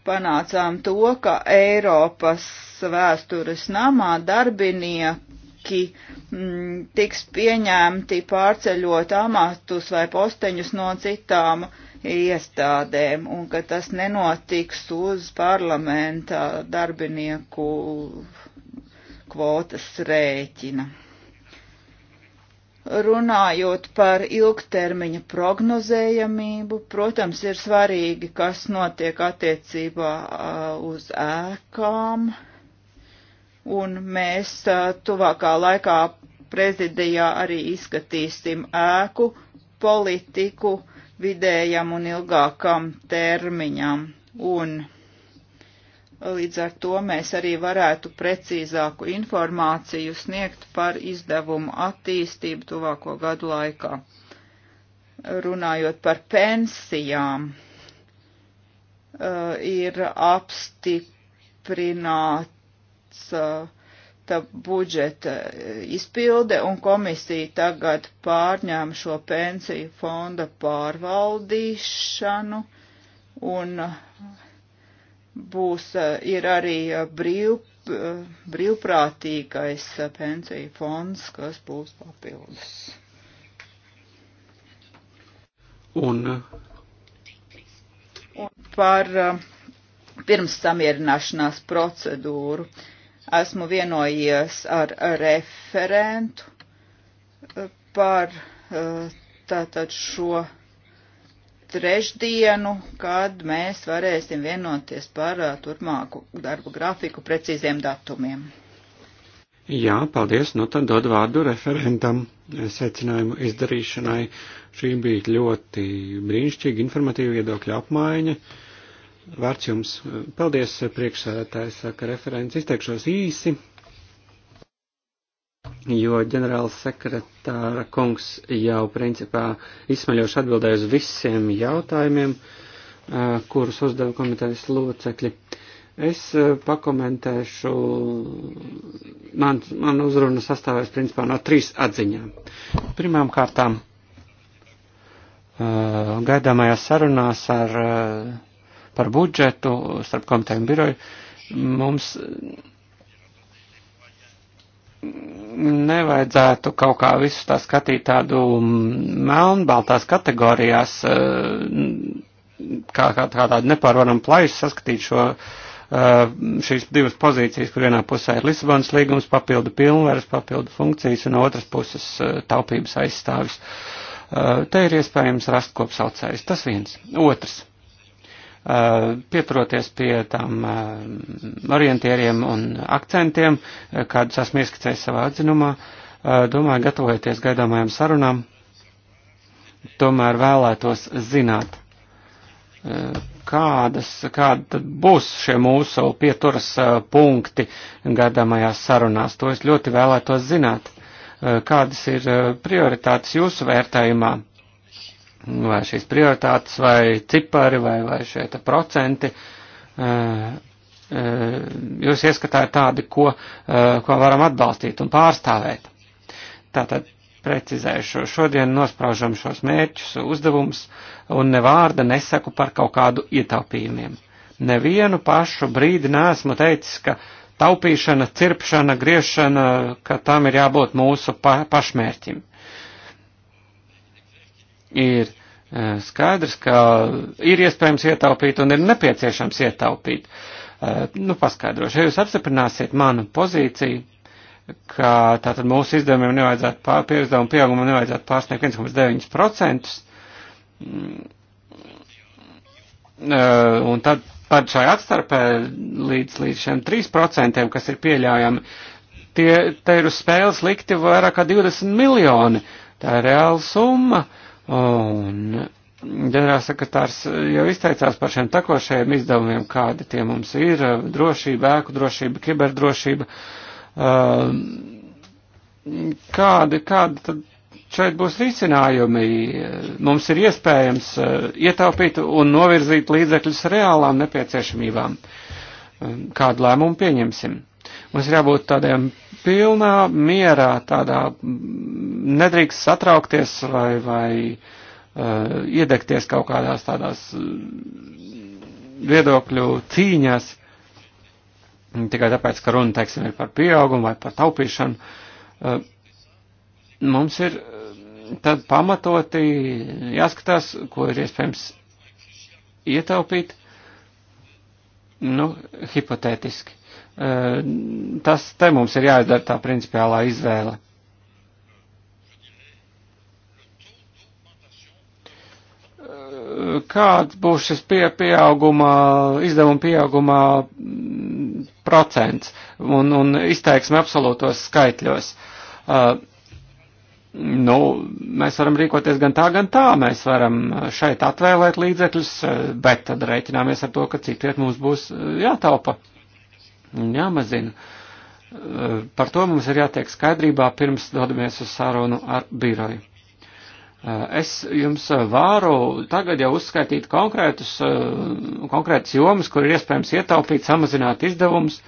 panācām to, ka Eiropas vēstures namā darbinieki mm, tiks pieņemti pārceļot amatus vai posteņus no citām iestādēm un ka tas nenotiks uz parlamenta darbinieku kvotas rēķina. Runājot par ilgtermiņa prognozējamību, protams, ir svarīgi, kas notiek attiecībā uh, uz ēkām, un mēs uh, tuvākā laikā prezidijā arī izskatīsim ēku politiku vidējam un ilgākam termiņam. Un Līdz ar to mēs arī varētu precīzāku informāciju sniegt par izdevumu attīstību tuvāko gadu laikā. Runājot par pensijām, uh, ir apstiprināts uh, budžeta izpilde, un komisija tagad pārņēma šo pensiju fonda pārvaldīšanu un būs, eh, ir arī eh, brīv, eh, brīvprātīgais pensiju fonds, kas būs papildus. Un, un par pirms samierināšanās procedūru esmu vienojies ar referentu par tātad šo trešdienu, kad mēs varēsim vienoties par turpmāku darbu grafiku precīziem datumiem. Jā, paldies. Nu tad dod vārdu referentam secinājumu izdarīšanai. Šī bija ļoti brīnišķīga informatīva viedokļa apmaiņa. Vārds jums. Paldies, priekšsēdētājs, saka referents. Izteikšos īsi jo ģenerāla sekretāra kungs jau principā izsmeļoši atbildēja uz visiem jautājumiem, kurus uzdeva komitejas locekļi. Es pakomentēšu, man, man uzruna sastāvēs principā no trīs atziņām. Pirmām kārtām, gaidāmajās sarunās ar, par budžetu starp komiteju un biroju mums nevajadzētu kaut kā visus tā skatīt tādu melnbaltās kategorijās, eh, kā, kā, kā tādu nepārvaram plaisu saskatīt šo, eh, šīs divas pozīcijas, kur vienā pusē ir Lisabonas līgums, papildu pilnvaras, papildu funkcijas, un otras puses eh, taupības aizstāvis. Te ir iespējams rast kopsaucējs. Tas viens. Otrs Eh, pieturoties pie tām eh, orientieriem un akcentiem, eh, kādus esmu ieskicējis savā atzinumā. Domāju, gatavojoties gaidāmajām sarunām, tomēr vēlētos zināt, kādas, kāda būs šie mūsu pieturas punkti gadamajās sarunās. To es ļoti vēlētos zināt. Kādas ir prioritātes jūsu vērtējumā? vai šīs prioritātes, vai cipari, vai, vai šie procenti, eh, eh, jūs ieskatā ir tādi, ko, eh, ko varam atbalstīt un pārstāvēt. Tātad precizēšu. Šodien nospraužam šos mērķus, uzdevumus un ne vārda nesaku par kaut kādu ietaupījumiem. Nevienu pašu brīdi neesmu teicis, ka taupīšana, cirpšana, griešana, ka tam ir jābūt mūsu pa pašmērķim ir e, skaidrs, ka ir iespējams ietaupīt un ir nepieciešams ietaupīt. E, nu, paskaidrošu, ja jūs apstiprināsiet manu pozīciju, ka tātad mūsu izdevumiem nevajadzētu, pār, pierizdevumu pieaugumam nevajadzētu pārsniegt 1,9%, mm, e, un tad par šai atstarpē līdz, līdz šiem 3%, kas ir pieļaujami, tie, te ir uz spēles likti vairāk kā 20 miljoni. Tā ir reāla summa. Uh, Un ģenerālsekretārs jau izteicās par šiem takošajiem izdevumiem, kādi tie mums ir - drošība, ēku drošība, kiberdrošība. Um, kādi, kādi tad šeit būs risinājumi? Mums ir iespējams uh, ietaupīt un novirzīt līdzekļus reālām nepieciešamībām. Um, kādu lēmumu pieņemsim? Mums ir jābūt tādiem pilnā mierā, tādā mm, nedrīkst satraukties vai, vai uh, iedegties kaut kādās tādās mm, viedokļu cīņās, tikai tāpēc, ka runa, teiksim, ir par pieaugumu vai par taupīšanu. Uh, mums ir mm, tad pamatoti jāskatās, ko ir iespējams ietaupīt, nu, hipotētiski E, tas te mums ir jāizdara tā principiālā izvēle. E, kāds būs šis pie, pieauguma, izdevuma pieauguma mm, procents un, un izteiksme absolūtos skaitļos? Uh, nu, mēs varam rīkoties gan tā, gan tā. Mēs varam šeit atvēlēt līdzekļus, bet tad reiķināmies ar to, ka citviet mums būs jātaupa. Uh, un jāmazina. Eh, par to mums ir jātiek skaidrībā pirms dodamies uz sarunu ar biroju. Eh, es jums vāru tagad jau uzskaitīt konkrētus, eh, konkrētas jomas, kur ir iespējams ietaupīt, samazināt izdevumus,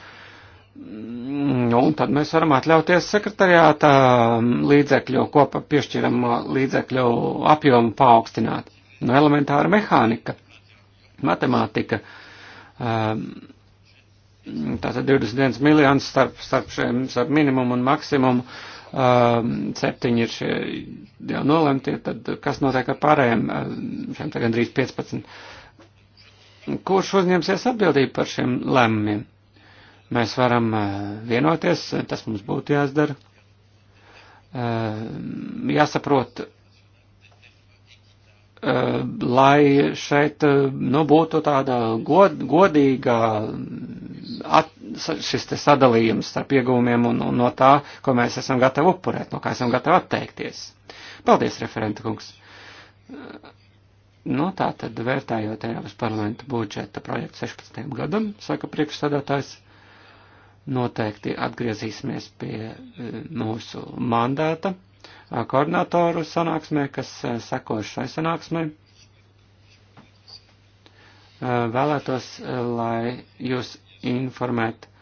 un tad mēs varam atļauties sekretariāta līdzekļu, kopā piešķiramo līdzekļu apjomu paaugstināt. No nu, elementāra mehānika, matemātika. Um, tātad 21 miljonus starp, starp, šiem, starp minimumu un maksimumu, um, septiņi ir šie jau nolemtie, tad kas notiek ar pārējiem, um, šiem tagad drīz 15? Kurš uzņemsies atbildību par šiem lēmumiem? Mēs varam uh, vienoties, tas mums būtu jāizdara. Um, jāsaprot, Eh, lai šeit eh, nu, būtu tāda god, godīga at, šis te sadalījums starp iegūmiem un, un no tā, ko mēs esam gatavi upurēt, no kā esam gatavi atteikties. Paldies, referenta kungs. Eh, nu, tā tad vērtējot Eiropas parlamenta budžeta projektu 16. gadam, saka priekšsādātājs, noteikti atgriezīsimies pie mūsu mandāta koordinatoru sanāksmē, kas sekoja šai sanāksmē. Vēlētos, lai jūs informētu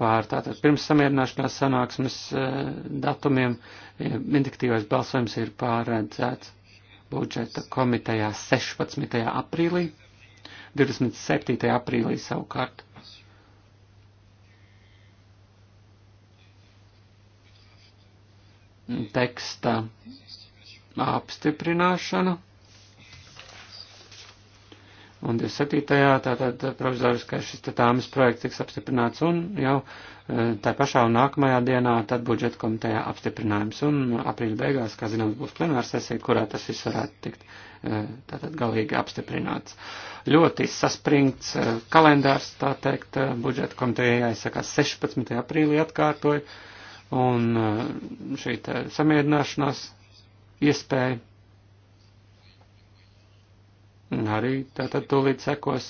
par tātad pirms samierināšanās sanāksmes datumiem. Indiktīvais balsojums ir pārredzēts budžeta komitejā 16. aprīlī, 27. aprīlī savukārt teksta apstiprināšanu. Un 27. tātad provizoriskais šis tāmis projekts tiks apstiprināts un jau e, tā pašā un nākamajā dienā tad budžeta komitejā apstiprinājums. Un aprīļa beigās, kā zināms, būs plenāra sesija, kurā tas viss varētu tikt e, tātad galīgi apstiprināts. Ļoti saspringts e, kalendārs, tā teikt, budžeta komitejā aizsakās 16. aprīlī atkārtoju un uh, šī samierināšanās iespēja arī tātad tūlīt sekos.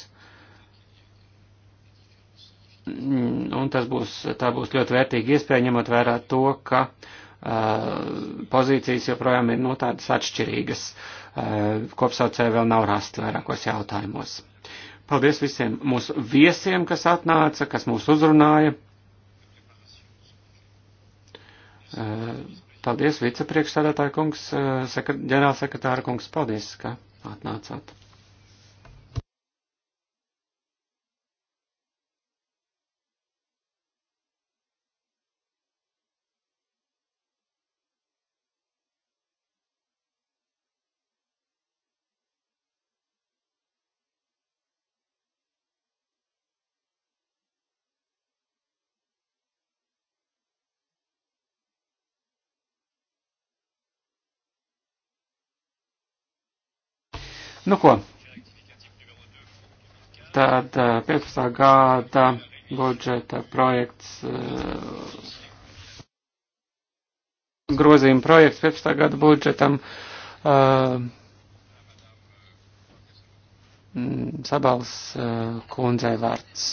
Un tas būs, tā būs ļoti vērtīga iespēja, ņemot vērā to, ka uh, pozīcijas joprojām ir no nu, tādas atšķirīgas. Uh, Kopsaucēji vēl nav rasti vairākos jautājumos. Paldies visiem mūsu viesiem, kas atnāca, kas mūs uzrunāja. Eh, paldies, vicepriekšstādātāja kungs, eh, ģenerālsekretāra kungs, paldies, ka atnācāt. Nu ko, tad 15. Eh, gada budžeta projekts, eh, grozījuma projekts 15. gada budžetam eh, mm, Sabals kundzei vārds.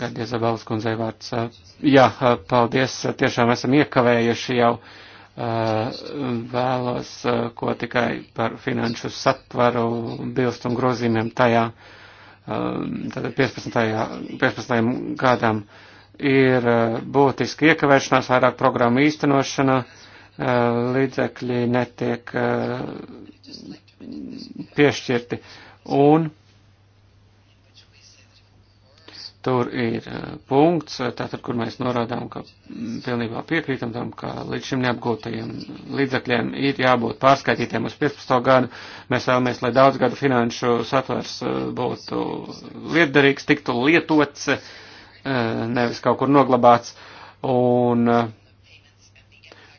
Gadies Zabals kundzei vārds. Jā, paldies, tiešām esam iekavējuši jau. Uh, Eh, vēlos, eh, ko tikai par finanšu satvaru bilst un grozījumiem tajā, eh, tātad 15. 15. gadam ir būtiski iekavēšanās, vairāk programmu īstenošana, līdzekļi netiek piešķirti. Un Tur ir eh, punkts, eh, tātad, kur mēs norādām, ka mm, pilnībā piekrītam tam, ka līdz šim neapgūtajiem līdzakļiem ir jābūt pārskaitītiem uz 15. gadu. Mēs vēlamies, lai daudz gadu finanšu satvers eh, būtu lietderīgs, tiktu lietots, nevis kaut kur noglabāts. Un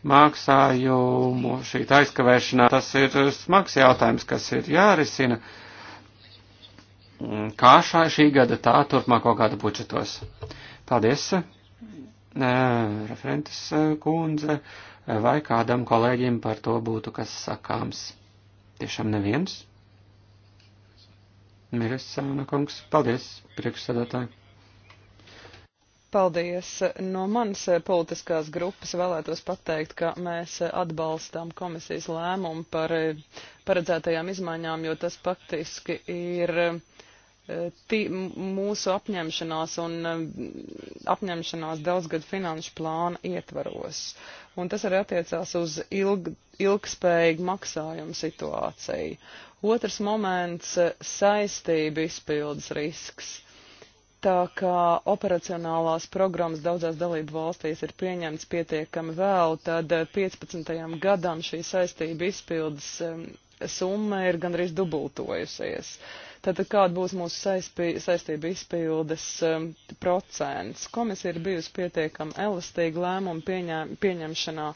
maksājumu šī aizkavēšanā tas ir smags jautājums, kas ir jārisina. Mm, kā šā, šī gada, tā turpmāko gada budžetos. Paldies, eh, referentes eh, kundze, eh, vai kādam kolēģim par to būtu kas sakāms? Tiešām neviens? Miris Sāna kungs, paldies, priekšsēdētāji. Paldies. No manas politiskās grupas vēlētos pateikt, ka mēs atbalstām komisijas lēmumu par paredzētajām izmaiņām, jo tas faktiski ir uh, mūsu apņemšanās un um, apņemšanās daudzgad finanšu plāna ietvaros. Un tas arī attiecās uz ilg, ilgspējīgu maksājumu situāciju. Otrs moments - saistība izpildes risks. Tā kā operacionālās programmas daudzās dalību valstīs ir pieņemts pietiekami vēl, tad 15. gadam šī saistība izpildes um, summa ir gandrīz dubultojusies. Uh, Tātad kāda būs mūsu saistī, saistība izpildes um, procents? Komisija ir bijusi pietiekami elastīga lēmumu pieņem, pieņemšanā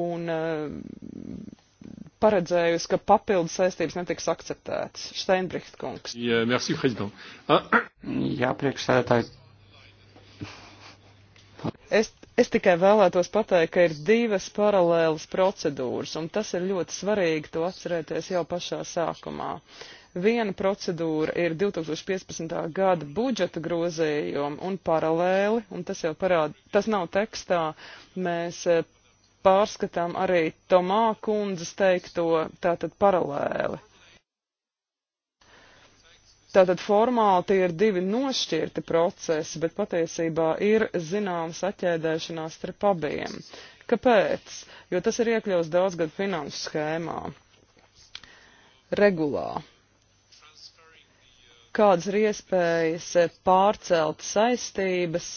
un uh, paredzējusi, ka papildus saistības netiks akceptētas. Steinbricht kungs. Jā, merci, prezident. Ah, Jā, priekšsēdētāji. Es, es tikai vēlētos pateikt, ka ir divas paralēlas procedūras, un tas ir ļoti svarīgi to atcerēties jau pašā sākumā. Viena procedūra ir 2015. gada budžeta grozījumi un paralēli, un tas jau parāda, tas nav tekstā, mēs e, pārskatām arī Tomā kundzes teikto tātad paralēli. Tātad formāli tie ir divi nošķirti procesi, bet patiesībā ir zināms atķēdēšanās starp abiem. Kāpēc? Jo tas ir iekļauts daudzgad finanšu schēmā, regulā kādas ir iespējas pārcelt saistības,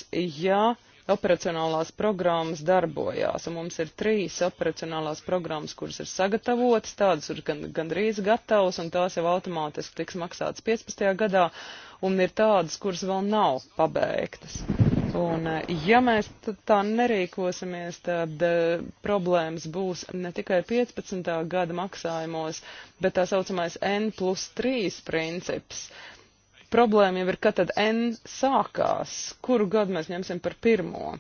ja operacionālās programmas darbojās. Un mums ir trīs operacionālās programmas, kuras ir sagatavotas, tādas ir gan, gandrīz gatavas, un tās jau automātiski tiks maksātas 15. gadā, un ir tādas, kuras vēl nav pabeigtas. Un, ja mēs tā nerīkosimies, tad e, problēmas būs ne tikai 15. gada maksājumos, bet tā saucamais N plus 3 princips. Problēma jau ir, kad tad N sākās, kuru gadu mēs ņemsim par pirmo.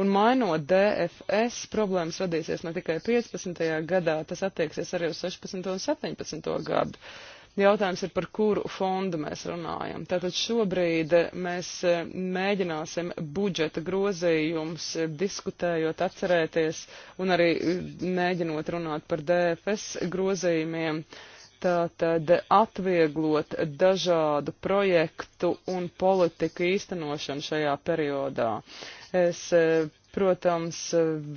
Un mainot DFS, problēmas radīsies ne tikai 15. gadā, tas attieksies arī uz 16. un 17. gadu. Jautājums ir, par kuru fondu mēs runājam. Tātad šobrīd mēs e, mēģināsim budžeta grozījums e, diskutējot, atcerēties un arī e, mēģinot runāt par DFS grozījumiem. Uh, tātad atvieglot dažādu projektu un politiku īstenošanu šajā periodā. Es, e, protams,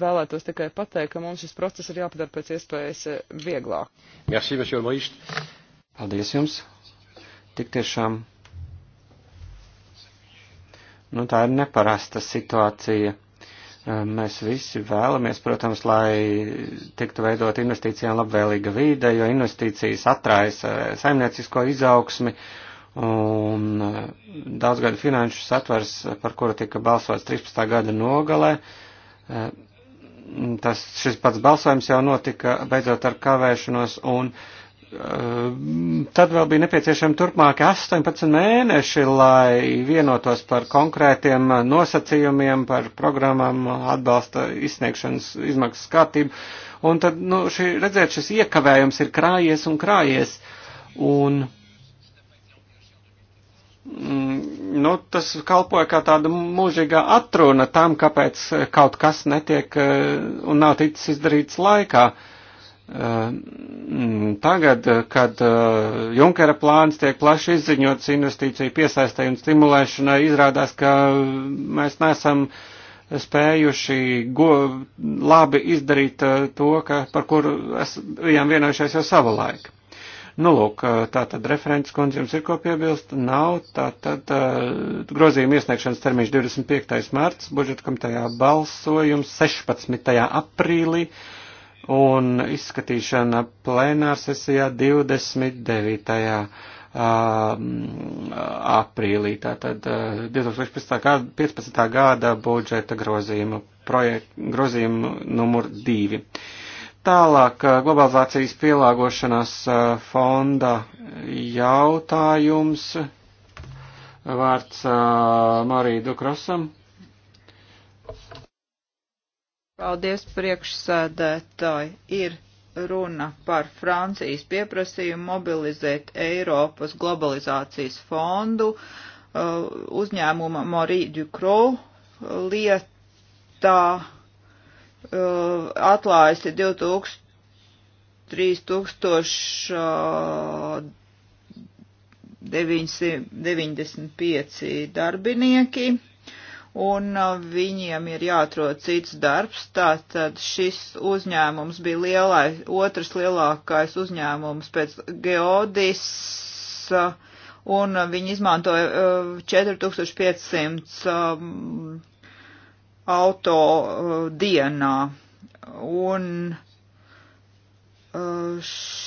vēlētos tikai pateikt, ka mums šis process ir jāpadara pēc iespējas e, vieglāk. Merci, monsieur Moist. Paldies jums. Tik tiešām. Nu, tā ir neparasta situācija Ehm, mēs visi vēlamies, protams, lai tiktu veidot investīcijām labvēlīga vīde, jo investīcijas atraisa saimniecisko izaugsmi un ehm, daudzgadu finanšu satvers, par kuru tika balsots 13. gada nogalē. Ehm, tas, šis pats balsojums jau notika beidzot ar kavēšanos un uh, Ehm, tad vēl bija nepieciešami turpmāki 18 mēneši, lai vienotos par konkrētiem nosacījumiem, par programmām atbalsta izsniegšanas izmaksas kārtību. Un tad, nu, šī, redzēt, šis iekavējums ir krājies un krājies. Un, mm, nu, tas kalpoja kā tāda mūžīgā atruna tam, kāpēc kaut kas netiek eh, un nav ticis izdarīts laikā. Uh, Ehm, tagad, kad eh, Junkera plāns tiek plaši izziņots investīciju piesaistai un stimulēšanai, izrādās, ka mēs nesam spējuši go, labi izdarīt eh, to, ka, par kuru es, bijām vienojušies jau sava laika. Nu, lūk, eh, tā tad referents kundze jums ir ko piebilst? Nav, tā tad grozījuma iesniegšanas termiņš 25. marts, budžeta komitejā balsojums 16. aprīlī un izskatīšana plenārsesijā 29. Um, aprīlī, tātad 2015. Uh, gada budžeta grozījuma, projekta grozījuma numur 2. Tālāk uh, globalizācijas pielāgošanās uh, fonda jautājums. Vārds Marija Dukrosam. Paldies, priekšsēdētāji. Ir runa par Francijas pieprasījumu mobilizēt Eiropas globalizācijas fondu uh, uzņēmuma Marie Ducro uh, lietā uh, atklājas 3995 darbinieki un uh, viņiem ir jāatrod cits darbs. Tātad šis uzņēmums bija lielais, otrs lielākais uzņēmums pēc Geodis, uh, un uh, viņi izmantoja 4500 um, auto dienā. Un š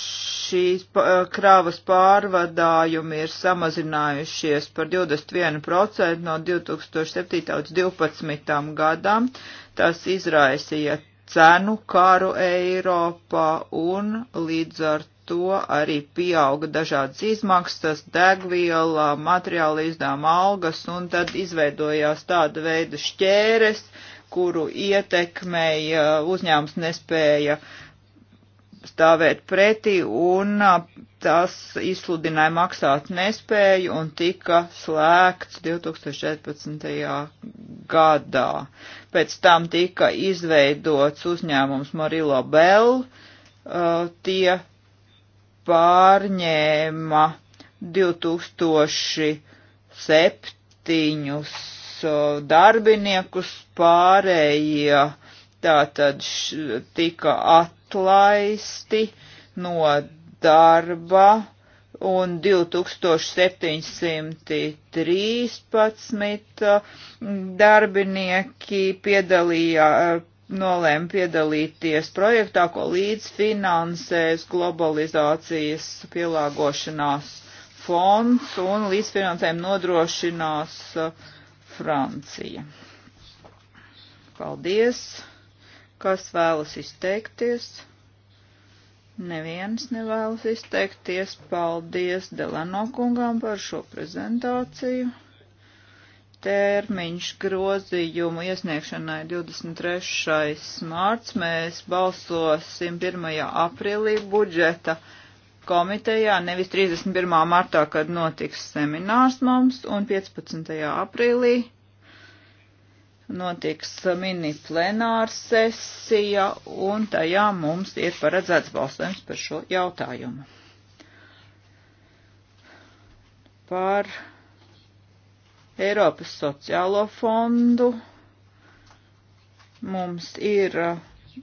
šīs eh, kravas pārvadājumi ir samazinājušies par 21% no 2007. līdz 2012. gadam. Tas izraisīja cenu karu Eiropā un līdz ar to arī pieauga dažādas izmaksas, degviela, materiāla izdevuma algas un tad izveidojās tāda veida šķēres, kuru ietekmēja uzņēmums nespēja uh, stāvēt pretī un tas izsludināja maksāt nespēju un tika slēgts 2014. gadā. Pēc tam tika izveidots uzņēmums Marilo Bell, tie pārņēma 2007 darbiniekus pārējie tātad š, tika at atlaisti no darba un 2713 uh, darbinieki piedalījā, uh, nolēma piedalīties projektā, ko līdzfinansēs globalizācijas pielāgošanās fonds un līdzfinansējumu nodrošinās uh, Francija. Paldies! Kas vēlas izteikties? Neviens nevēlas izteikties. Paldies Delano kungām par šo prezentāciju. Termiņš grozījumu iesniegšanai 23. mārts. Mēs balsosim 1. aprīlī budžeta komitejā, nevis 31. martā, kad notiks seminārs mums, un 15. aprīlī notiks mini plenāra sesija, un tajā mums ir paredzēts balsojums par šo jautājumu. Par Eiropas sociālo fondu mums ir uh,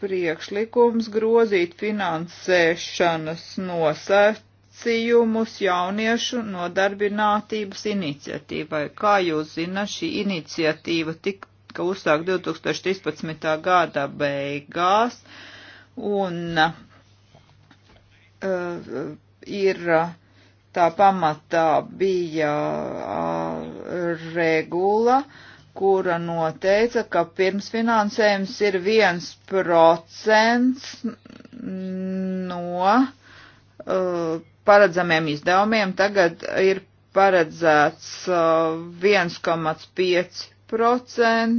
priekšlikums grozīt finansēšanas nosēt nosacījumus jauniešu nodarbinātības iniciatīvai. Kā jūs zināt, šī iniciatīva tika uzsākt 2013. gada beigās un uh, ir tā pamatā bija uh, regula, kura noteica, ka pirmsfinansējums ir viens procents no uh, paredzamiem izdevumiem tagad ir paredzēts 1,5% uh, uh,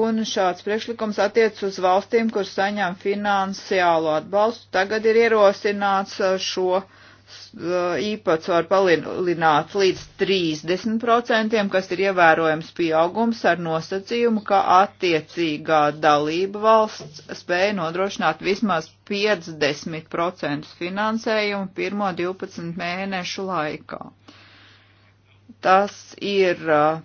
un šāds priekšlikums attiec uz valstīm, kur saņem finansiālo atbalstu. Tagad ir ierosināts uh, šo īpatsvaru palielināts līdz 30%, kas ir ievērojams pieaugums ar nosacījumu, ka attiecīgā dalība valsts spēja nodrošināt vismaz 50% finansējumu pirmo 12 mēnešu laikā. Tas ir uh,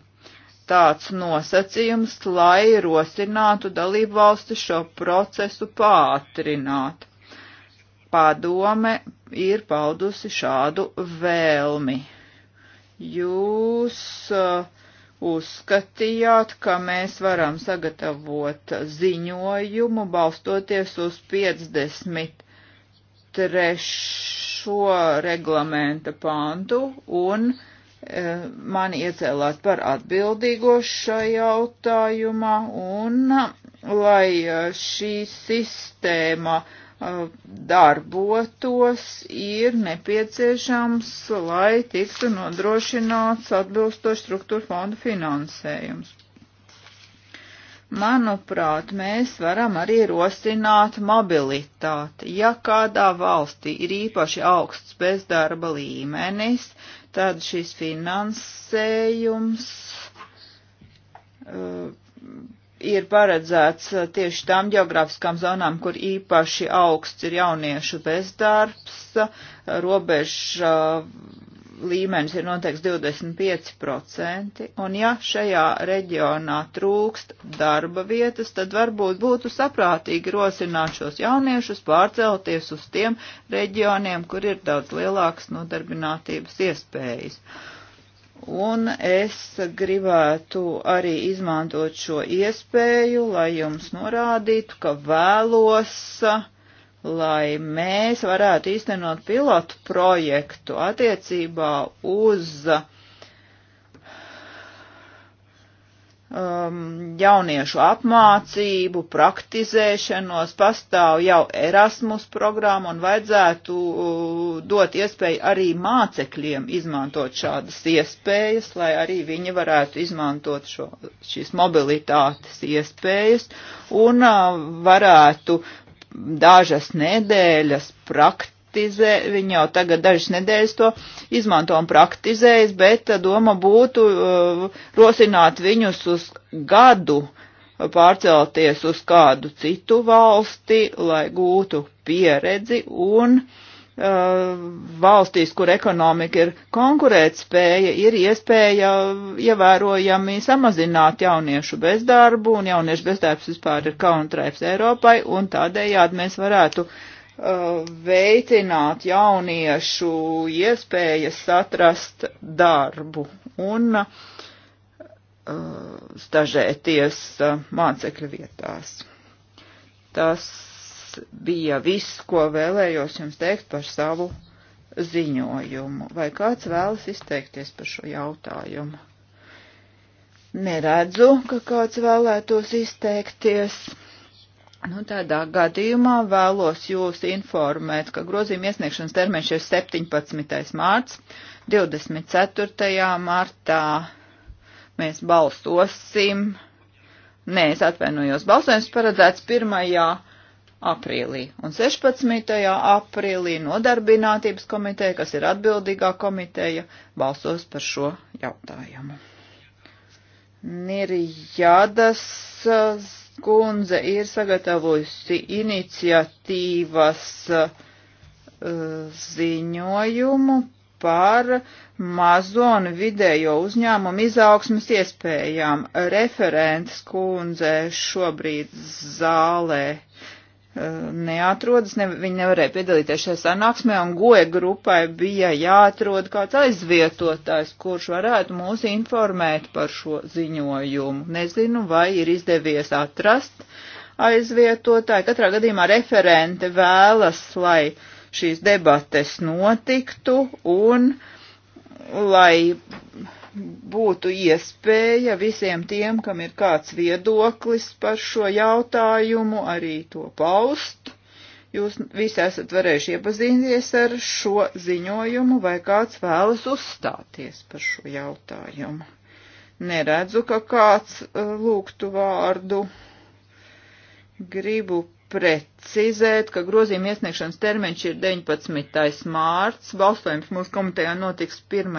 tāds nosacījums, lai rosinātu dalību valsti šo procesu pātrināt padome ir paudusi šādu vēlmi. Jūs uh, uzskatījāt, ka mēs varam sagatavot ziņojumu balstoties uz 53. reglamenta pantu un uh, man iecēlāt par atbildīgo šajā jautājumā un lai uh, šī sistēma uh, darbotos, ir nepieciešams, lai tiktu nodrošināts atbilstoši struktūra fondu finansējums. Manuprāt, mēs varam arī rosināt mobilitāti. Ja kādā valstī ir īpaši augsts bezdarba līmenis, tad šis finansējums uh, ir paredzēts uh, tieši tām geogrāfiskām zonām, kur īpaši augsts ir jauniešu bezdarbs, uh, robeža uh, līmenis ir noteikts 25%, un ja šajā reģionā trūkst darba vietas, tad varbūt būtu saprātīgi rosināt šos jauniešus pārcelties uz tiem reģioniem, kur ir daudz lielākas nodarbinātības iespējas. Uh, Un es gribētu arī izmantot šo iespēju, lai jums norādītu, ka vēlos, lai mēs varētu īstenot pilotu projektu attiecībā uz uh, um, jauniešu apmācību, praktizēšanos, pastāv jau Erasmus programma un vajadzētu uh, dot iespēju arī mācekļiem izmantot šādas iespējas, lai arī viņi varētu izmantot šo, šīs mobilitātes iespējas un uh, varētu dažas nedēļas praktiski praktizē, viņi jau tagad dažas nedēļas to izmanto un praktizējas, bet uh, doma būtu uh, rosināt viņus uz gadu pārcelties uz kādu citu valsti, lai gūtu pieredzi un uh, valstīs, kur ekonomika ir konkurētspēja, ir iespēja uh, ievērojami samazināt jauniešu bezdarbu, un jauniešu bezdarbs vispār ir kauntraips Eiropai, un tādējādi mēs varētu uh, veicināt jauniešu iespējas atrast darbu un uh, stažēties uh, mācekļu vietās. Tas bija viss, ko vēlējos jums teikt par savu ziņojumu. Vai kāds vēlas izteikties par šo jautājumu? Neredzu, ka kāds vēlētos izteikties. Nu, tādā gadījumā vēlos jūs informēt, ka grozījuma iesniegšanas termiņš ir 17. mārts, 24. martā mēs balsosim, nē, es atvainojos, balsojums paredzēts 1. aprīlī un 16. aprīlī nodarbinātības komiteja, kas ir atbildīgā komiteja, balsos par šo jautājumu. Nirjādas kundze ir sagatavojusi iniciatīvas eh, ziņojumu par mazo un vidējo uzņēmumu izaugsmas iespējām. Referents kundze šobrīd zālē neatrodas, ne, viņi nevarēja piedalīties šajā sanāksmē, un goja grupai bija jāatrod kāds aizvietotājs, kurš varētu mūs informēt par šo ziņojumu. Nezinu, vai ir izdevies atrast aizvietotāju. Katrā gadījumā referente vēlas, lai šīs debates notiktu un lai būtu iespēja visiem tiem, kam ir kāds viedoklis par šo jautājumu, arī to paust. Jūs visi esat varējuši iepazīties ar šo ziņojumu, vai kāds vēlas uzstāties par šo jautājumu. Neredzu, ka kāds e, lūgtu vārdu. Gribu precizēt, ka grozījuma iesniegšanas termiņš ir 19. mārts, balsojums mūsu komitejā notiks 1.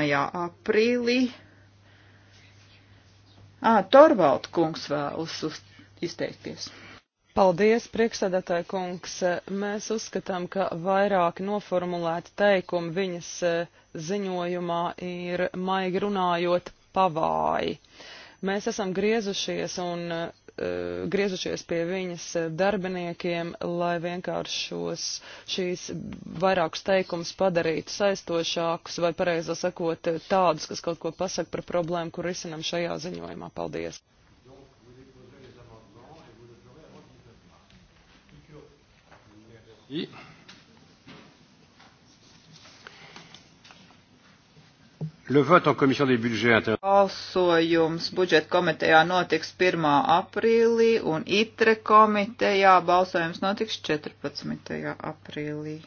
aprīlī, Ā, Torvald kungs vēlas uz, izteikties. Paldies, priekšsēdētāji kungs. Mēs uzskatām, ka vairāki noformulēti teikumi viņas eh, ziņojumā ir, maigi runājot, pavāji. Uh, Mēs esam griezušies un uh, griezušies pie viņas darbiniekiem, lai vienkārši šos, šīs vairākus teikumus padarītu saistošākus vai, pareizā sakot, tādus, kas kaut ko pasaka par problēmu, kur risinam šajā ziņojumā. Paldies! Yeah. Balsojums budžeta komitejā notiks 1. aprīlī un ITRE komitejā balsojums notiks 14. aprīlī.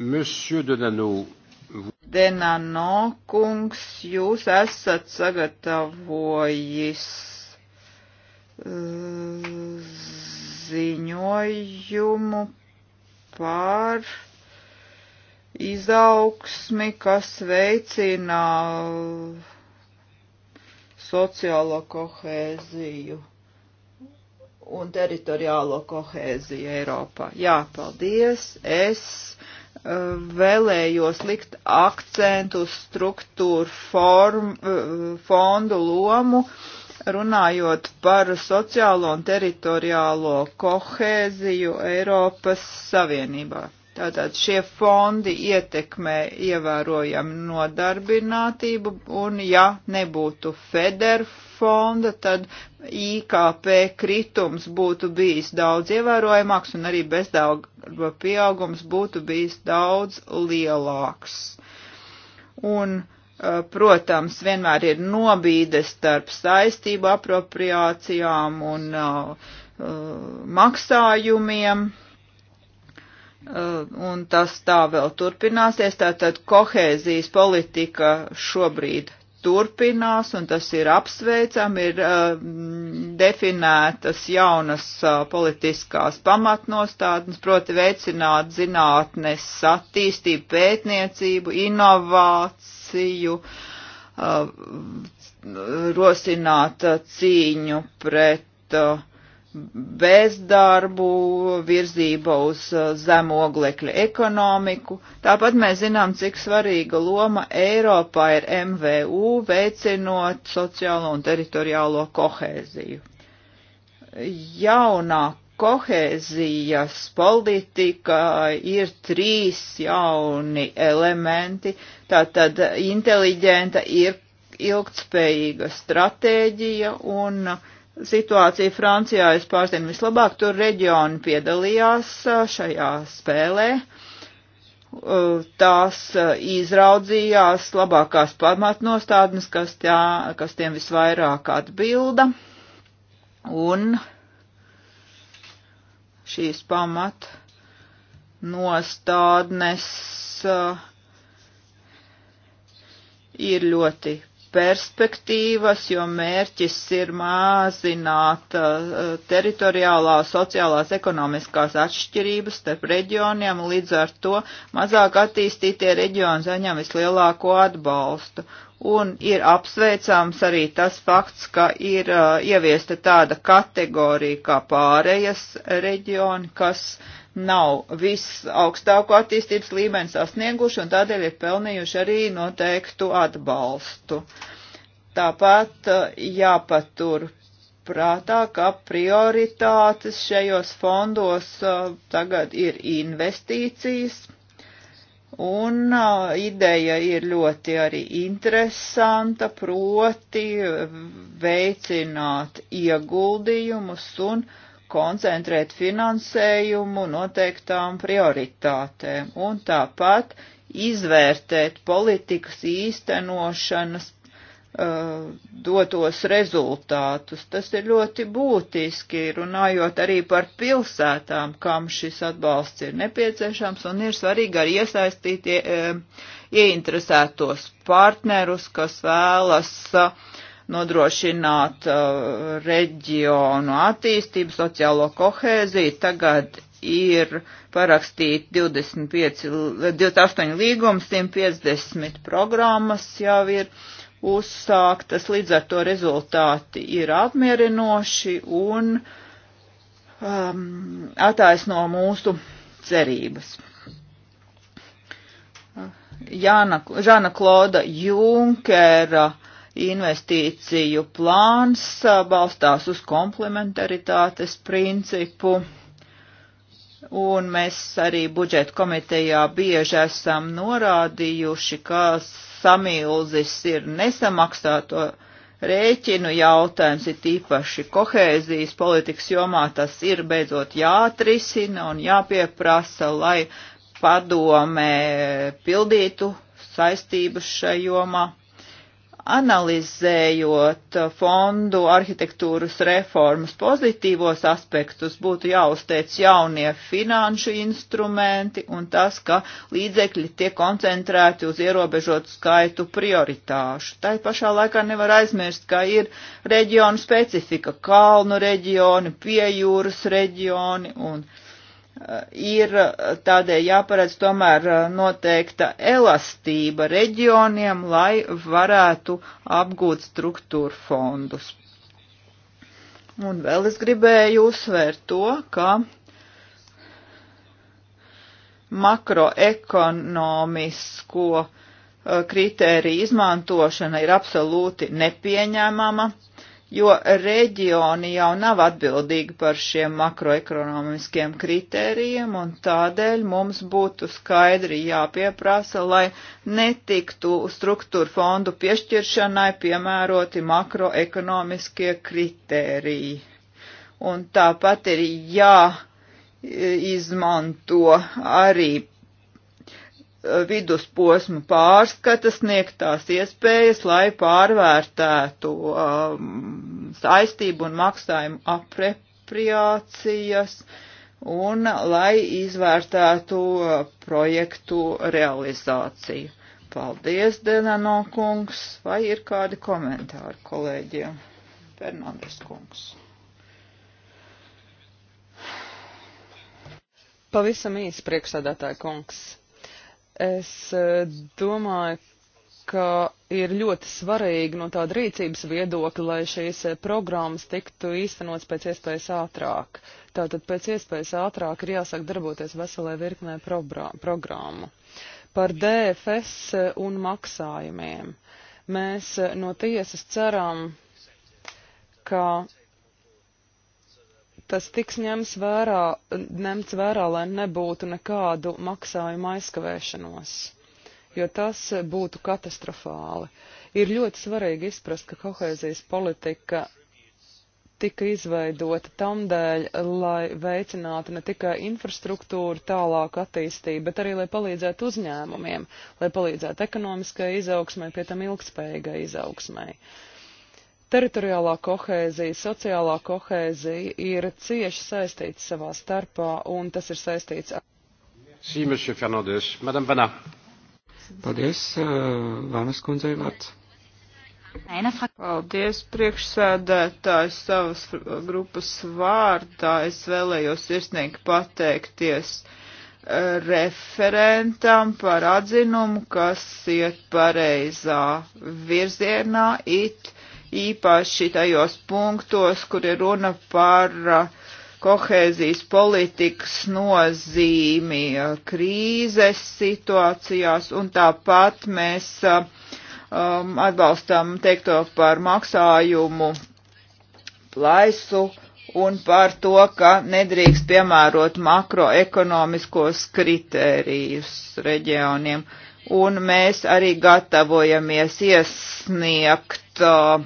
Monsieur Denano, Denano kungs, jūs esat sagatavojis eh, ziņojumu par izaugsmi, kas veicina sociālo kohēziju un teritoriālo kohēziju Eiropā. Jā, paldies. Es eh, vēlējos likt akcentu uz struktūru form, eh, fondu lomu, runājot par sociālo un teritoriālo kohēziju Eiropas Savienībā. Tātad šie fondi ietekmē ievērojami nodarbinātību, un ja nebūtu feder fonda, tad IKP kritums būtu bijis daudz ievērojamāks, un arī bezdarba pieaugums būtu bijis daudz lielāks. Un, eh, protams, vienmēr ir nobīdes starp saistību apropriācijām un uh, maksājumiem Uh, un tas tā vēl turpināsies. Tātad kohēzijas politika šobrīd turpinās, un tas ir apsveicam, ir uh, definētas jaunas uh, politiskās pamatnostādnes, proti veicināt zinātnes attīstību, pētniecību, inovāciju, uh, rosināt uh, cīņu pret uh, bezdarbu, virzība uz uh, zemoglekļa ekonomiku. Tāpat mēs zinām, cik svarīga loma Eiropā ir MVU veicinot sociālo un teritoriālo kohēziju. Jaunā kohēzijas politika ir trīs jauni elementi, tātad inteliģenta ir ilgtspējīga stratēģija un uh, situāciju Francijā es pārzinu vislabāk, tur reģioni piedalījās šajā spēlē. Tās izraudzījās labākās pamatnostādnes, kas, tā, kas tiem visvairāk atbilda. Un šīs pamatnostādnes ir ļoti perspektīvas, jo mērķis ir mazināt uh, teritoriālās, sociālās, ekonomiskās atšķirības starp reģioniem, līdz ar to mazāk attīstītie reģioni saņem vislielāko atbalstu. Un ir apsveicams arī tas fakts, ka ir uh, ieviesta tāda kategorija kā pārējas reģioni, kas uh, nav viss augstāko attīstības līmeni sasnieguši un tādēļ ir pelnījuši arī noteiktu atbalstu. Tāpat eh, jāpatur prātā, ka prioritātes šajos fondos eh, tagad ir investīcijas, Un uh, ideja ir ļoti arī interesanta, proti veicināt ieguldījumus un koncentrēt finansējumu noteiktām prioritātēm un tāpat izvērtēt politikas īstenošanas uh, dotos rezultātus. Tas ir ļoti būtiski, runājot arī par pilsētām, kam šis atbalsts ir nepieciešams, un ir svarīgi arī iesaistīt ie, uh, ieinteresētos partnerus, kas vēlas uh, nodrošināt uh, reģionu attīstību, sociālo kohēziju. Tagad ir parakstīti 25, 28 līgumi, 150 programmas jau ir uzsāktas, līdz ar to rezultāti ir apmierinoši un um, attaisno mūsu cerības. Jāna, Žana Kloda Junkera investīciju plāns balstās uz komplementaritātes principu. Un mēs arī budžeta komitejā bieži esam norādījuši, ka samilzis ir nesamaksāto rēķinu jautājums, ir tīpaši kohēzijas politikas jomā, tas ir beidzot jāatrisina un jāpieprasa, lai padomē pildītu saistības šajomā. jomā analizējot fondu arhitektūras reformas pozitīvos aspektus, būtu jāuzteic jaunie finanšu instrumenti un tas, ka līdzekļi tiek koncentrēti uz ierobežotu skaitu prioritāšu. Tā pašā laikā nevar aizmirst, ka ir reģionu specifika - kalnu reģioni, piejūras reģioni un reģioni ir eh, tādēļ jāparedz tomēr eh, noteikta elastība reģioniem, lai varētu apgūt struktūru fondus. Un vēl es gribēju uzsvērt to, ka makroekonomisko eh, kritēriju izmantošana ir absolūti nepieņēmama jo reģioni jau nav atbildīgi par šiem makroekonomiskiem kritērijiem, un tādēļ mums būtu skaidri jāpieprasa, lai netiktu struktūra fondu piešķiršanai piemēroti makroekonomiskie kritēriji. Un tāpat ir jāizmanto arī vidusposmu pārskata sniegtās iespējas, lai pārvērtētu um, saistību un maksājumu aprepriācijas un lai izvērtētu uh, projektu realizāciju. Paldies, Denano kungs, vai ir kādi komentāri kolēģiem? Fernandes kungs. Pavisam īsi priekšsādātāja kungs. Es eh, domāju, ka ir ļoti svarīgi no tāda rīcības viedokļa, lai šīs eh, programmas tiktu īstenots pēc iespējas ātrāk. Tātad pēc iespējas ātrāk ir jāsāk darboties veselē virknē programmu. Par DFS eh, un maksājumiem. Mēs no tiesas ceram, ka tas tiks ņemts vērā, ņemts vērā, lai nebūtu nekādu maksājumu aizkavēšanos, jo tas būtu katastrofāli. Ir ļoti svarīgi izprast, ka kohēzijas politika tika izveidota tam dēļ, lai veicinātu ne tikai infrastruktūru tālāku attīstību, bet arī, lai palīdzētu uzņēmumiem, lai palīdzētu ekonomiskai izaugsmai, pie tam ilgspējīgai izaugsmai. Uh, Teritoriālā kohēzija, sociālā kohēzija ir cieši saistīts savā starpā, un tas ir saistīts ar. Sī, monsieur Fernandes, madame Vanā. Paldies, uh, Vanas kundzei vārds. Paldies, priekšsēdētājs savas grupas vārdā. Es vēlējos sirsnīgi pateikties uh, referentam par atzinumu, kas iet pareizā virzienā it īpaši tajos punktos, kur ir runa par kohēzijas politikas nozīmi krīzes situācijās, un tāpat mēs um, atbalstam teikto par maksājumu plaisu un par to, ka nedrīkst piemērot makroekonomiskos kritērijus reģioniem. Un mēs arī gatavojamies iesniegt Uh,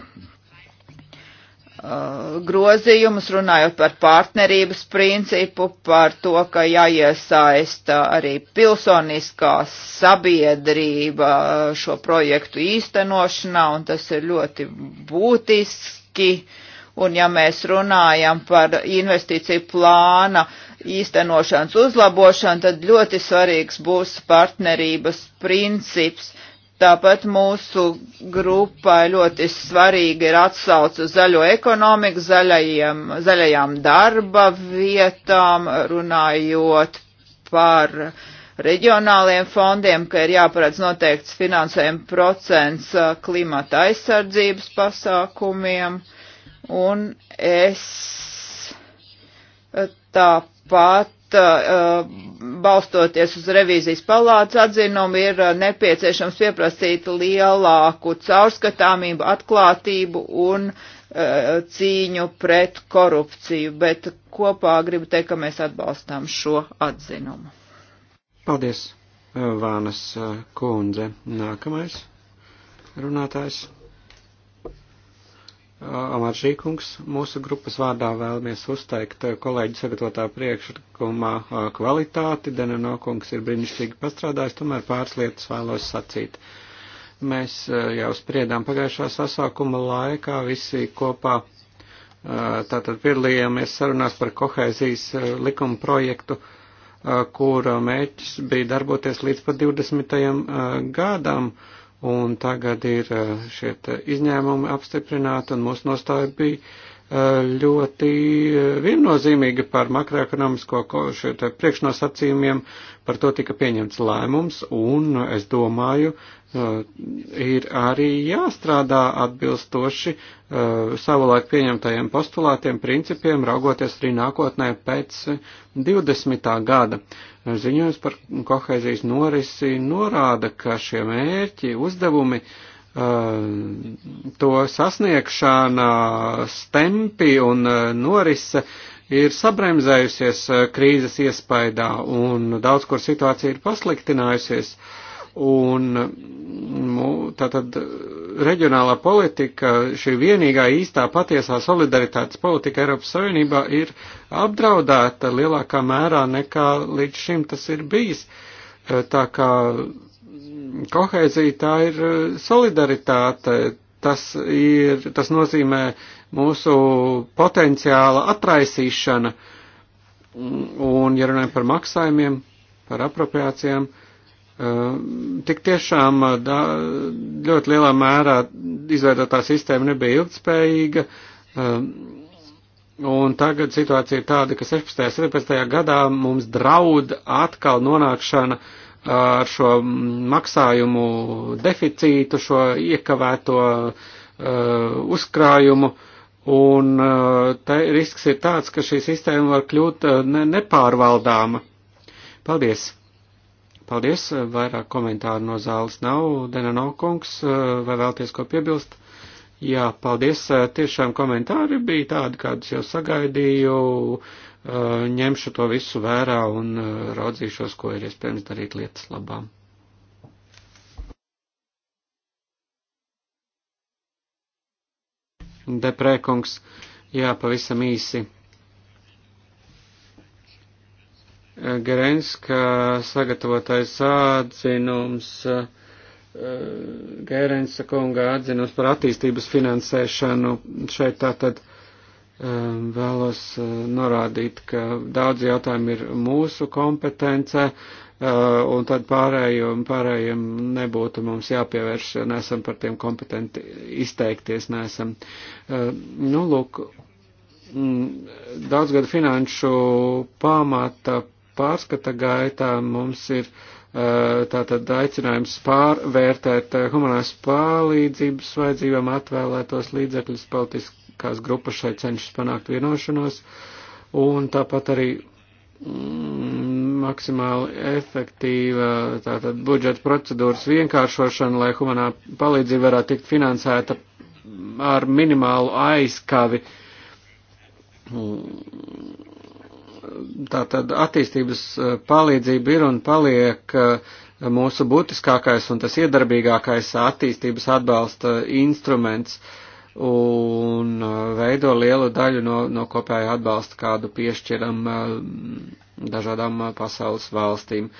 uh, grozījumus, runājot par partnerības principu, par to, ka jāiesaista uh, arī pilsoniskā sabiedrība uh, šo projektu īstenošanā, un tas ir ļoti būtiski. Un ja mēs runājam par investīciju plāna īstenošanas uzlabošanu, tad ļoti svarīgs būs partnerības princips Tāpat mūsu grupai ļoti svarīgi ir atsauc uz zaļo ekonomiku, zaļajiem, zaļajām darba vietām, runājot par reģionāliem fondiem, ka ir jāparedz noteikts finansējuma procents uh, klimata aizsardzības pasākumiem. Un es uh, tāpat Uh, balstoties uz revīzijas palātas atzinumu, ir uh, nepieciešams pieprasīt lielāku caurskatāmību, atklātību un uh, cīņu pret korupciju, bet kopā gribu teikt, ka mēs atbalstām šo atzinumu. Paldies, Vānas kundze. Nākamais runātājs. Amāršī kungs, mūsu grupas vārdā vēlamies uzteikt eh, kolēģi sagatavotā priekšlikumā eh, kvalitāti. Deneno kungs ir brīnišķīgi pastrādājis, tomēr pāris lietas vēlos sacīt. Mēs eh, jau spriedām pagājušā sasākuma laikā visi kopā, tātad piedalījāmies sarunās par kohēzijas likuma projektu kura mērķis bija darboties līdz pat 20. gadam. Uh, un tagad ir eh, šie izņēmumi apstiprināti, un mūsu nostāja bija eh, ļoti eh, viennozīmīga par makroekonomisko priekšnosacījumiem, par to tika pieņemts lēmums, un es domāju, Eh, ir arī jāstrādā atbilstoši uh, savulaik pieņemtajiem postulātiem, principiem, raugoties arī nākotnē pēc 20. gada. Eh, ziņojums par kohēzijas norisi norāda, ka šie mērķi, uzdevumi, uh, to sasniegšana, stempi un uh, norise ir sabremzējusies krīzes iespaidā un daudz kur situācija ir pasliktinājusies. Uh, Un tātad reģionālā politika, šī vienīgā īstā patiesā solidaritātes politika Eiropas Savienībā ir apdraudēta lielākā mērā nekā līdz šim tas ir bijis. Eh, tā kā kohēzija tā ir eh, solidaritāte, tas, ir, tas nozīmē mūsu potenciāla atraisīšana. Un, ja runājam par maksājumiem, par apropriācijām, uh, Ehm, tik tiešām eh, da, ļoti lielā mērā izveidotā sistēma nebija ilgspējīga, ehm, un tagad situācija ir tāda, ka 16. un 17. gadā mums draud atkal nonākšana eh, ar šo maksājumu deficītu, šo iekavēto eh, uzkrājumu, un te risks ir tāds, ka šī sistēma var kļūt nepārvaldāma. Paldies! Paldies, vairāk komentāru no zāles nav. Denano kungs, vai vēlties ko piebilst? Jā, paldies, tiešām komentāri bija tādi, kādus jau sagaidīju. Ņemšu to visu vērā un raudzīšos, ko ir iespējams darīt lietas labām. Deprēkungs, jā, pavisam īsi Gerenska sagatavotais atzinums, eh, Gerensa kunga atzinums par attīstības finansēšanu. Šeit tātad eh, vēlos eh, norādīt, ka daudz jautājumu ir mūsu kompetence, un tad pārējo, pārējiem nebūtu mums jāpievērš, jo neesam par tiem kompetenti izteikties, neesam. Nu, lūk, mm, daudzgadu finanšu pamata pārskata gaitā mums ir eh, tātad aicinājums pārvērtēt eh, humanās palīdzības vajadzībām atvēlētos līdzekļus politiskās grupas šai cenšas panākt vienošanos un tāpat arī mm, maksimāli efektīva tātad budžeta procedūras vienkāršošana, lai humanā palīdzība varētu tikt finansēta ar minimālu aizkavi tātad attīstības eh, palīdzība ir un paliek eh, mūsu būtiskākais un tas iedarbīgākais attīstības atbalsta instruments un eh, veido lielu daļu no, no kopējā atbalsta, kādu piešķiram dažādām pasaules valstīm.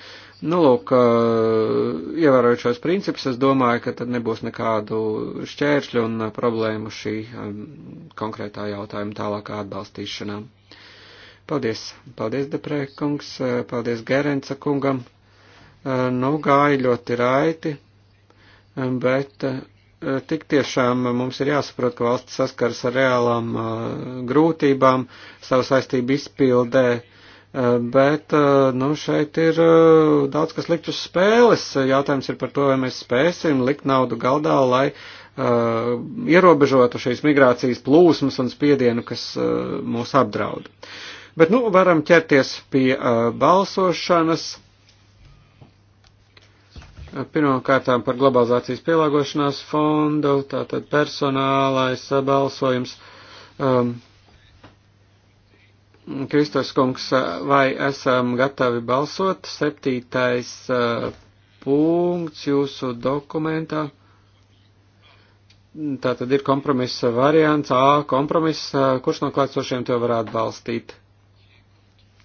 Nu, lūk, ievērojot šos principus, es domāju, ka tad nebūs nekādu šķēršļu un problēmu šī konkrētā jautājuma tālākā atbalstīšanā. Paldies, paldies, Deprē kungs, paldies Gerenca kungam. Nu, gāja ļoti raiti, bet eh, tik tiešām mums ir jāsaprot, ka valsts saskaras ar reālām eh, grūtībām savu saistību izpildē eh, bet nu, šeit ir daudz kas likt uz spēles. Jautājums ir par to, vai mēs spēsim likt naudu galdā, lai uh, ierobežotu šīs migrācijas plūsmas un spiedienu, kas uh, mūs apdraud. Bet, nu, varam ķerties pie uh, balsošanas. Pirmkārtām par globalizācijas pielāgošanās fondu, tātad personālais balsojums. Um, Kristos kungs, vai esam gatavi balsot? Septītais uh, punkts jūsu dokumentā. Tā tad ir kompromisa variants A, kompromiss, kurš no klātsošiem to varētu balstīt?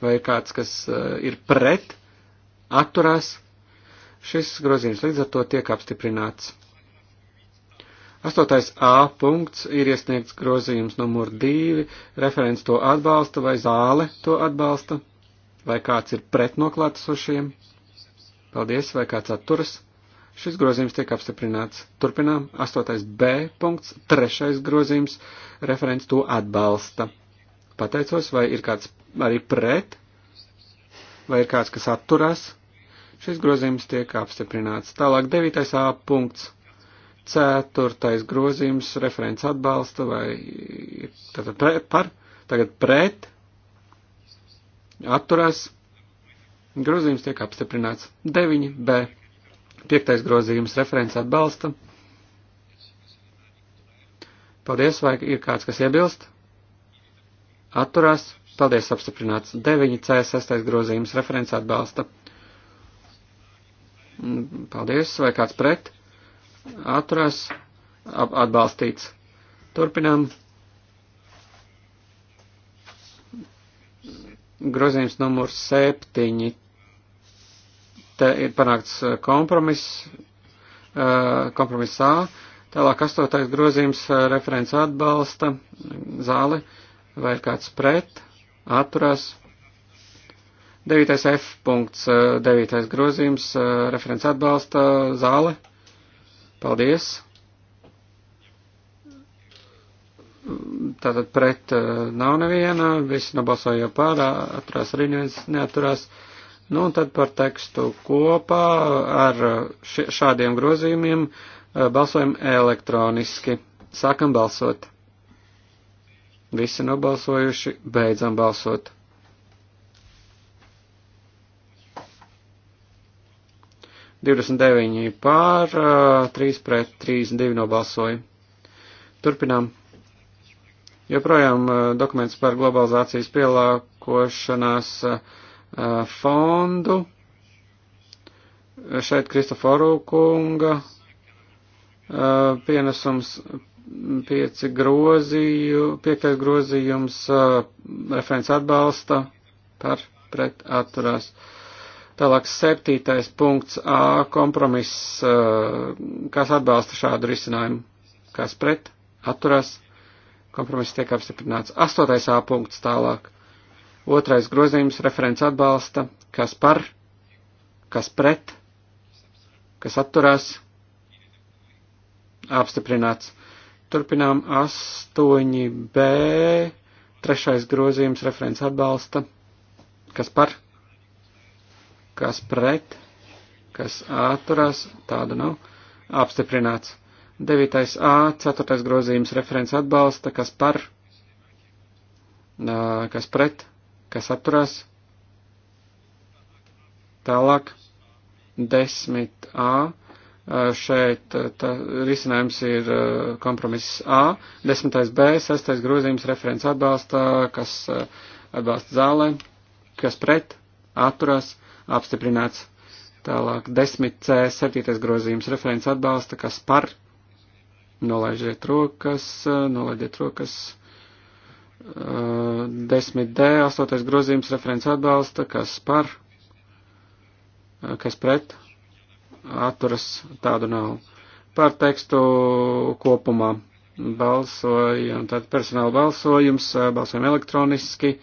vai kāds, kas eh, ir pret, atturās, šis grozījums līdz ar to tiek apstiprināts. 8. A punkts ir iesniegts grozījums numur 2, referents to atbalsta vai zāle to atbalsta, vai kāds ir pret noklātesošiem. Paldies, vai kāds atturas. Šis grozījums tiek apstiprināts. Turpinām. 8. B punkts, 3. grozījums, referents to atbalsta. Pateicos, vai ir kāds arī pret, vai ir kāds, kas atturās. Šis grozījums tiek apstiprināts. Tālāk 9. A punkts. Ceturtais grozījums referents atbalsta vai tātad pre, par, tagad pret, atturās. Grozījums tiek apstiprināts. 9. B. Piektais grozījums referents atbalsta. Paldies, vai ir kāds, kas iebilst? Atturās. Paldies, apstiprināts. 9C6 grozījums referents atbalsta. Paldies, vai kāds pret? Atturas, atbalstīts. Turpinām. Grozījums numurs 7. Te ir panākts kompromiss, eh, kompromiss eh, A. Tālāk astotais grozījums eh, referents atbalsta zāli vai kāds pret atturās. 9. F punkts, 9. grozījums, referents atbalsta zāle. Paldies. Tātad pret nav neviena, visi nobalsoja pārā, atturās arī neviens neaturās. Nu, un tad par tekstu kopā ar šādiem grozījumiem balsojam elektroniski. Sākam balsot. Visi nobalsojuši, beidzam balsot. Divdesmit deviņi pār, trīs pret, trīs divi nobalsoja. Turpinām. Joprojām dokuments par globalizācijas pielākošanās fondu. Šeit Kristoforu kunga pienesums pieci grozīju, piektais grozījums uh, referents atbalsta par pret atturās. Tālāk septītais punkts A kompromiss, uh, kas atbalsta šādu risinājumu, kas pret atturās. Kompromiss tiek apstiprināts. Astotais A punkts tālāk. Otrais grozījums referents atbalsta, kas par, kas pret, kas atturās. Apstiprināts. Turpinām 8b, trešais grozījums referents atbalsta. Kas par? Kas pret? Kas atturās? Tāda nav. Apstiprināts. 9a, 4. grozījums referents atbalsta. Kas par? Kas pret? Kas atturās? Tālāk. 10a, Šeit tā, risinājums ir kompromiss A, desmitais B, sestais grozījums referents atbalsta, kas atbalsta zālē, kas pret, atturās, apstiprināts. Tālāk 10C, 7. grozījums referents atbalsta, kas par, nolaižiet rokas, nolaidiet rokas. 10D, 8. grozījums referents atbalsta, kas par, kas pret, atturas tādu nav. Par tekstu kopumā balsojam, tad personāla balsojums, balsojam elektroniski,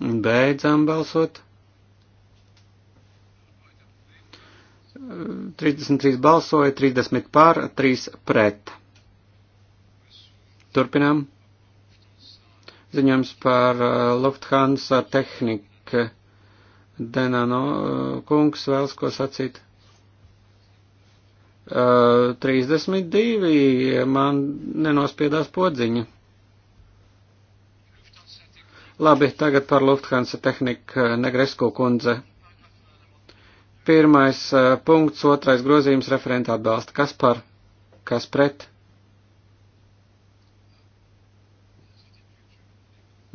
beidzam balsot. 33 balsoja, 30 pār, 3 pret. Turpinām. Ziņojums par Lufthansa tehniku Denano eh, kungs vēlas ko sacīt. 32 eh, man nenospiedās podziņu. Labi, tagad par Lufthansa tehniku eh, Negresko kundze. Pirmais punkts, otrais grozījums referenta atbalsta. Kas par? Kas pret?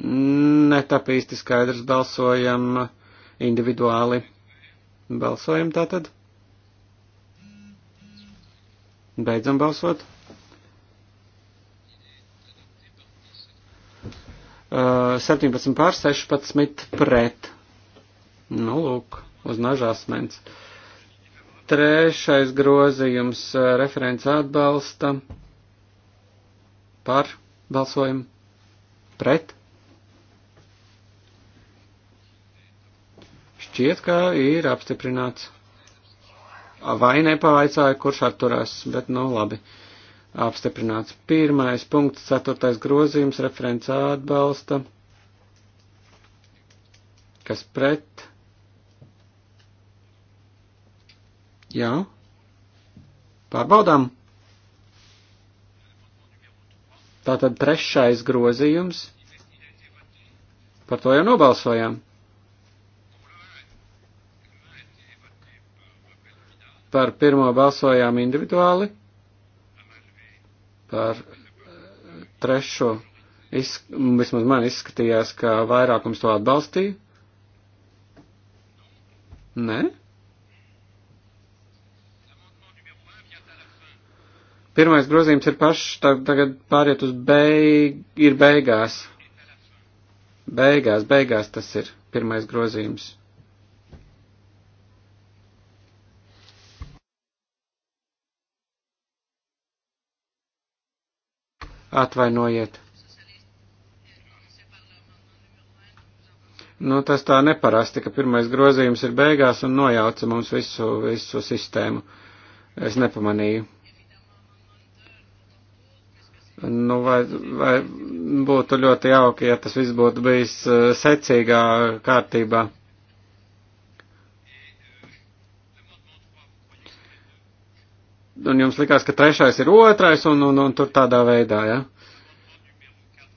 Netapīsti skaidrs balsojam. Uh, individuāli. Balsojam tātad. Beidzam balsot. Uh, 17 pār 16 pret. Nu, lūk, uz nažās mēnes. Trešais grozījums uh, referents atbalsta par balsojumu pret. Šķiet, ka ir apstiprināts. Vai nepavaicāju, kurš atturās, bet nu labi. Apstiprināts. Pirmais punkts, ceturtais grozījums, referents atbalsta. Kas pret? Jā. Pārbaudām. Tātad trešais grozījums. Par to jau nobalsojām. Par pirmo balsojām individuāli, par eh, trešo, izsk vismaz man izskatījās, ka vairākums to atbalstīja. Nē? Pirmais grozījums ir pašs, tagad pāriet uz beig, ir beigās. Beigās, beigās tas ir pirmais grozījums. Atvainojiet. Nu, tas tā neparasti, ka pirmais grozījums ir beigās un nojauca mums visu, visu sistēmu. Es nepamanīju. Nu, vai, vai būtu ļoti jauki, ja tas viss būtu bijis eh, secīgā kārtībā. un jums likās, ka trešais ir otrais, un, un, un tur tādā veidā, ja?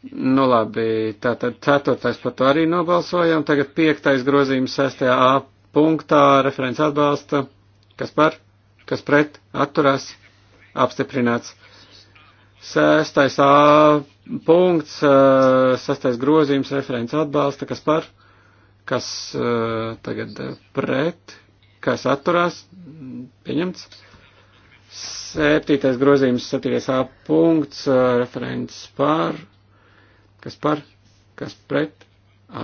Nu labi, tātad ceturtais par to arī nobalsojam, tagad piektais grozījums sestajā A punktā, referents atbalsta, kas par, kas pret, atturās, apstiprināts. Sestais A punkts, sestais grozījums, referents atbalsta, kas par, kas tagad pret, kas atturās, pieņemts. Septītais grozījums, septītais A punkts, referents par, kas par, kas pret,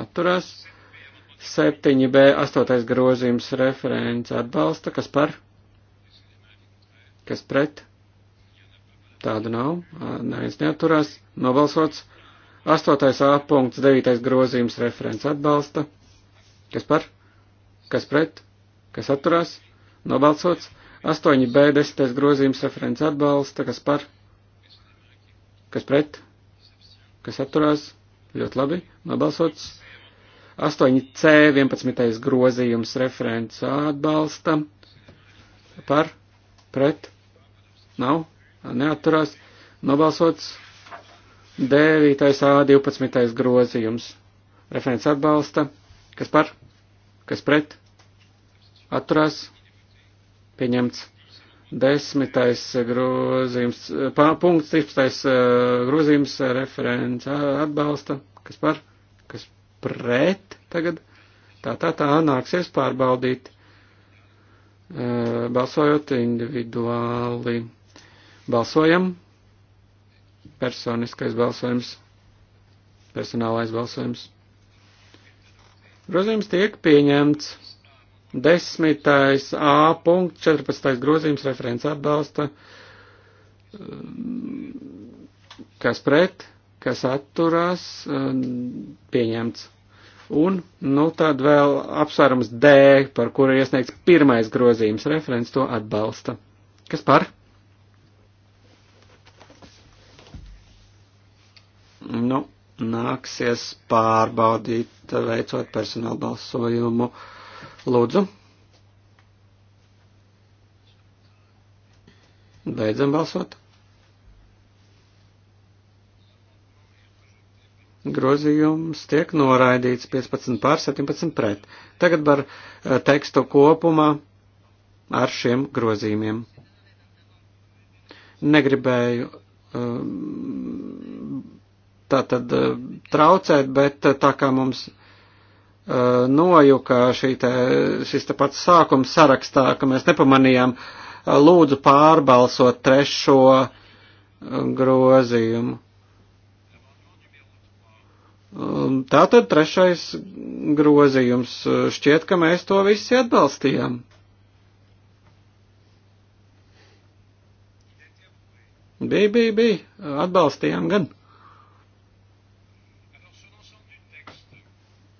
atturas. 7B, 8. grozījums, referents atbalsta, kas par, kas pret, tādu nav, neviens neaturās, nobalsots. 8. A punkts, 9. grozījums, referents atbalsta, kas par, kas pret, kas atturās, nobalsots. 8b, 10 grozījums referents atbalsta, kas par, kas pret, kas atturās, ļoti labi, nobalsots. 8c, 11 grozījums referents atbalsta, par, pret, nav, neatturās, nobalsots. 9. A 12. grozījums. Referents atbalsta. Kas par? Kas pret? Atturās? pieņemts. Desmitais eh, grozījums, eh, punkts, 13. Eh, grozījums, referents atbalsta, kas par, kas pret tagad. Tā, tā, tā, nāksies pārbaudīt, balsojot individuāli. Balsojam, personiskais balsojums, personālais balsojums. Grozījums tiek pieņemts. Desmitais A punkts, 14. grozījums referents atbalsta, kas pret, kas atturās, pieņemts. Un, nu, tad vēl apsvērums D, par kuru iesniegts pirmais grozījums referents to atbalsta. Kas par? Nu, nāksies pārbaudīt, veicot personāla balsojumu. Uh, Lūdzu. Beidzam balsot. Grozījums tiek noraidīts 15 pār 17 pret. Tagad par eh, tekstu kopumā ar šiem grozījumiem. Negribēju eh, tā tad eh, traucēt, bet tā kā mums Uh, nojuka šī te, šis te pats sākums sarakstā, ka mēs nepamanījām uh, lūdzu pārbalsot trešo uh, grozījumu. Um, tātad trešais grozījums šķiet, ka mēs to visi atbalstījām. Bija, bija, bija, atbalstījām gan.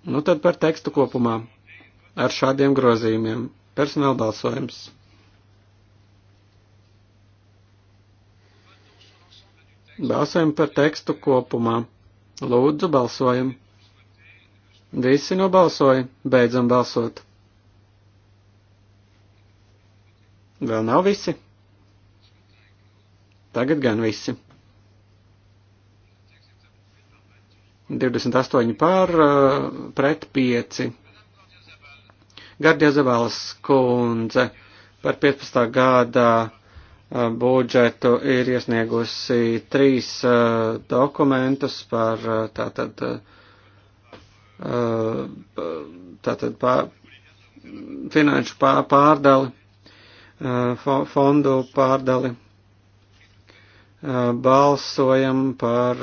Nu tad par tekstu kopumā ar šādiem grozījumiem. Personāla balsojums. Balsojam par tekstu kopumā. Lūdzu, balsojam. Visi nobalsoja, beidzam balsot. Vēl nav visi? Tagad gan visi. 28 pār eh, pret 5. Gardija Zavāls kundze par 15. gada eh, budžetu ir iesniegusi trīs eh, dokumentus par tātad, tātad pār, finanšu pārdali, fondu pārdali. Balsojam par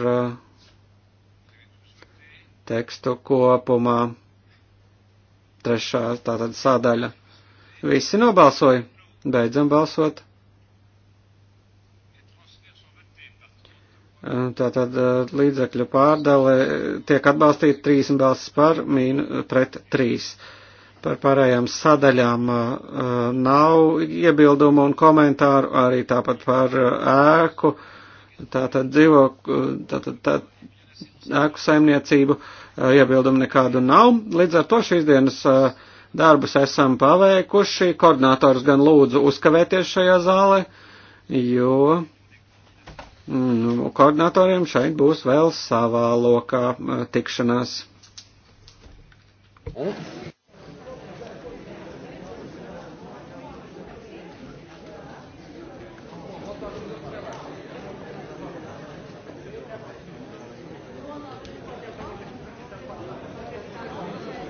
tekstu kopumā. Trešā tātad sādaļa. Visi nobalsoja. Beidzam balsot. Tātad eh, līdzekļu pārdale tiek atbalstīta 3 balsis par, mīnu pret 3. Par pārējām sadaļām eh, nav iebildumu un komentāru, arī tāpat par eh, ēku. Tātad dzīvo, tātad, tātad ēku saimniecību, iebildumu nekādu nav. Līdz ar to šīs dienas darbus esam paveikuši. Koordinātors gan lūdzu uzkavēties šajā zālē, jo nu, mm, koordinatoriem šeit būs vēl savā lokā tikšanās. Un?